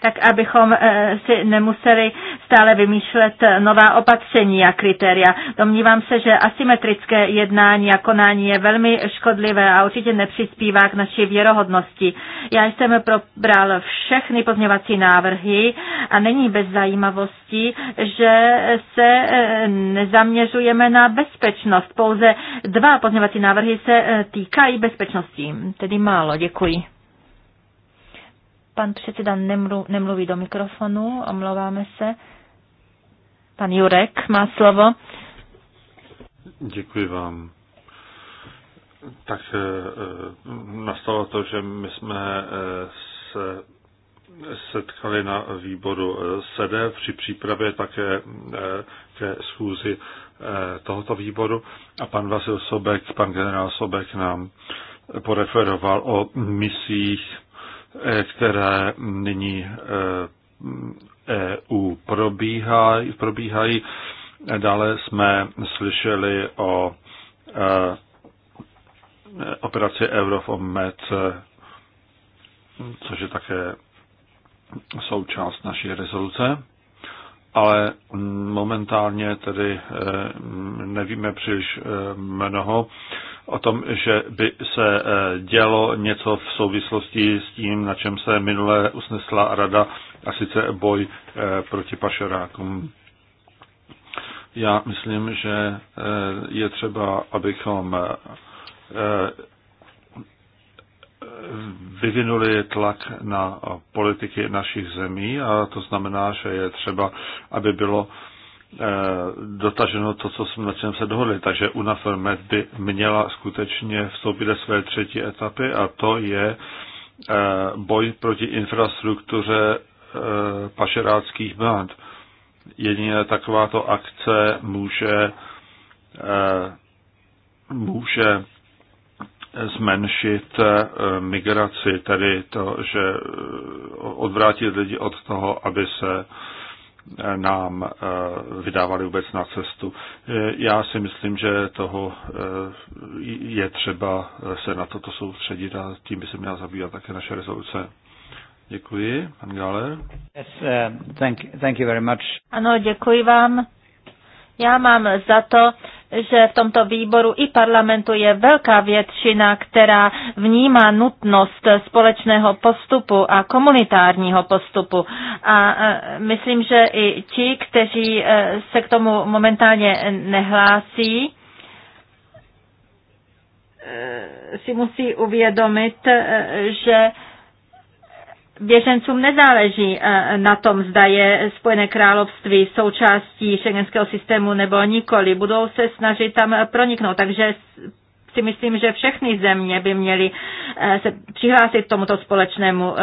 tak abychom eh, si nemuseli stále vymýšlet nová opatření a kritéria. Domnívám se, že asymetrické jednání a konání je velmi škodlivé a určitě nepřispívá k naší věrohodnosti. Já jsem probral všechny pozměvací návrhy a není bez zajímavosti, že se eh, nezaměřujeme na bezpečnost. Pouze dva pozměvací návrhy se eh, týkají bezpečnosti, tedy málo. Děkuji. Pan předseda nemlu, nemluví do mikrofonu, omlouváme se. Pan Jurek má slovo. Děkuji vám. Tak eh, nastalo to, že my jsme eh, se setkali na výboru eh, SEDE při přípravě také ke schůzi tohoto výboru a pan Vasil Sobek, pan generál Sobek nám poreferoval o misích Eh, které nyní EU eh, e probíhají. probíhají. Dále jsme slyšeli o eh, operaci Eurofomet, což je také součást naší rezoluce, ale momentálně tedy nevíme příliš mnoho o tom, že by se eh, dělo něco v souvislosti s tím, na čem se minule usnesla rada, a sice boj eh, proti pašerákům. Já myslím, že eh, je třeba, abychom vyvinuli tlak na politiky našich zemí a to znamená, že je třeba, aby bylo Eh, dotaženo to, co jsme, na čem se dohodli. Takže UNAFERMED by měla skutečně vstoupit do své třetí etapy a to je eh, boj proti infrastruktuře eh, pašeráckých band. Jedině takováto akce může, může zmenšit migraci, tedy to, že odvrátit lidi od toho, aby se nám eh, vydávali vůbec na cestu. Eh, já si myslím, že toho eh, je třeba se na toto soustředit a tím by se měla zabývat také naše rezoluce. Děkuji, pan Galer. Yes, uh, thank, thank you very much. Ano, děkuji vám. Já mám za to, že v tomto výboru i parlamentu je velká většina, která vnímá nutnost společného postupu a komunitárního postupu. A e, myslím, že i ti, kteří e, se k tomu momentálně nehlásí, e, si musí uvědomit, že běžencům nezáleží eh, na tom, zda je Spojené království součástí šengenského systému nebo nikoli. Budou se snažit tam eh, proniknout, takže si myslím, že všechny země by měly eh, se přihlásit k tomuto společnému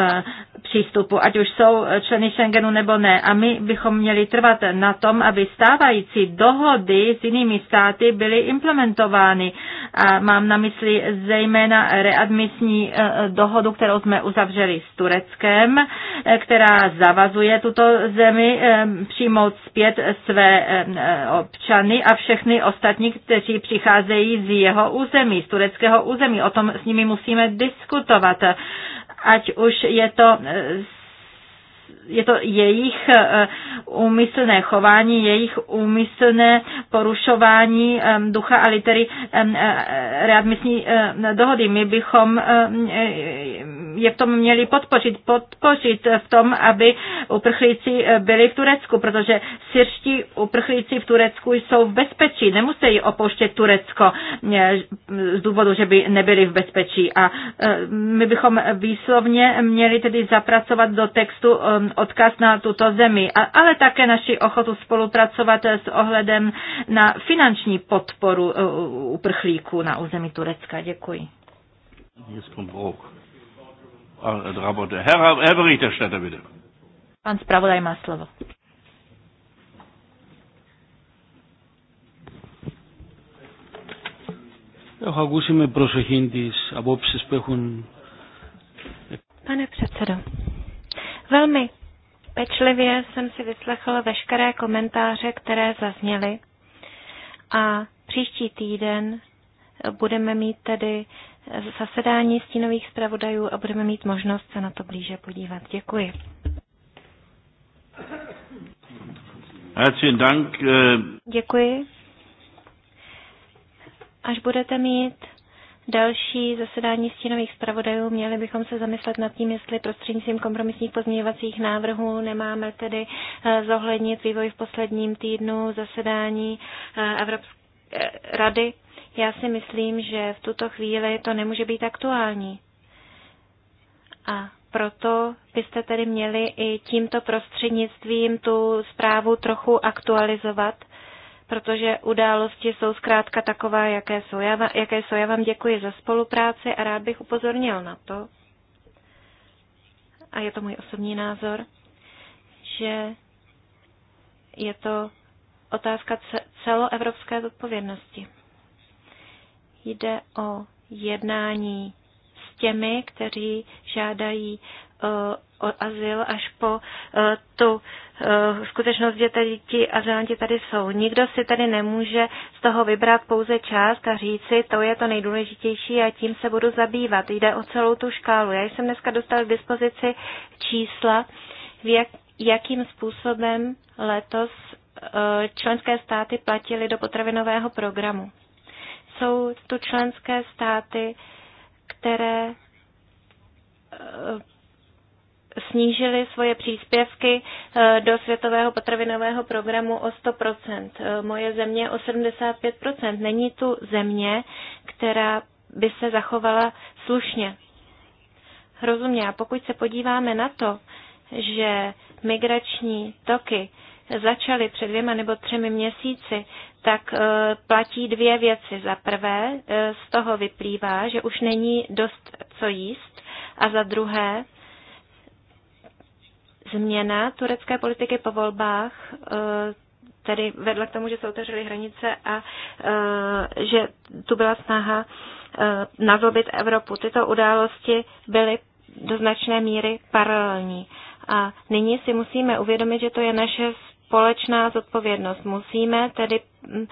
přístupu, ať už jsou členy Schengenu nebo ne. A my bychom měli trvat na tom, aby stávající dohody s jinými státy byly implementovány. A mám na mysli zejména readmisní eh, dohodu, kterou jsme uzavřeli s Tureckem, eh, která zavazuje tuto zemi eh, přijmout zpět své občany a všechny ostatní, kteří přicházejí z jeho území, z tureckého území. O tom s nimi musíme diskutovat ať už je to eh, je to jejich eh, úmyslné chování, jejich úmyslné porušování eh, ducha a litery readmisní dohody. My bychom je v tom měli podpořit, podpořit v tom, aby uprchlíci byli v Turecku, protože syrští uprchlíci v Turecku jsou v bezpečí, nemusí opouštět Turecko eh, z důvodu, že by nebyli v bezpečí. A eh, my bychom výslovně měli tedy zapracovat do textu eh, odkaz na tuto zemi, ale také naši ochotu spolupracovat s ohledem na finanční podporu uprchlíků na území Turecka. Děkuji. Děkuji. Herr, Herr Berichterstatter, bitte. Pan zpravodaj má slovo. Pane předsedo, velmi pečlivě jsem si vyslechl veškeré komentáře, které zazněly a příští týden budeme mít tedy zasedání stínových zpravodajů a budeme mít možnost se na to blíže podívat. Děkuji. Eh. Děkuji. Až budete mít další zasedání stínových zpravodajů, měli bychom se zamyslet nad tím, jestli prostřednictvím kompromisních pozměňovacích návrhů nemáme tedy eh, zohlednit vývoj v posledním týdnu zasedání eh, Evropské rady já si myslím, že v tuto chvíli to nemůže být aktuální. A proto byste tedy měli i tímto prostřednictvím tu zprávu trochu aktualizovat, protože události jsou zkrátka taková, jaké jsou. Já vám, jaké jsou. Já vám děkuji za spolupráci a rád bych upozornil na to, a je to můj osobní názor, že je to otázka celoevropské zodpovědnosti jde o jednání s těmi, kteří žádají eh, o azyl až po eh, tu eh, skutečnost, že tady ti azylanti tady jsou. Nikdo si tady nemůže z toho vybrat pouze část a říci, to je to nejdůležitější a tím se budu zabývat. Jde o celou tu škálu. Já jsem dneska dostal k dispozici čísla, v jak, jakým způsobem letos členské státy platily do potravinového programu jsou tu členské státy, které eh, snížily svoje příspěvky eh, do Světového potravinového programu o 100%. Eh, moje země o 75%. Není tu země, která by se zachovala slušně. Rozumě, a pokud se podíváme na to, že migrační toky začali před dvěma nebo třemi měsíci, tak eh, platí dvě věci. Za prvé, eh, z toho vyplývá, že už není dost co jíst, a za druhé, změna turecké politiky po volbách eh, tedy vedle k tomu, že se otevřely hranice a že tu byla snaha nazobit Evropu. Tyto události byly do značné míry paralelní. A nyní si musíme uvědomit, že to je naše společná zodpovědnost. Musíme tedy mm,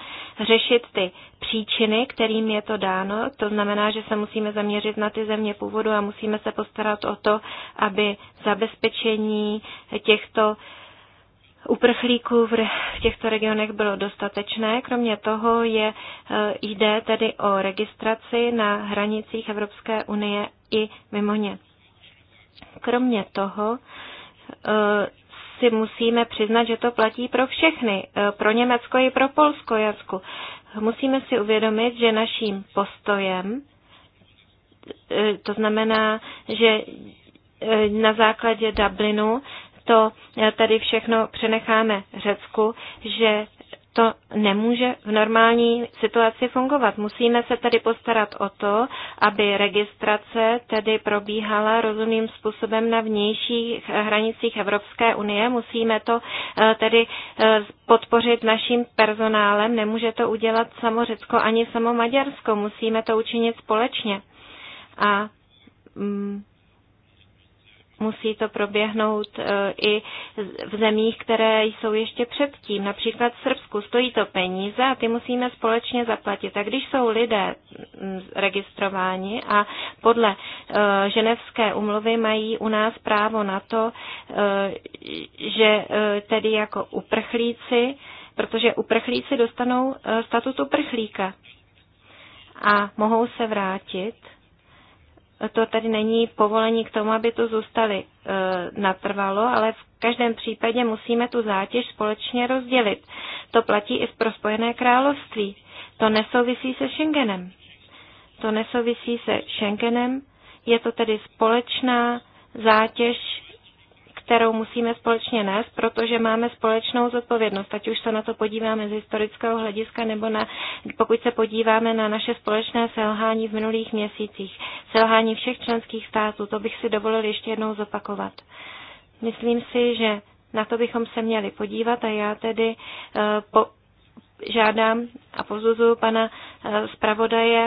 řešit ty příčiny, kterým je to dáno. To znamená, že se musíme zaměřit na ty země původu a musíme se postarat o to, aby zabezpečení těchto uprchlíků v, těchto regionech bylo dostatečné. Kromě toho je, eh, jde tedy o registraci na hranicích Evropské unie i mimo ně. Kromě toho eh, si musíme přiznat, že to platí pro všechny, e, pro Německo i pro Polsko, Jasku. Musíme si uvědomit, že naším postojem, e, to znamená, že e, na základě Dublinu to tady všechno přenecháme Řecku, že to nemůže v normální situaci fungovat. Musíme se tedy postarat o to, aby registrace tedy probíhala rozumným způsobem na vnějších hranicích Evropské unie. Musíme to eh, tedy eh, podpořit naším personálem. Nemůže to udělat samo Řecko ani samo Maďarsko. Musíme to učinit společně. A mm, Musí to proběhnout e, i v zemích, které jsou ještě předtím. Například v Srbsku stojí to peníze a ty musíme společně zaplatit. A když jsou lidé registrováni a podle e, ženevské umluvy mají u nás právo na to, e, že tedy jako uprchlíci, protože uprchlíci dostanou statut uprchlíka a mohou se vrátit to tady není povolení k tomu, aby tu zůstali e, natrvalo, ale v každém případě musíme tu zátěž společně rozdělit. To platí i pro Spojené království. To nesouvisí se Schengenem. To nesouvisí se Schengenem, je to tedy společná zátěž kterou musíme společně nést, protože máme společnou zodpovědnost, ať už se na to podíváme z historického hlediska nebo na, pokud se podíváme na naše společné selhání v minulých měsících, selhání všech členských států, to bych si dovolil ještě jednou zopakovat. Myslím si, že na to bychom se měli podívat a já tedy eh, po, žádám a pozuzuju pana eh, zpravodaje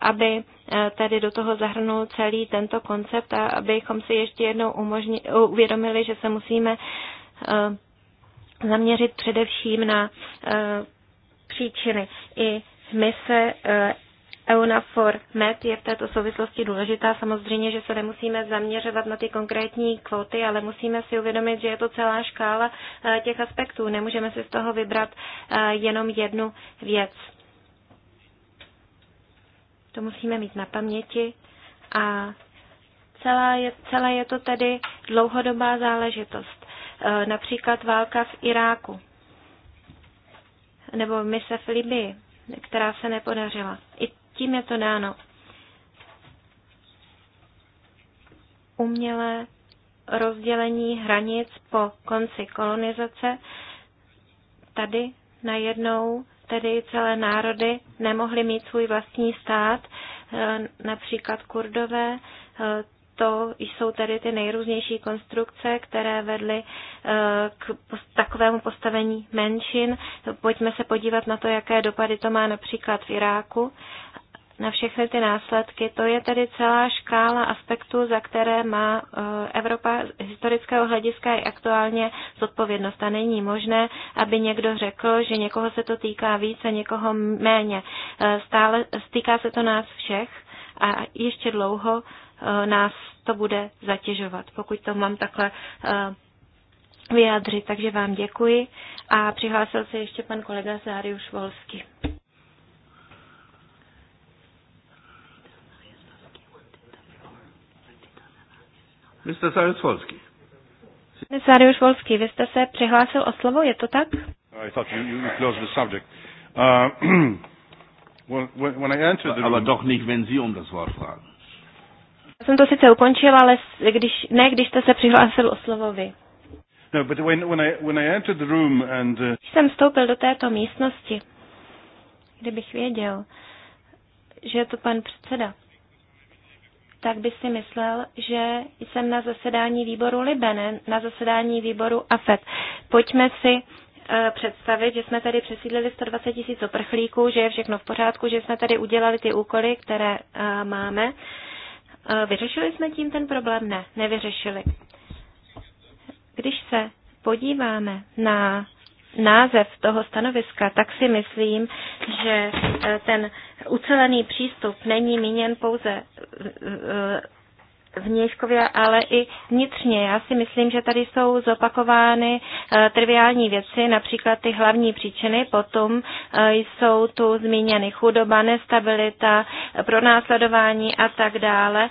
aby eh, tady do toho zahrnul celý tento koncept a abychom si ještě jednou umožni, uvědomili, že se musíme eh, zaměřit především na eh, příčiny. I mise EUNAFOR MED je v této souvislosti důležitá. Samozřejmě, že se nemusíme zaměřovat na ty konkrétní kvóty, ale musíme si uvědomit, že je to celá škála těch aspektů. Nemůžeme si z toho vybrat jenom jednu věc. To musíme mít na paměti. A celá je, celé je to tedy dlouhodobá záležitost. E, například válka v Iráku nebo mise v Libii, která se nepodařila. I tím je to dáno. Umělé rozdělení hranic po konci kolonizace tady najednou tedy celé národy nemohly mít svůj vlastní stát, eh, například kurdové, eh, to jsou tedy ty nejrůznější konstrukce, které vedly eh, k takovému postavení menšin. Pojďme se podívat na to, jaké dopady to má například v Iráku na všechny ty následky. To je tedy celá škála aspektů, za které má eh, Evropa historického hlediska i aktuálně zodpovědnost. A není možné, aby někdo řekl, že někoho se to týká více, někoho méně. Eh, stále stýká se to nás všech a ještě dlouho eh, nás to bude zatěžovat, pokud to mám takhle vyjádřit. Takže vám děkuji a přihlásil se ještě pan kolega Záriuš Volsky. Mr. Sarius Volsky. Pane Sarius Volský, vy jste se přihlásil o slovo, je to tak? No, I thought you, you closed the subject. Uh, well, when I entered the room, ale doch nicht, wenn Sie um das Wort fragen. Já jsem to sice ukončil, ale když, ne, když jste se přihlásil o slovo vy. No, but when, when I, when I entered the room and, uh... Když jsem vstoupil do této místnosti, kdybych věděl, že je to pan předseda, tak by si myslel, že jsem na zasedání výboru Libene, na zasedání výboru AFET. Pojďme si e, představit, že jsme tady přesídlili 120 tisíc oprchlíků, že je všechno v pořádku, že jsme tady udělali ty úkoly, které e, máme. E, vyřešili jsme tím ten problém? Ne, nevyřešili. Když se podíváme na název toho stanoviska, tak si myslím, že ten ucelený přístup není míněn pouze eh, eh, vnějškově, ale i vnitřně. Já si myslím, že tady jsou zopakovány eh, triviální věci, například ty hlavní příčiny, potom jsou tu zmíněny chudoba, nestabilita, pronásledování a tak dále.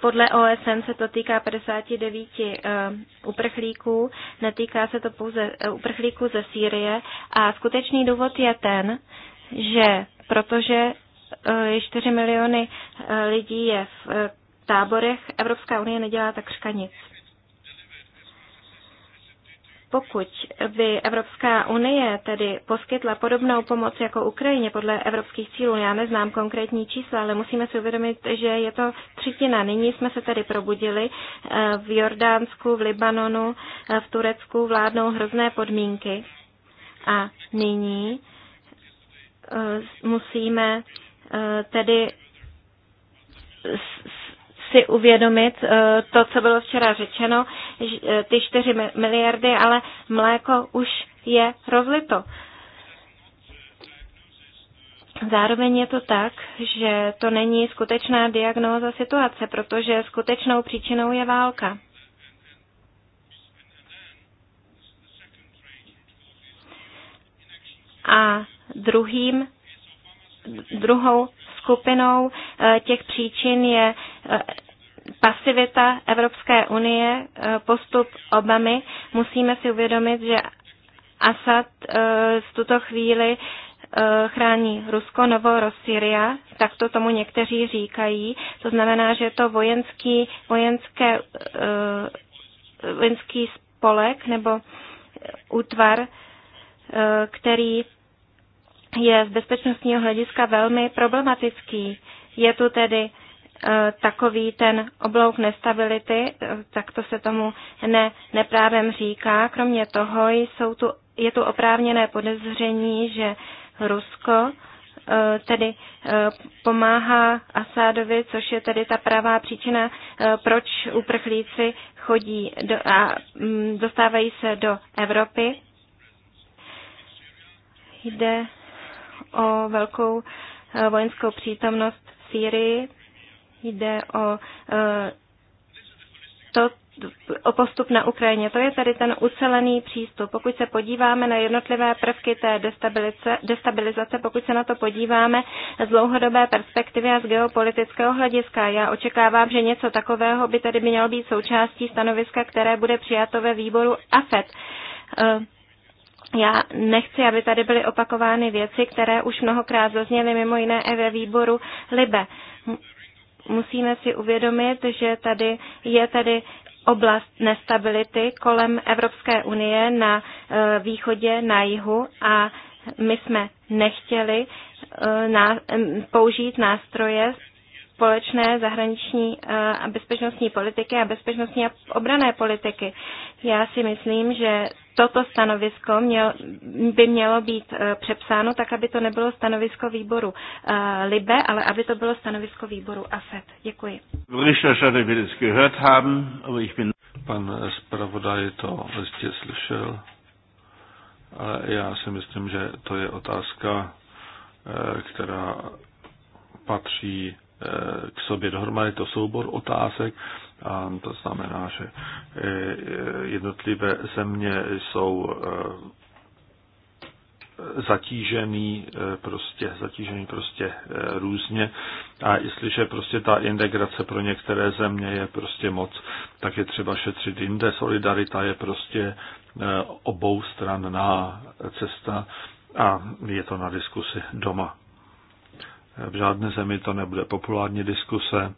Podle OSN se to týká 59 uprchlíků, netýká se to pouze uprchlíků ze Sýrie a skutečný důvod je ten, že protože 4 e, miliony e, lidí je v e, táborech, Evropská unie nedělá takřka nic. Pokud by Evropská unie tedy poskytla podobnou pomoc jako Ukrajině podle evropských cílů, já neznám konkrétní čísla, ale musíme si uvědomit, že je to třetina. Nyní jsme se tady probudili v Jordánsku, v Libanonu, v Turecku vládnou hrozné podmínky. A nyní Eh, musíme eh, tedy si uvědomit eh, to, co bylo včera řečeno, ty 4 miliardy, ale mléko už je rozlito. Zároveň je to tak, že to není skutečná diagnóza situace, protože skutečnou příčinou je válka. A Druhým, druhou skupinou eh, těch příčin je eh, pasivita Evropské unie, eh, postup Obamy. Musíme si uvědomit, že Assad v tuto chvíli chrání Rusko, Novo Rosyria, tak to tomu někteří říkají. To znamená, že je to vojenský, vojenské, vojenský spolek nebo útvar, který je z bezpečnostního hlediska velmi problematický. Je tu tedy e, takový ten oblouk nestability, e, tak to se tomu ne, neprávem říká. Kromě toho jsou tu, je tu oprávněné podezření, že Rusko e, tedy pomáhá Asádovi, což je tedy ta pravá příčina, proč uprchlíci chodí do, a dostávají se do Evropy. Jde o velkou eh, vojenskou přítomnost v Sýrii, jde o eh, to, o postup na Ukrajině. To je tady ten ucelený přístup. Pokud se podíváme na jednotlivé prvky té destabilizace, destabilizace pokud se na to podíváme z dlouhodobé perspektivy a z geopolitického hlediska, já očekávám, že něco takového by tady mělo být součástí stanoviska, které bude přijato ve výboru AFET. Eh, já nechci, aby tady byly opakovány věci, které už mnohokrát zazněly mimo jiné i ve výboru Libe. Musíme si uvědomit, že tady je tady oblast nestability kolem Evropské unie na e, východě, na jihu a my jsme nechtěli e, použít nástroje společné zahraniční e, a bezpečnostní politiky a bezpečnostní a obrané politiky. Já si myslím, že toto stanovisko měl, by mělo být eh, přepsáno tak, aby to nebylo stanovisko výboru eh, Libe, ale aby to bylo stanovisko výboru AFET. Děkuji. Pan zpravodaj to jistě slyšel, ale já si myslím, že to je otázka, eh, která patří k sobě dohromady, to soubor otázek a to znamená, že e, e, jednotlivé země jsou e, zatížený prostě, zatížený prostě různě a jestliže prostě ta integrace pro některé země je prostě moc, tak je třeba šetřit jinde. Solidarita je prostě obou stranná cesta a je to na diskusi doma. V žádné zemi to nebude populární diskuse,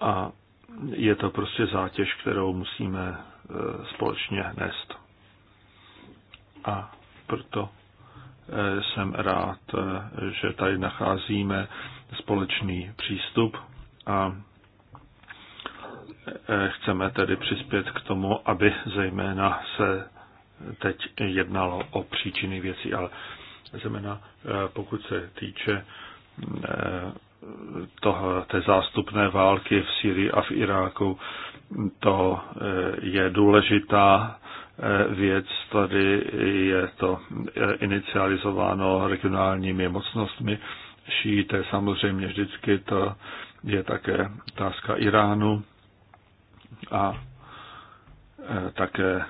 a je to prostě zátěž, kterou musíme e, společně nést. A proto e, jsem rád, e, že tady nacházíme společný přístup a chceme tedy přispět k tomu, aby zejména se teď jednalo o příčiny věcí, ale zejména pokud se týče toho, té zástupné války v Syrii a v Iráku. To eh, je důležitá eh, věc. Tady je to eh, inicializováno regionálními mocnostmi. Šíjíte samozřejmě vždycky, to je také otázka Iránu a také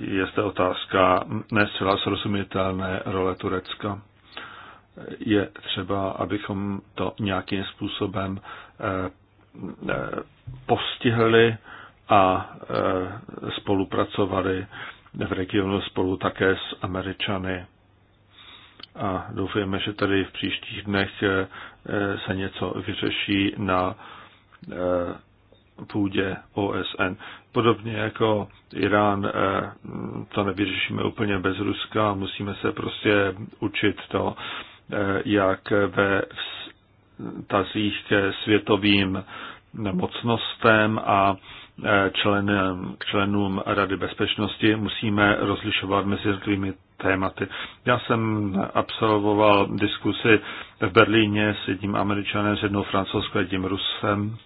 je zde otázka nescela srozumitelné role Turecka je třeba, abychom to nějakým způsobem eh, eh, postihli a eh, spolupracovali v regionu spolu také s Američany. A doufujeme, že tady v příštích dnech se něco vyřeší na půdě OSN. Podobně jako Irán, to nevyřešíme úplně bez Ruska, musíme se prostě učit to, Eh, jak ve vztazích ke světovým mocnostem a eh, členem, k členům Rady bezpečnosti musíme rozlišovat mezi jednotlivými tématy. Já jsem absolvoval diskusy v Berlíně s jedním američanem, s jednou francouzskou, jedním Rusem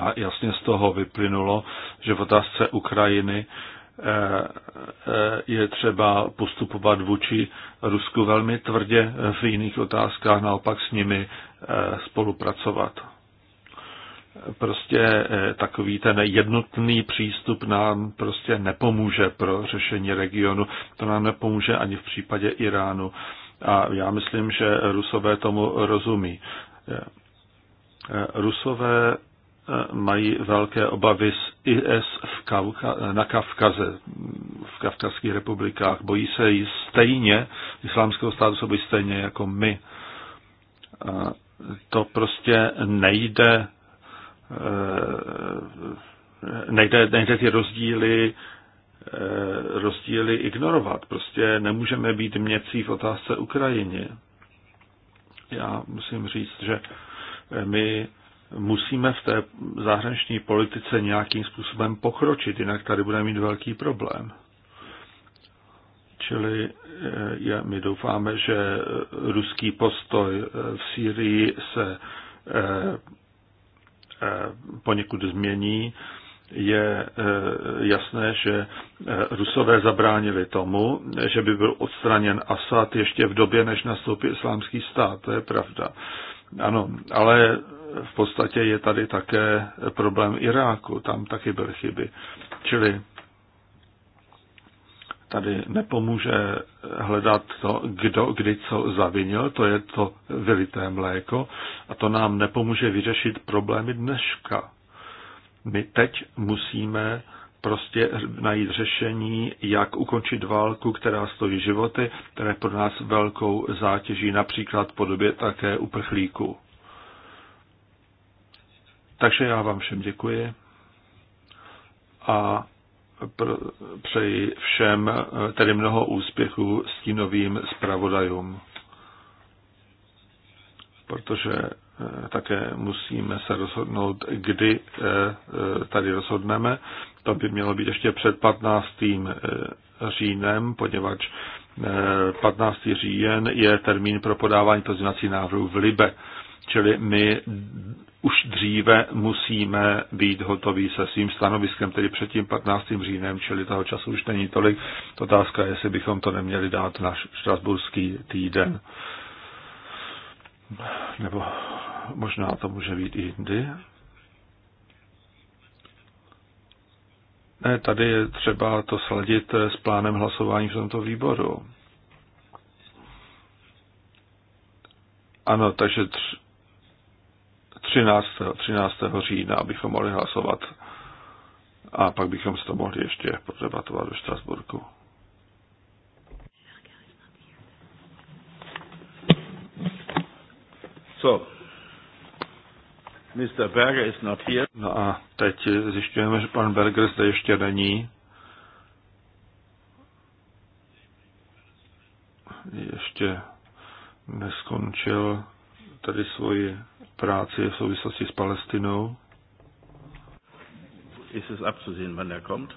a jasně z toho vyplynulo, že v otázce Ukrajiny Eh, eh, je třeba postupovat vůči Rusku velmi tvrdě eh, v jiných otázkách, naopak s nimi spolupracovat. Prostě takový ten jednotný přístup nám prostě nepomůže pro řešení regionu. To nám nepomůže ani v případě Iránu. A já myslím, že Rusové tomu rozumí. Rusové mají velké obavy z IS v Kavka, na Kavkaze, v kavkazských republikách. Bojí se jí stejně, islámského státu se bojí stejně jako my. To prostě nejde, eh, nejde, nejde ty rozdíly eh, rozdíly ignorovat. Prostě nemůžeme být měcí v otázce Ukrajiny. Já musím říct, že my musíme v té zahraniční politice nějakým způsobem pokročit, jinak tady budeme mít velký problém. Čili eh, je, my doufáme, že ruský postoj eh, v Sýrii se eh, poněkud změní. Je jasné, že Rusové zabránili tomu, že by byl odstraněn Assad ještě v době, než nastoupí islámský stát. To je pravda. Ano, ale v podstatě je tady také problém Iráku, tam taky byly chyby. Čili tady nepomůže hledat to, kdo kdy co zavinil, to je to vylité mléko a to nám nepomůže vyřešit problémy dneška. My teď musíme prostě najít řešení, jak ukončit válku, která stojí životy, které pro nás velkou zátěží, například v podobě také uprchlíků. Takže já vám všem děkuji a přeji všem tedy mnoho úspěchů s tím novým zpravodajům, protože eh, také musíme se rozhodnout, kdy eh, eh, tady rozhodneme. To by mělo být ještě před 15. říjnem, poněvadž 15. říjen je termín pro podávání pozměňovacích návrhů v Libe. Čili my už dříve musíme být hotoví se svým stanoviskem, tedy před tím 15. říjnem, čili toho času už není tolik. Otázka je, jestli bychom to neměli dát na štrasburský týden. Nebo možná to může být i jindy. Ne, tady je třeba to sladit s plánem hlasování v tomto výboru. Ano, takže tři, 13. 13. října, abychom mohli hlasovat a pak bychom se to mohli ještě podrebatovat do Štrasburku. So, Mr. Berger is not here. No a teď zjišťujeme, že pan Berger zde ještě není. Ještě neskončil tady svoji práci v souvislosti s Palestinou. Ist es abzusehen, wann er kommt?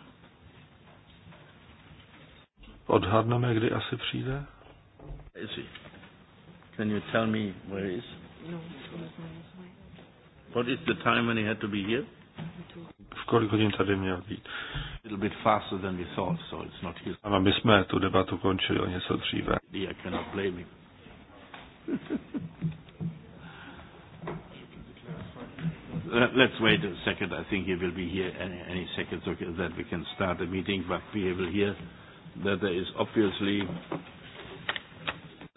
Odhadneme, kdy asi přijde? Is he? Can you tell me where he is? No, What is the time when he had to be here? V kolik hodin tady měl být? A Little bit faster than we thought, so it's not his. Ano, my jsme tu debatu končili o něco dříve. I cannot blame him. Let's wait a second. I think he will be here any, any second so that we can start the meeting, but we will hear that there is obviously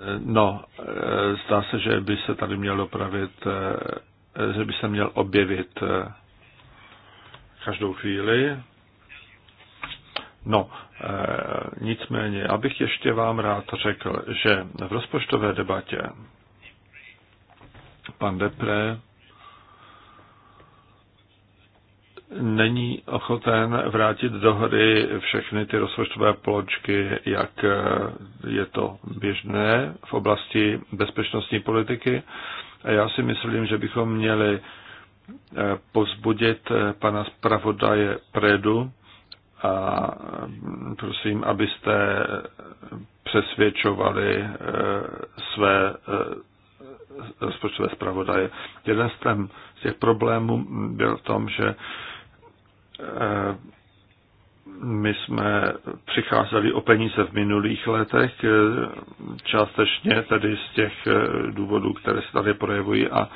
eh, No, eh, zdá se, že by se tady měl opravit, eh, že by se měl objevit každou chvíli. No, nicméně, abych ještě vám rád řekl, že v rozpočtové debatě pan Depre není ochoten vrátit do hry všechny ty rozpočtové poločky, jak eh, je to běžné v oblasti bezpečnostní politiky. A já si myslím, že bychom měli eh, pozbudit eh, pana zpravodaje Predu a mm, prosím, abyste přesvědčovali své rozpočtové zpravodaje. Jeden z těch problémů byl v tom, že Eh, my jsme přicházeli o peníze v minulých letech, eh, částečně tedy z těch eh, důvodů, které se tady projevují a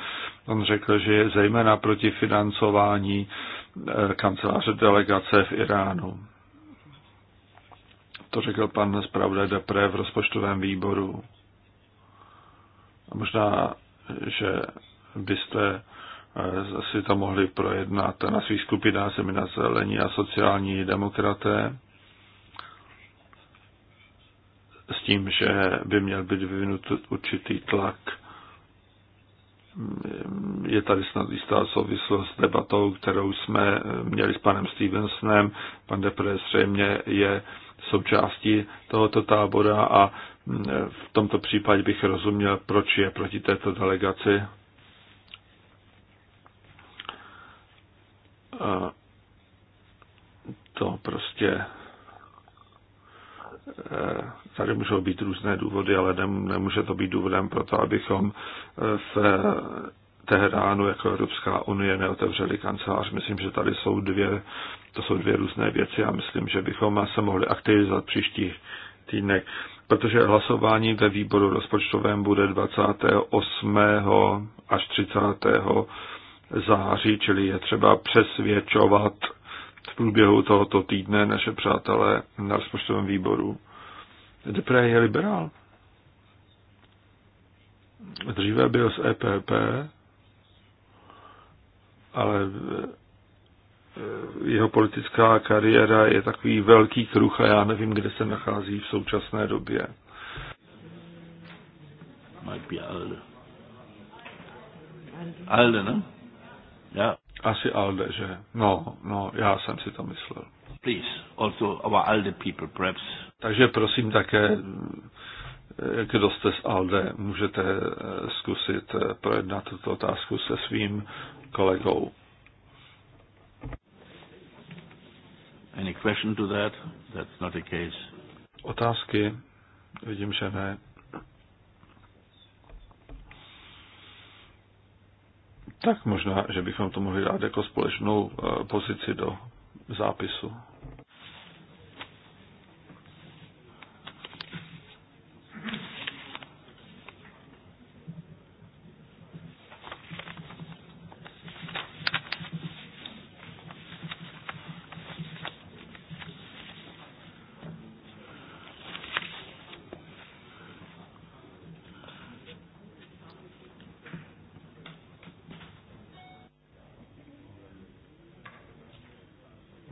on řekl, že je zejména proti financování kanceláře delegace v Iránu. To řekl pan zpravodaj Depré v rozpočtovém výboru. A možná, že byste si to mohli projednat na svých skupinách Zemina zelení a sociální demokraté s tím, že by měl být vyvinut určitý tlak. Je tady snad jistá souvislost s debatou, kterou jsme měli s panem Stevensonem. Pan Depre zřejmě je součástí tohoto tábora a v tomto případě bych rozuměl, proč je proti této delegaci. to prostě eh, tady můžou být různé důvody, ale nemůže to být důvodem pro to, abychom v eh, Tehránu jako Evropská unie neotevřeli kancelář. Myslím, že tady jsou dvě, to jsou dvě různé věci a myslím, že bychom se mohli aktivizovat příští týdnek, protože hlasování ve výboru rozpočtovém bude 28. až 30 září, čili je třeba přesvědčovat v průběhu tohoto týdne naše přátelé na rozpočtovém výboru. Depré je liberál. Dříve byl z EPP, ale e, jeho politická kariéra je takový velký kruh a já nevím, kde se nachází v současné době. Alde. Alde, ne? No? Yeah. Asi ALDE, že? No, no, já jsem si to myslel. Please, also our ALDE people, perhaps. Takže prosím také, kdo jste z ALDE, můžete eh, zkusit eh, projednat tuto otázku se svým kolegou. Any question to that? That's not the case. Otázky? Vidím, že ne. Tak možná, že bychom to mohli dát jako společnou eh, pozici do zápisu.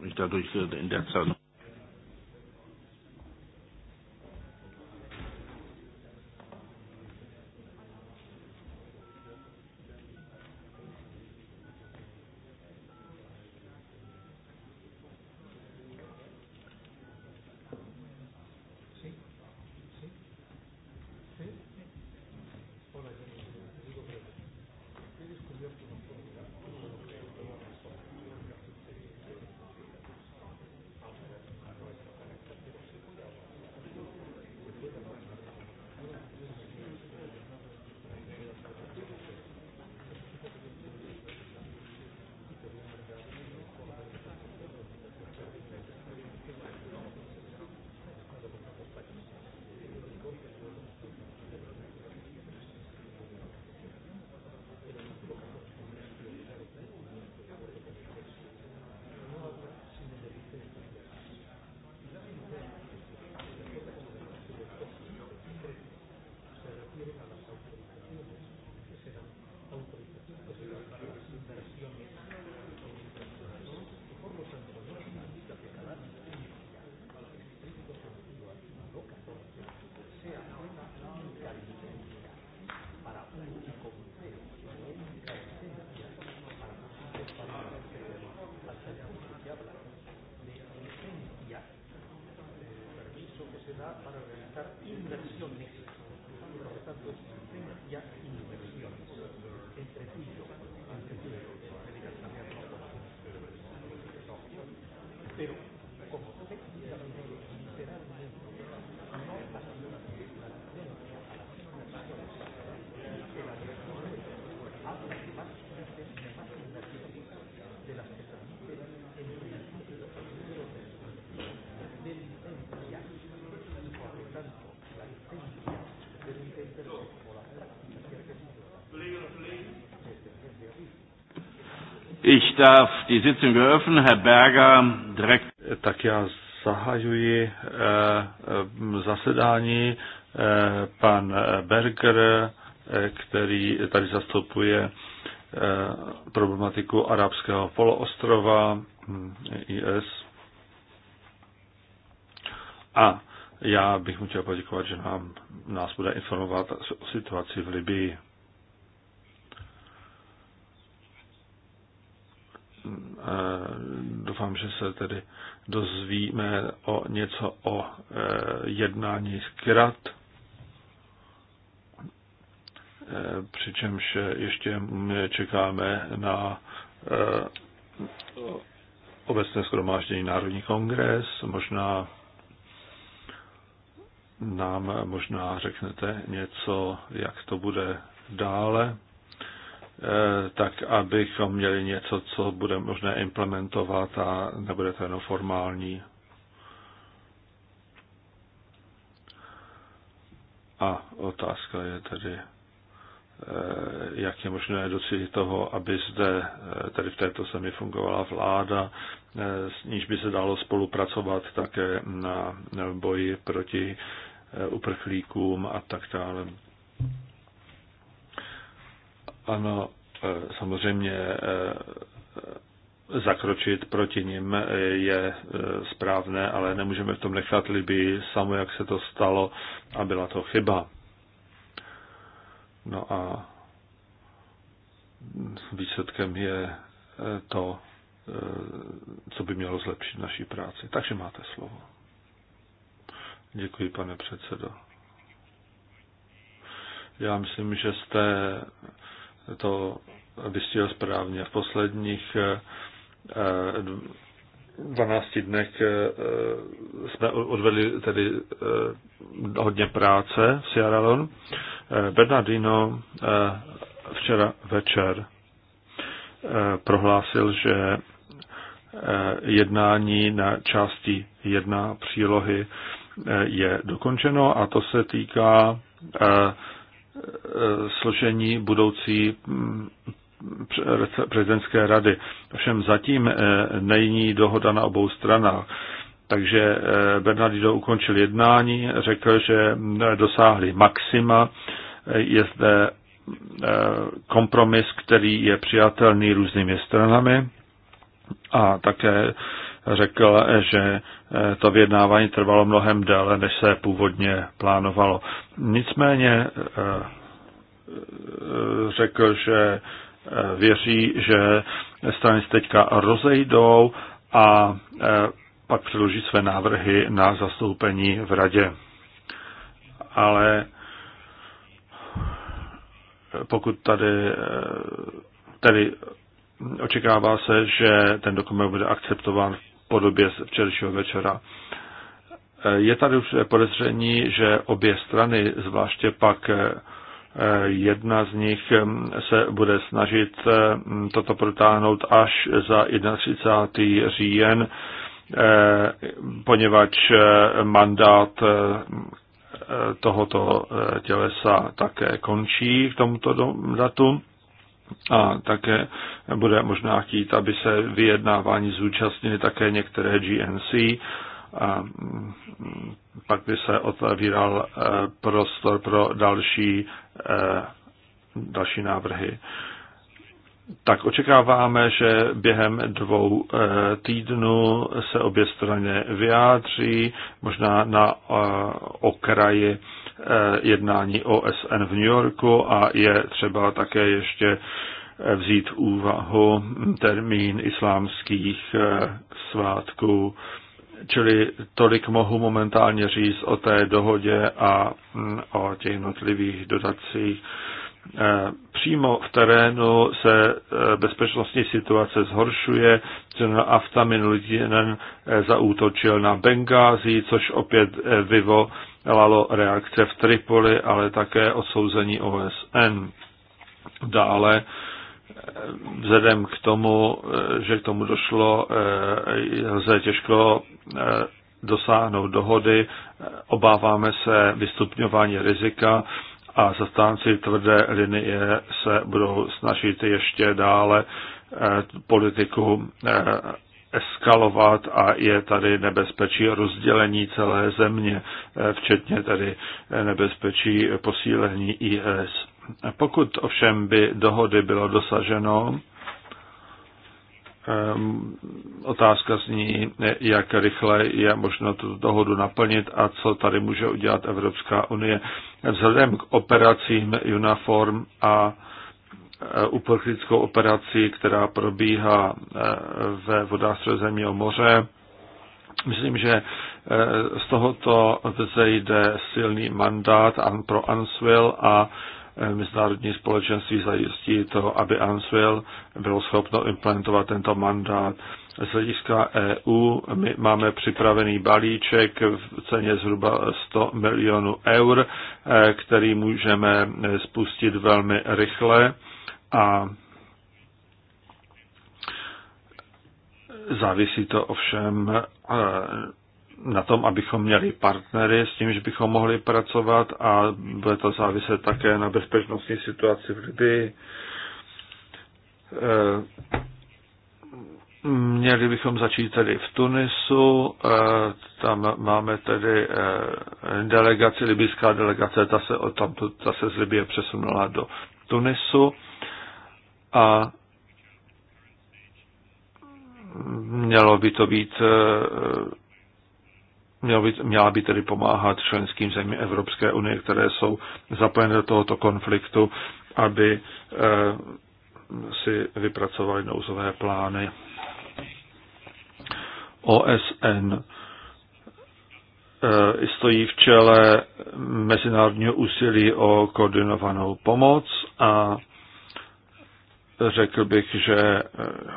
ich dadurch in der Zeit darf die Sitzung eröffnen. Herr Berger, direkt. Tak já zahajuji eh, eh zasedání. Eh, pan eh, Berger, eh, který tady zastupuje eh, problematiku arabského poloostrova hm, IS. A já bych mu chtěl poděkovat, že nám, nás bude informovat o situaci v Libii. se tedy dozvíme o něco o eh, jednání z Kirat, eh, přičemž ještě čekáme na eh, obecné schromáždění Národní kongres, možná nám možná řeknete něco, jak to bude dále. Eh, tak abychom měli něco, co bude možné implementovat a nebude to jenom formální. A otázka je tedy, eh, jak je možné docílit toho, aby zde, eh, tedy v této zemi fungovala vláda, s níž by se dalo spolupracovat také na boji proti uprchlíkům a tak dále. Ano, e, samozřejmě e, zakročit proti nim je e, správné, ale nemůžeme v tom nechat Libii samo, jak se to stalo a byla to chyba. No a výsledkem je to, co by mělo zlepšit naší práci. Takže máte slovo. Děkuji, pane předsedo. Já myslím, že jste to vystihl správně. V posledních 12 eh, eh, dnech eh, jsme odvedli tedy hodně práce v Sierra Leone. Bernardino včera večer prohlásil, že jednání na části jedna přílohy je dokončeno a to se týká složení budoucí mm, prezidentské rady. Ovšem zatím eh, není dohoda na obou stranách. Takže eh, Bernardino ukončil jednání, řekl, že eh, dosáhli maxima, je zde kompromis, který je přijatelný různými stranami a také řekl, že eh, to vyjednávání trvalo mnohem déle, než se původně plánovalo. Nicméně eh, eh, řekl, že věří, že strany se teďka rozejdou a pak předloží své návrhy na zastoupení v radě. Ale pokud tady, tady očekává se, že ten dokument bude akceptován v podobě z včerejšího večera. Eh, je tady už podezření, že obě strany, zvláště pak eh, jedna z nich eh, se bude snažit toto protáhnout až za 31. říjen, poněvadž mandát tohoto tělesa také končí k tomuto datu a také bude možná chtít, aby se vyjednávání zúčastnili také některé GNC a mm, pak by se otevíral eh, prostor pro další, eh, další návrhy. Tak očekáváme, že během dvou eh, týdnů se obě strany vyjádří, možná na okraji Eh, jednání OSN v New Yorku a je třeba také ještě eh, vzít v úvahu termín islámských eh, svátků. Čili tolik mohu momentálně říct o té dohodě a mm, o těch jednotlivých dotacích. Eh, přímo v terénu se eh, bezpečnostní situace zhoršuje. General Afta minulý týden eh, zaútočil na Bengázi, což opět vyvolalo reakce v Tripoli, ale také odsouzení OSN. Dále vzhledem k tomu, že k tomu došlo, lze těžko dosáhnout dohody, obáváme se vystupňování rizika, a zastánci tvrdé linie se budou snažit ještě dále eh, politiku eh, eskalovat a je tady nebezpečí rozdělení celé země, eh, včetně tady nebezpečí posílení IS. Pokud ovšem by dohody bylo dosaženo, Ehm, otázka zní, jak rychle je možno tu dohodu naplnit a co tady může udělat Evropská unie. Vzhledem k operacím Uniform a e, uprchlickou operaci, která probíhá e, ve vodách Středozemního moře, myslím, že e, z tohoto vzejde silný mandát pro Answil a Eh, mezinárodní společenství zajistí to, aby Answell bylo schopno implementovat tento mandát. Z hlediska EU my máme připravený balíček v ceně zhruba 100 milionů eur, eh, který můžeme eh, spustit velmi rychle a závisí to ovšem na tom, abychom měli partnery, s tím, že bychom mohli pracovat a bude to záviset také na bezpečnostní situaci v Libii. Eh, měli bychom začít tedy v Tunisu, eh, tam máme tedy eh, delegaci, libyská delegace, ta se, tam, ta se z Libie přesunula do Tunisu a mělo by to být měla by, měla by tedy pomáhat členským zemím Evropské unie, které jsou zapojeny do tohoto konfliktu, aby eh, si vypracovali nouzové plány. OSN eh, stojí v čele mezinárodního úsilí o koordinovanou pomoc a řekl bych, že eh,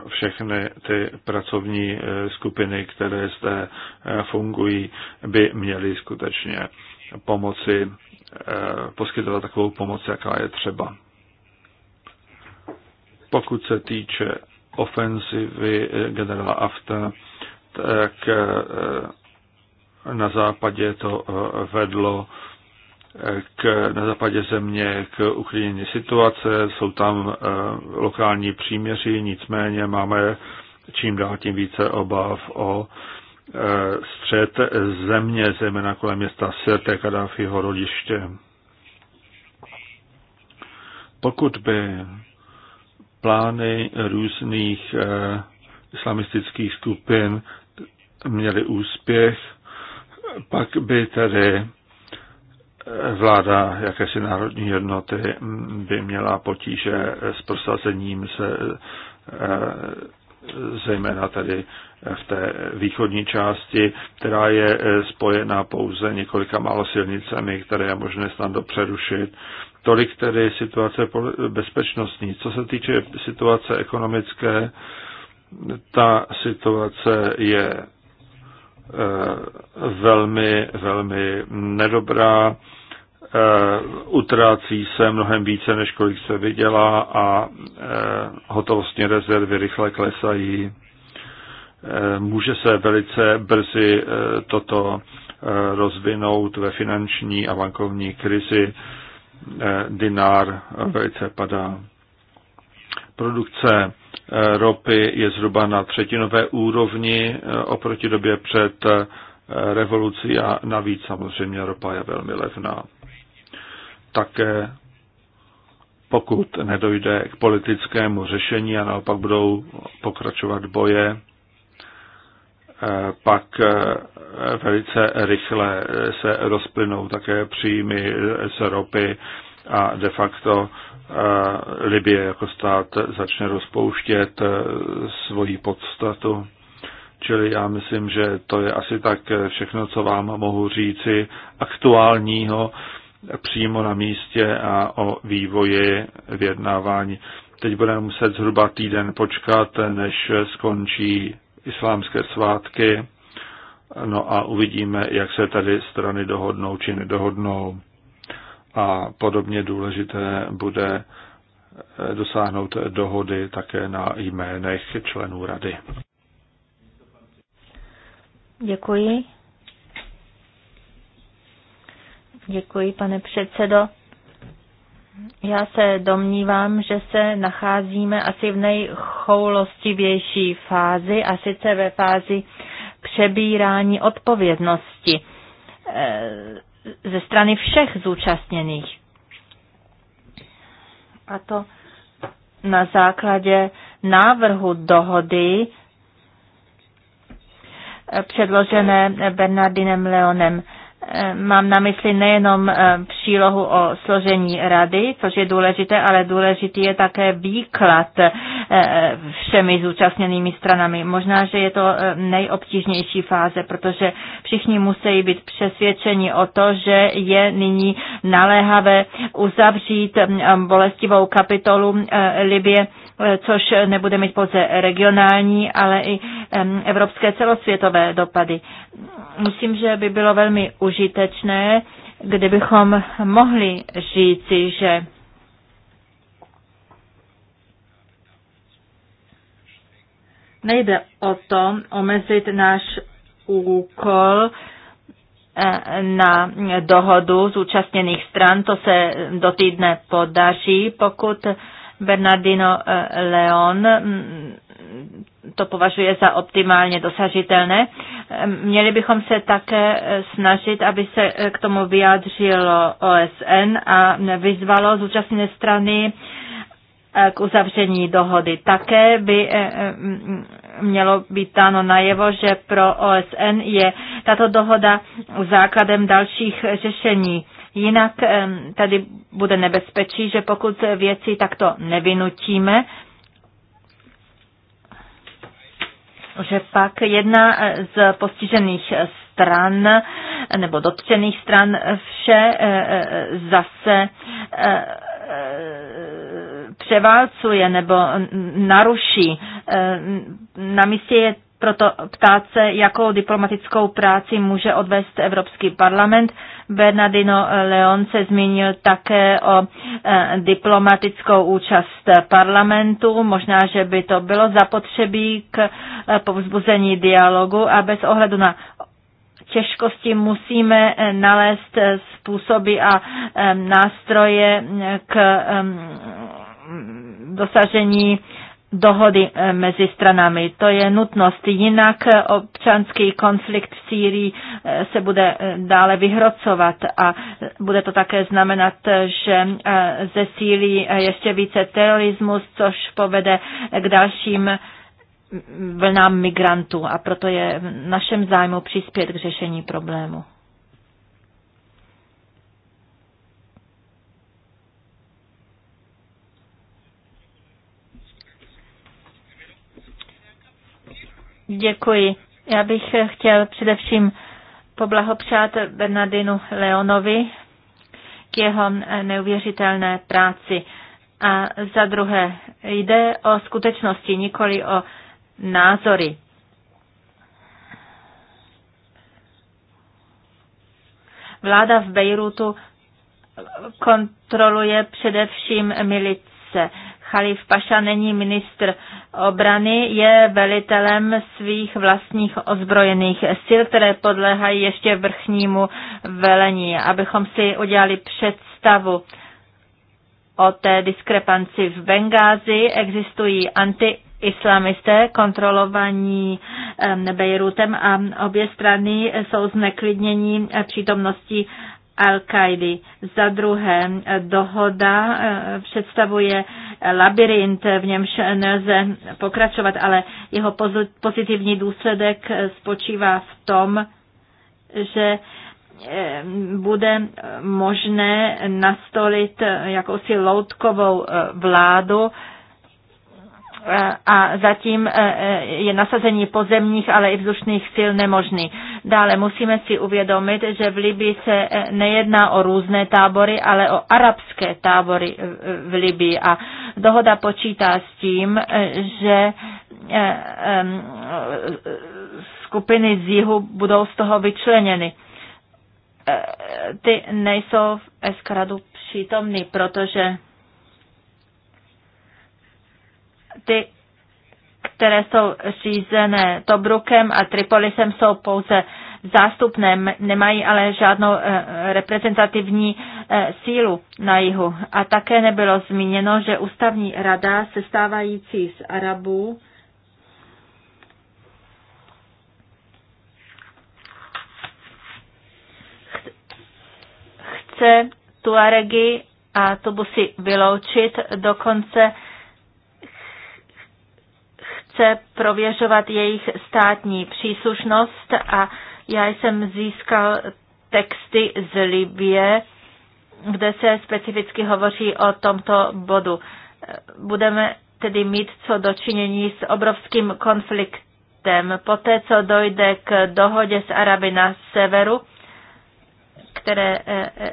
všechny ty pracovní eh, skupiny, které zde eh, fungují, by měly skutečně pomoci, poskytovat takovou pomoc, jaká je třeba. Pokud se týče ofenzivy generála Afta, tak na západě to vedlo k, na západě země k uklidnění situace, jsou tam e, lokální příměři, nicméně máme čím dál tím více obav o e, střed země, zejména kolem města Sirte Kadáfiho rodiště. Pokud by plány různých e, islamistických skupin měly úspěch, pak by tedy vláda jakési národní jednoty by měla potíže s prosazením se eh, zejména tady v té východní části, která je eh, spojená pouze několika málo silnicemi, které je možné snadno přerušit. Tolik tedy situace bezpečnostní. Co se týče situace ekonomické, ta situace je Eh, velmi, velmi nedobrá, eh, utrácí se mnohem více, než kolik se vydělá a eh, hotovostní rezervy rychle klesají. Může se velice brzy toto rozvinout ve finanční a bankovní krizi. Dinár velice padá. Produkce eh, ropy je zhruba na třetinové úrovni eh, oproti době před eh, revolucí a navíc samozřejmě ropa je velmi levná. Také pokud nedojde k politickému řešení a naopak budou pokračovat boje, pak velice rychle se rozplynou také příjmy z ropy a de facto Libie jako stát začne rozpouštět eh, svoji podstatu. Čili já myslím, že to je asi tak eh, všechno, co vám mohu říci aktuálního eh, přímo na místě a o vývoji vyjednávání. Teď budeme muset zhruba týden počkat, než skončí islámské svátky. No a uvidíme, jak se tady strany dohodnou či nedohodnou. A podobně důležité bude eh, dosáhnout dohody také na jménech členů rady. Děkuji. Děkuji, pane předsedo. Já se domnívám, že se nacházíme asi v nejchoulostivější fázi, a sice ve fázi přebírání odpovědnosti eh, ze strany všech zúčastněných. A to na základě návrhu dohody eh, předložené Bernardinem Leonem Mám na mysli nejenom eh, přílohu o složení rady, což je důležité, ale důležitý je také výklad eh, všemi zúčastněnými stranami. Možná, že je to eh, nejobtížnější fáze, protože všichni musí být přesvědčeni o to, že je nyní naléhavé uzavřít bolestivou kapitolu Libě. Eh, což nebude mít pouze regionální, ale i evropské celosvětové dopady. Myslím, že by bylo velmi užitečné, kdybychom mohli říci, že nejde o to omezit náš úkol eh, na dohodu zúčastněných stran. To se do týdne podaří, pokud Bernardino eh, Leon mm, to považuje za optimálně dosažitelné. Eh, měli bychom se také eh, snažit, aby se k tomu vyjádřilo OSN a vyzvalo zúčastněné strany k uzavření dohody. Také by mělo být dáno najevo, že pro OSN je tato dohoda základem dalších řešení Jinak tady bude nebezpečí, že pokud věci takto nevynutíme, že pak jedna z postižených stran nebo dotčených stran vše eh, eh, zase eh, převálcuje nebo naruší. Na místě je proto ptát se, jakou diplomatickou práci může odvést Evropský parlament. Bernardino Leon se zmínil také o e, diplomatickou účast parlamentu. Možná, že by to bylo zapotřebí k e, povzbuzení dialogu a bez ohledu na těžkosti musíme e, nalézt způsoby a nástroje k dosažení dohody eh, mezi stranami. To je nutnost, jinak eh, občanský konflikt v Sýrii eh, se bude dále vyhrocovat a bude to také znamenat, že ze Sýrii ještě více terorismus, což povede k dalším vlnám migrantů a proto je v našem zájmu přispět k řešení problému. Děkuji. Já bych chtěl především poblahopřát Bernardinu Leonovi k jeho neuvěřitelné práci. A za druhé, jde o skutečnosti, nikoli o názory. Vláda v Bejrutu kontroluje především milice. Chalif Paša není ministr obrany je velitelem svých vlastních ozbrojených sil, které podléhají ještě vrchnímu velení, abychom si udělali představu o té diskrepanci v Bengázi. Existují anti islamisté kontrolovaní Bejrutem a obě strany jsou zneklidnění přítomností al qaidi Za druhé, dohoda eh, představuje labirint, v němž nelze pokračovat, ale jeho pozitivní důsledek eh, spočívá v tom, že eh, bude možné nastolit jakousi loutkovou vládu a zatím e, e, je nasazení pozemních, ale i vzdušných sil nemožný. Dále musíme si uvědomit, že v Libii se e, nejedná o různé tábory, ale o arabské tábory v Libii a dohoda počítá s tím, že skupiny z jihu budou z toho vyčleněny. Ty nejsou v Eskradu přítomny, protože ty, které jsou řízené Tobrukem a Tripolisem, jsou pouze zástupné, nemají ale žádnou eh, reprezentativní eh, sílu na jihu. A také nebylo zmíněno, že ústavní rada sestávající z Arabů chce Tuaregy a to musí vyloučit, dokonce chce prověřovat jejich státní příslušnost a já jsem získal texty z Libie, kde se specificky hovoří o tomto bodu. Budeme tedy mít co dočinění s obrovským konfliktem. Poté, co dojde k dohodě s Araby na severu, které eh, eh,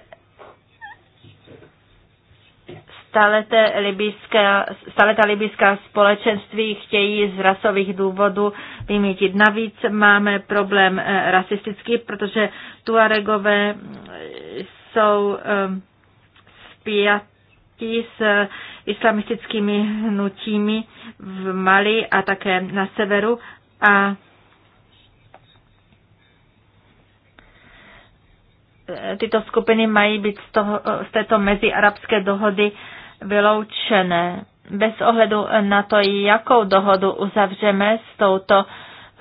staleté libijská, staleta libijská společenství chtějí z rasových důvodů vymítit. Navíc máme problém eh, rasistický, protože Tuaregové eh, jsou ehm, spjatí s islamistickými hnutími v Mali a také na severu a eh, tyto skupiny mají být z, toho, z této meziarabské dohody vyloučené. Bez ohledu na to, jakou dohodu uzavřeme s touto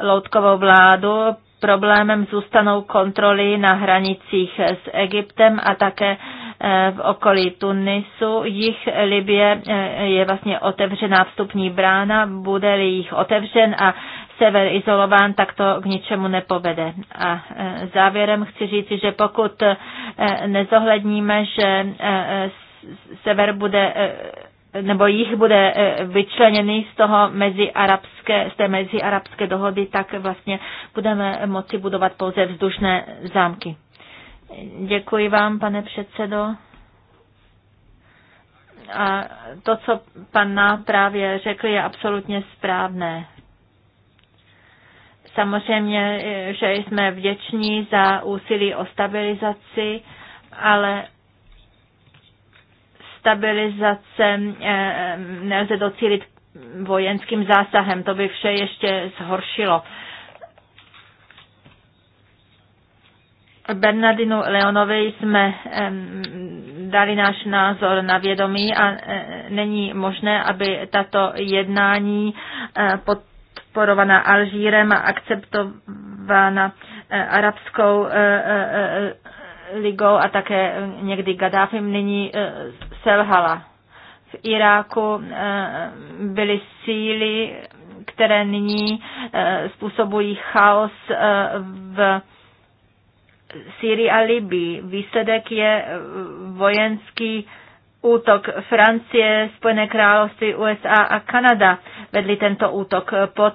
loutkovou vládu, problémem zůstanou kontroly na hranicích s Egyptem a také eh, v okolí Tunisu. Jich Libie eh, je vlastně otevřená vstupní brána, bude-li jich otevřen a sever izolován, tak to k ničemu nepovede. A eh, závěrem chci říct, že pokud nezohledníme, že sever bude eh, nebo jich bude eh, vyčleněný z toho mezi arabské, z té mezi arabské dohody, tak vlastně budeme moci budovat pouze vzdušné zámky. Děkuji vám, pane předsedo. A to, co pan právě řekl, je absolutně správné. Samozřejmě, eh, že jsme vděční za úsilí o stabilizaci, ale stabilizace eh, nelze docílit vojenským zásahem. To by vše ještě zhoršilo. Bernardinu Leonovi jsme dali náš názor na vědomí a eh, není možné, aby tato jednání eh, podporovaná Alžírem a akceptována arabskou ligou a také eh, někdy Gaddafim nyní eh, selhala. V Iráku eh, byly síly, které nyní způsobují chaos v Syrii a Libii. Výsledek je vojenský útok Francie, Spojené království, USA a Kanada vedli tento útok pod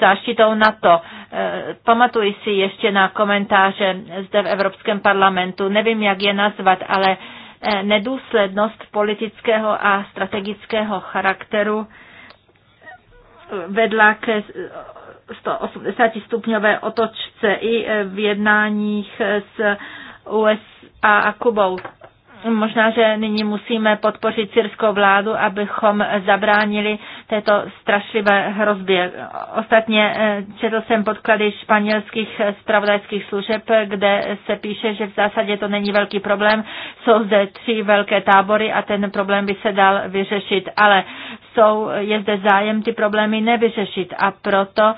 záštitou NATO. E, pamatuji si ještě na komentáře zde v Evropském parlamentu, nevím, jak je nazvat, ale e, nedůslednost politického a strategického charakteru vedla ke 180 stupňové otočce i v jednáních s USA a Kubou. Možná, že nyní musíme podpořit syrskou vládu, abychom zabránili této strašlivé hrozbě. Ostatně eh, četl jsem podklady španělských spravodajských služeb, kde se píše, že v zásadě to není velký problém. Jsou zde tři velké tábory a ten problém by se dal vyřešit. Ale jsou, je zde zájem ty problémy nevyřešit a proto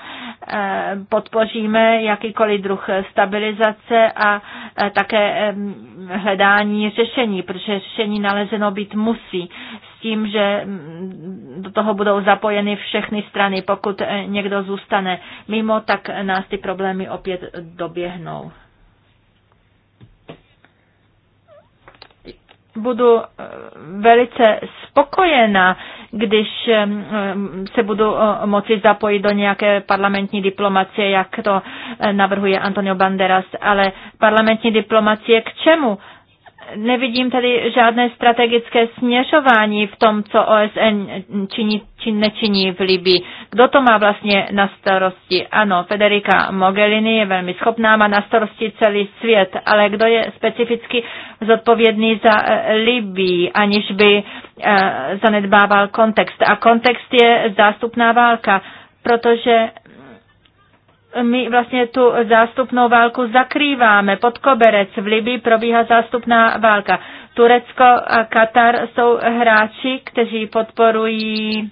eh, podpoříme jakýkoliv druh stabilizace a eh, také hledání řešení, protože řešení nalezeno být musí s tím, že mm, do toho budou zapojeny všechny strany. Pokud eh, někdo zůstane mimo, tak nás ty problémy opět doběhnou. budu eh, velice spokojena, když eh, se budu eh, moci zapojit do nějaké parlamentní diplomacie, jak to navrhuje Antonio Banderas, ale parlamentní diplomacie k čemu? nevidím tady žádné strategické směřování v tom, co OSN činí či nečiní v Libii. Kdo to má vlastně na starosti? Ano, Federica Mogherini je velmi schopná, má na starosti celý svět, ale kdo je specificky zodpovědný za eh, Libii, aniž by eh, zanedbával kontext? A kontext je zástupná válka, protože my vlastně tu zástupnou válku zakrýváme. Pod koberec v Libii probíhá zástupná válka. Turecko a Katar jsou hráči, kteří podporují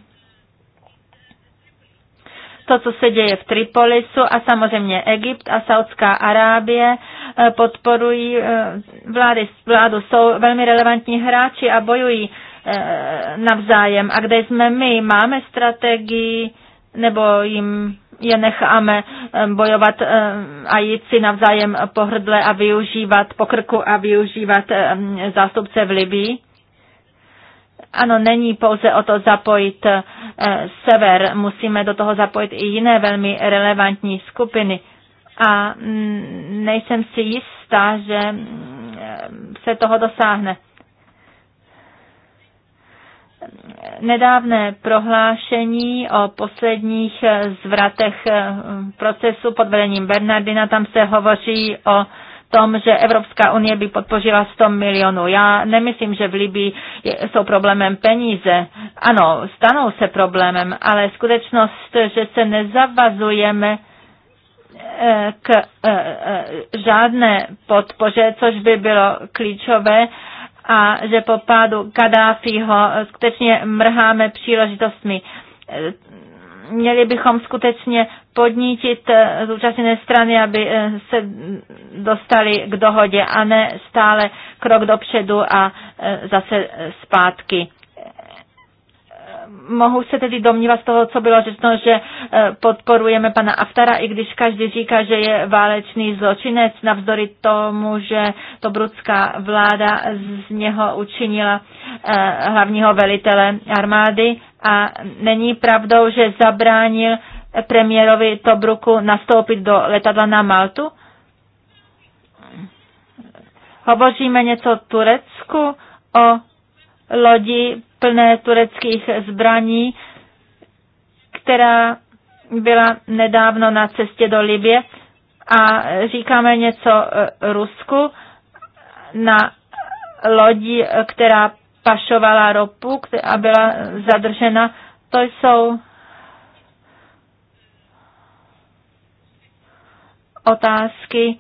to, co se děje v Tripolisu a samozřejmě Egypt a Saudská Arábie eh, podporují eh, vlády, vládu, jsou velmi relevantní hráči a bojují eh, navzájem. A kde jsme my? Máme strategii nebo jim je necháme eh, bojovat eh, a jít si navzájem pohrdle a využívat pokrku a využívat eh, zástupce v Libii? Ano, není pouze o to zapojit sever, musíme do toho zapojit i jiné velmi relevantní skupiny. A mm, nejsem si jistá, že mm, se toho dosáhne nedávné prohlášení o posledních zvratech eh, procesu pod vedením Bernardina, tam se hovoří o tom, že Evropská unie by podpořila 100 milionů. Já nemyslím, že v Libii jsou problémem peníze. Ano, stanou se problémem, ale skutečnost, že se nezavazujeme eh, k eh, žádné podpoře, což by bylo klíčové, a že po pádu Kadáfího skutečně mrháme příležitostmi. Měli bychom skutečně podnítit zúčastněné strany, aby se dostali k dohodě a ne stále krok dopředu a zase zpátky mohu se tedy domnívat z toho, co bylo řečeno, že eh, podporujeme pana Aftara, i když každý říká, že je válečný zločinec, navzdory tomu, že to brudská vláda z něho učinila eh, hlavního velitele armády a není pravdou, že zabránil premiérovi Tobruku nastoupit do letadla na Maltu? Hovoříme něco Turecku o lodi plné tureckých zbraní, která byla nedávno na cestě do Libie a říkáme něco e, Rusku na lodi, která pašovala ropu a byla zadržena. To jsou otázky,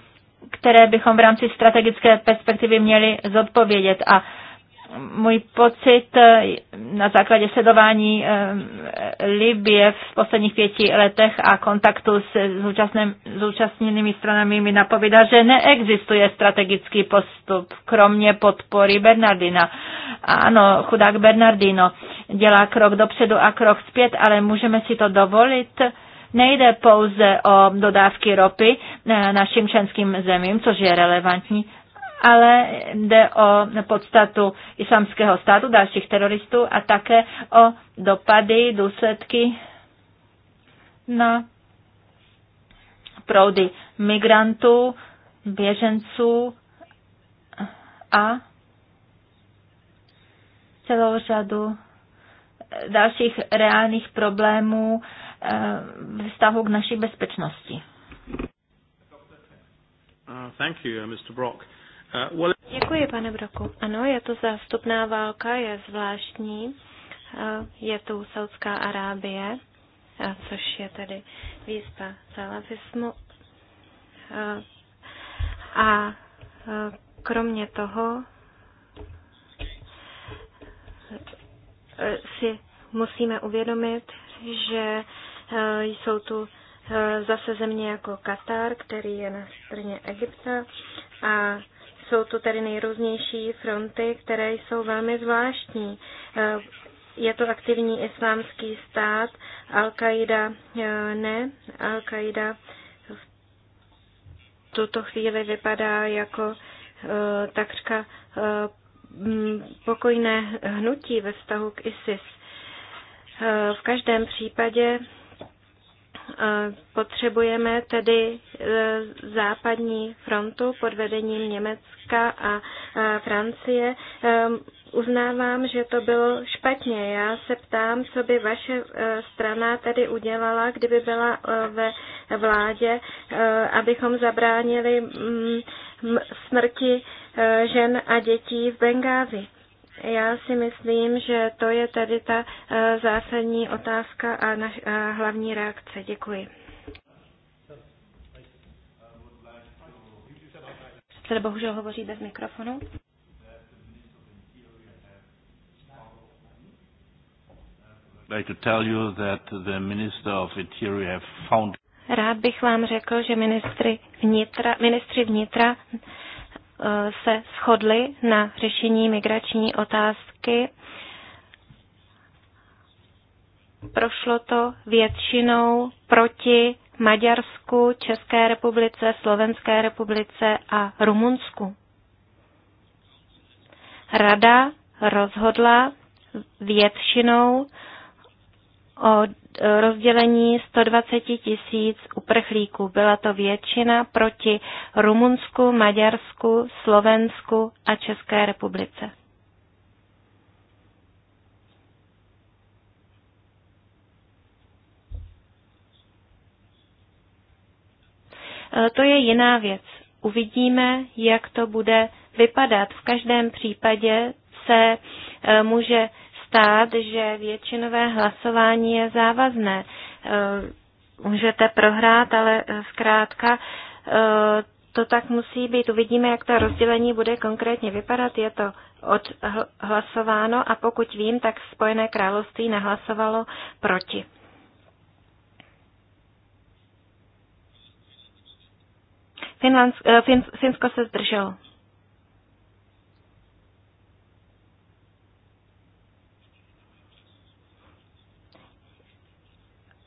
které bychom v rámci strategické perspektivy měli zodpovědět. A můj pocit eh, na základě sledování eh, Libie v posledních pěti letech a kontaktu s zúčastněnými stranami mi napovídá, že neexistuje strategický postup, kromě podpory Bernardina. Ano, chudák Bernardino dělá krok dopředu a krok zpět, ale můžeme si to dovolit? Nejde pouze o dodávky ropy eh, našim členským zemím, což je relevantní, ale jde o podstatu islamského státu, dalších teroristů a také o dopady, důsledky na proudy migrantů, běženců a celou řadu eh, dalších reálných problémů eh, v vztahu k naší bezpečnosti. Uh, thank you, uh, Mr. Brock. Uh, Děkuji, pane Broku. Ano, je to zástupná válka, je zvláštní. Uh, je tu Saudská Arábie, uh, což je tedy výzva salafismu. A kromě toho si musíme uvědomit, že jsou tu zase země jako Katar, který je na straně Egypta a jsou to tedy nejrůznější fronty, které jsou velmi zvláštní. Eh, je to aktivní islámský stát, Al-Qaida eh, ne, Al-Qaida v tuto chvíli vypadá jako eh, takřka pokojné hnutí ve vztahu k ISIS. V každém případě Potřebujeme tedy e, západní frontu pod vedením Německa a Francie. E, uznávám, že to bylo špatně. Já se ptám, co by vaše e, strana tedy udělala, kdyby byla ve vládě, abychom zabránili mm, smrti žen a dětí v Bengázi. Já si myslím, že to je tedy ta eh, zásadní otázka a, naš, hlavní reakce. Děkuji. Předseda bohužel hovoří bez mikrofonu. Rád bych vám řekl, že ministry vnitra, ministři vnitra se shodli na řešení migrační otázky. Prošlo to většinou proti Maďarsku, České republice, Slovenské republice a Rumunsku. Rada rozhodla většinou o eh, rozdělení 120 tisíc uprchlíků. Byla to většina proti Rumunsku, Maďarsku, Slovensku a České republice. Eh, to je jiná věc. Uvidíme, jak to bude vypadat. V každém případě se eh, může stát, že většinové hlasování je závazné. E, můžete prohrát, ale e, zkrátka e, to tak musí být. Uvidíme, jak to rozdělení bude konkrétně vypadat. Je to odhlasováno a pokud vím, tak Spojené království nahlasovalo proti. Finlands, fin, Finsko se zdrželo.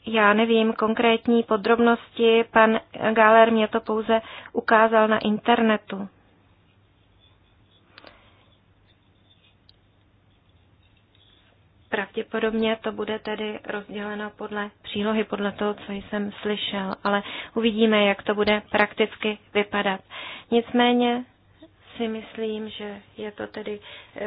já nevím konkrétní podrobnosti, pan Galer mě to pouze ukázal na internetu. Pravděpodobně to bude tedy rozděleno podle přílohy, podle toho, co jsem slyšel, ale uvidíme, jak to bude prakticky vypadat. Nicméně si myslím, že je to tedy e,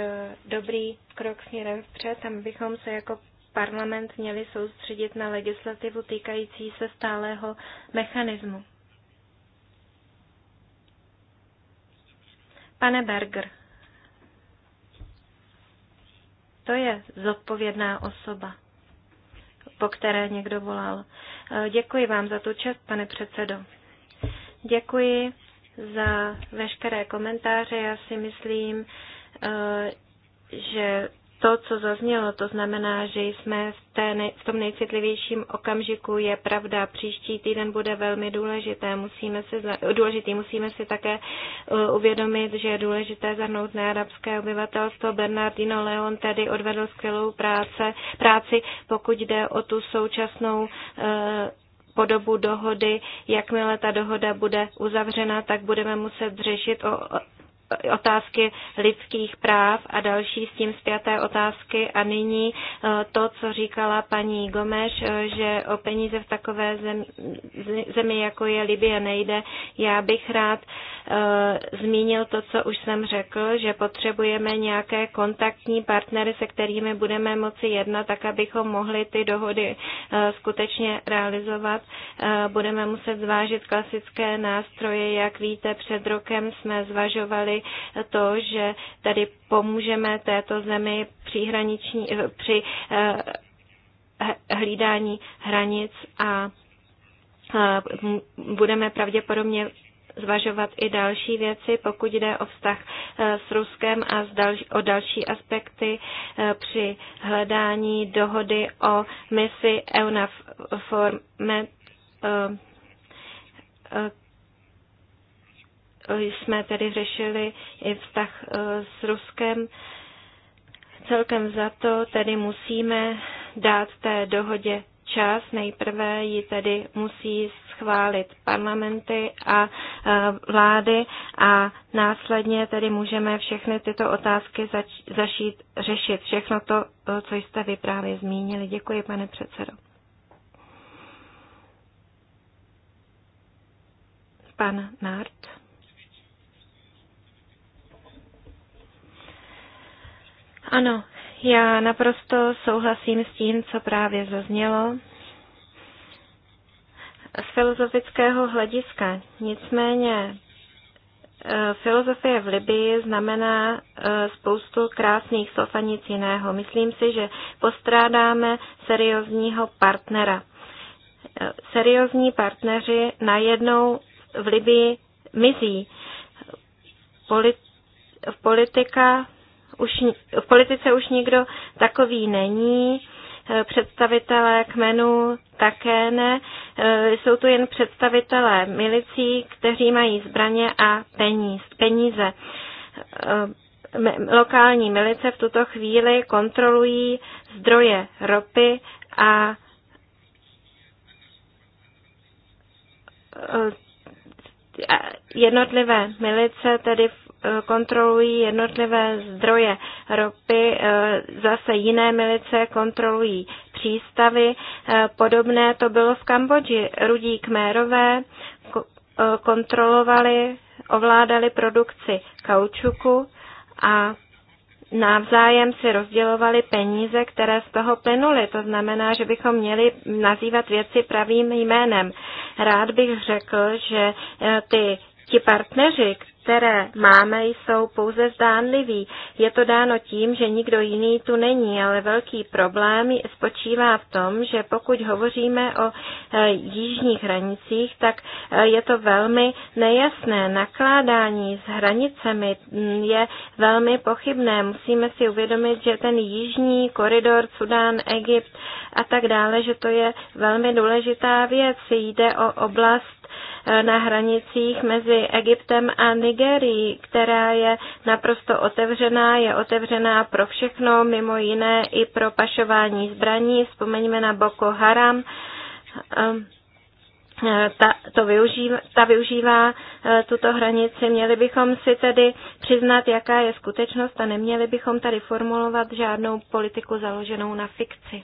dobrý krok směrem vpřed tam bychom se jako parlament měli soustředit na legislativu týkající se stálého mechanismu. Pane Berger, to je zodpovědná osoba, po které někdo volal. Eh, děkuji vám za tu čest, pane předsedo. Děkuji za veškeré komentáře. Já si myslím, eh, že to, co zaznělo, to znamená, že jsme v, té v tom nejcitlivějším okamžiku, je pravda. Příští týden bude velmi důležité, musíme si, důležitý. Musíme si také eh, uvědomit, že je důležité zahrnout nearabské obyvatelstvo. Bernardino Leon tedy odvedl skvělou práce, práci, pokud jde o tu současnou eh, podobu dohody. Jakmile ta dohoda bude uzavřena, tak budeme muset řešit o otázky lidských práv a další s tím zpěté otázky. A nyní eh, to, co říkala paní Gomeš, eh, že o peníze v takové zemi, zemi jako je Libie, nejde. Já bych rád eh, zmínil to, co už jsem řekl, že potřebujeme nějaké kontaktní partnery, se kterými budeme moci jednat, tak abychom mohli ty dohody skutečně realizovat. Budeme muset zvážit klasické nástroje. Jak víte, před rokem jsme zvažovali to, že tady pomůžeme této zemi příhraniční, eh, při eh, hlídání hranic a eh, budeme pravděpodobně zvažovat i další věci, pokud jde o vztah s Ruskem a o další aspekty při hledání dohody o misi EUNAFORMET, jsme tedy řešili i vztah e, s Ruskem. Celkem za to tedy musíme dát té dohodě čas. Nejprve ji tedy musí schválit parlamenty a e, vlády a následně tedy můžeme všechny tyto otázky zač, zašít, řešit. Všechno to, e, co jste vy právě zmínili. Děkuji, pane předsedo. Pan Nart. Ano, já naprosto souhlasím s tím, co právě zaznělo. Z filozofického hlediska. Nicméně e, filozofie v Libii znamená e, spoustu krásných slov a nic jiného. Myslím si, že postrádáme seriózního partnera. E, seriózní partneři najednou v Libii mizí. Polit, politika už, v politice už nikdo takový není, eh, představitelé kmenů také ne. Eh, jsou tu jen představitelé milicí, kteří mají zbraně a peníz, peníze. Eh, lokální milice v tuto chvíli kontrolují zdroje ropy a jednotlivé milice tedy v Eh, kontrolují jednotlivé zdroje ropy, eh, zase jiné milice kontrolují přístavy. Eh, podobné to bylo v Kambodži. Rudí kmérové kontrolovali, ovládali produkci kaučuku a navzájem si rozdělovali peníze, které z toho plynuly. To znamená, že bychom měli nazývat věci pravým jménem. Rád bych řekl, že ty, ti partneři, které máme, jsou pouze zdánlivý. Je to dáno tím, že nikdo jiný tu není, ale velký problém spočívá v tom, že pokud hovoříme o e, jižních hranicích, tak e, je to velmi nejasné. Nakládání s hranicemi je velmi pochybné. Musíme si uvědomit, že ten jižní koridor Sudán, Egypt a tak dále, že to je velmi důležitá věc. Jde o oblast E, na hranicích mezi Egyptem a Nigerií, která je naprosto otevřená, je otevřená pro všechno, mimo jiné i pro pašování zbraní. Vzpomeňme na Boko Haram ehm, e, ta, to využívá, ta využívá e, tuto hranici. Měli bychom si tedy přiznat, jaká je skutečnost a neměli bychom tady formulovat žádnou politiku založenou na fikci.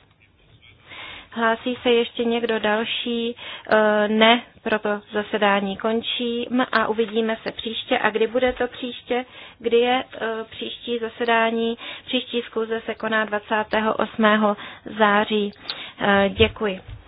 Hlásí se ještě někdo další? Eh, ne, proto zasedání končím a uvidíme se příště. A kdy bude to příště? Kdy je eh, příští zasedání? Příští zkouze se koná 28. září. Eh, děkuji.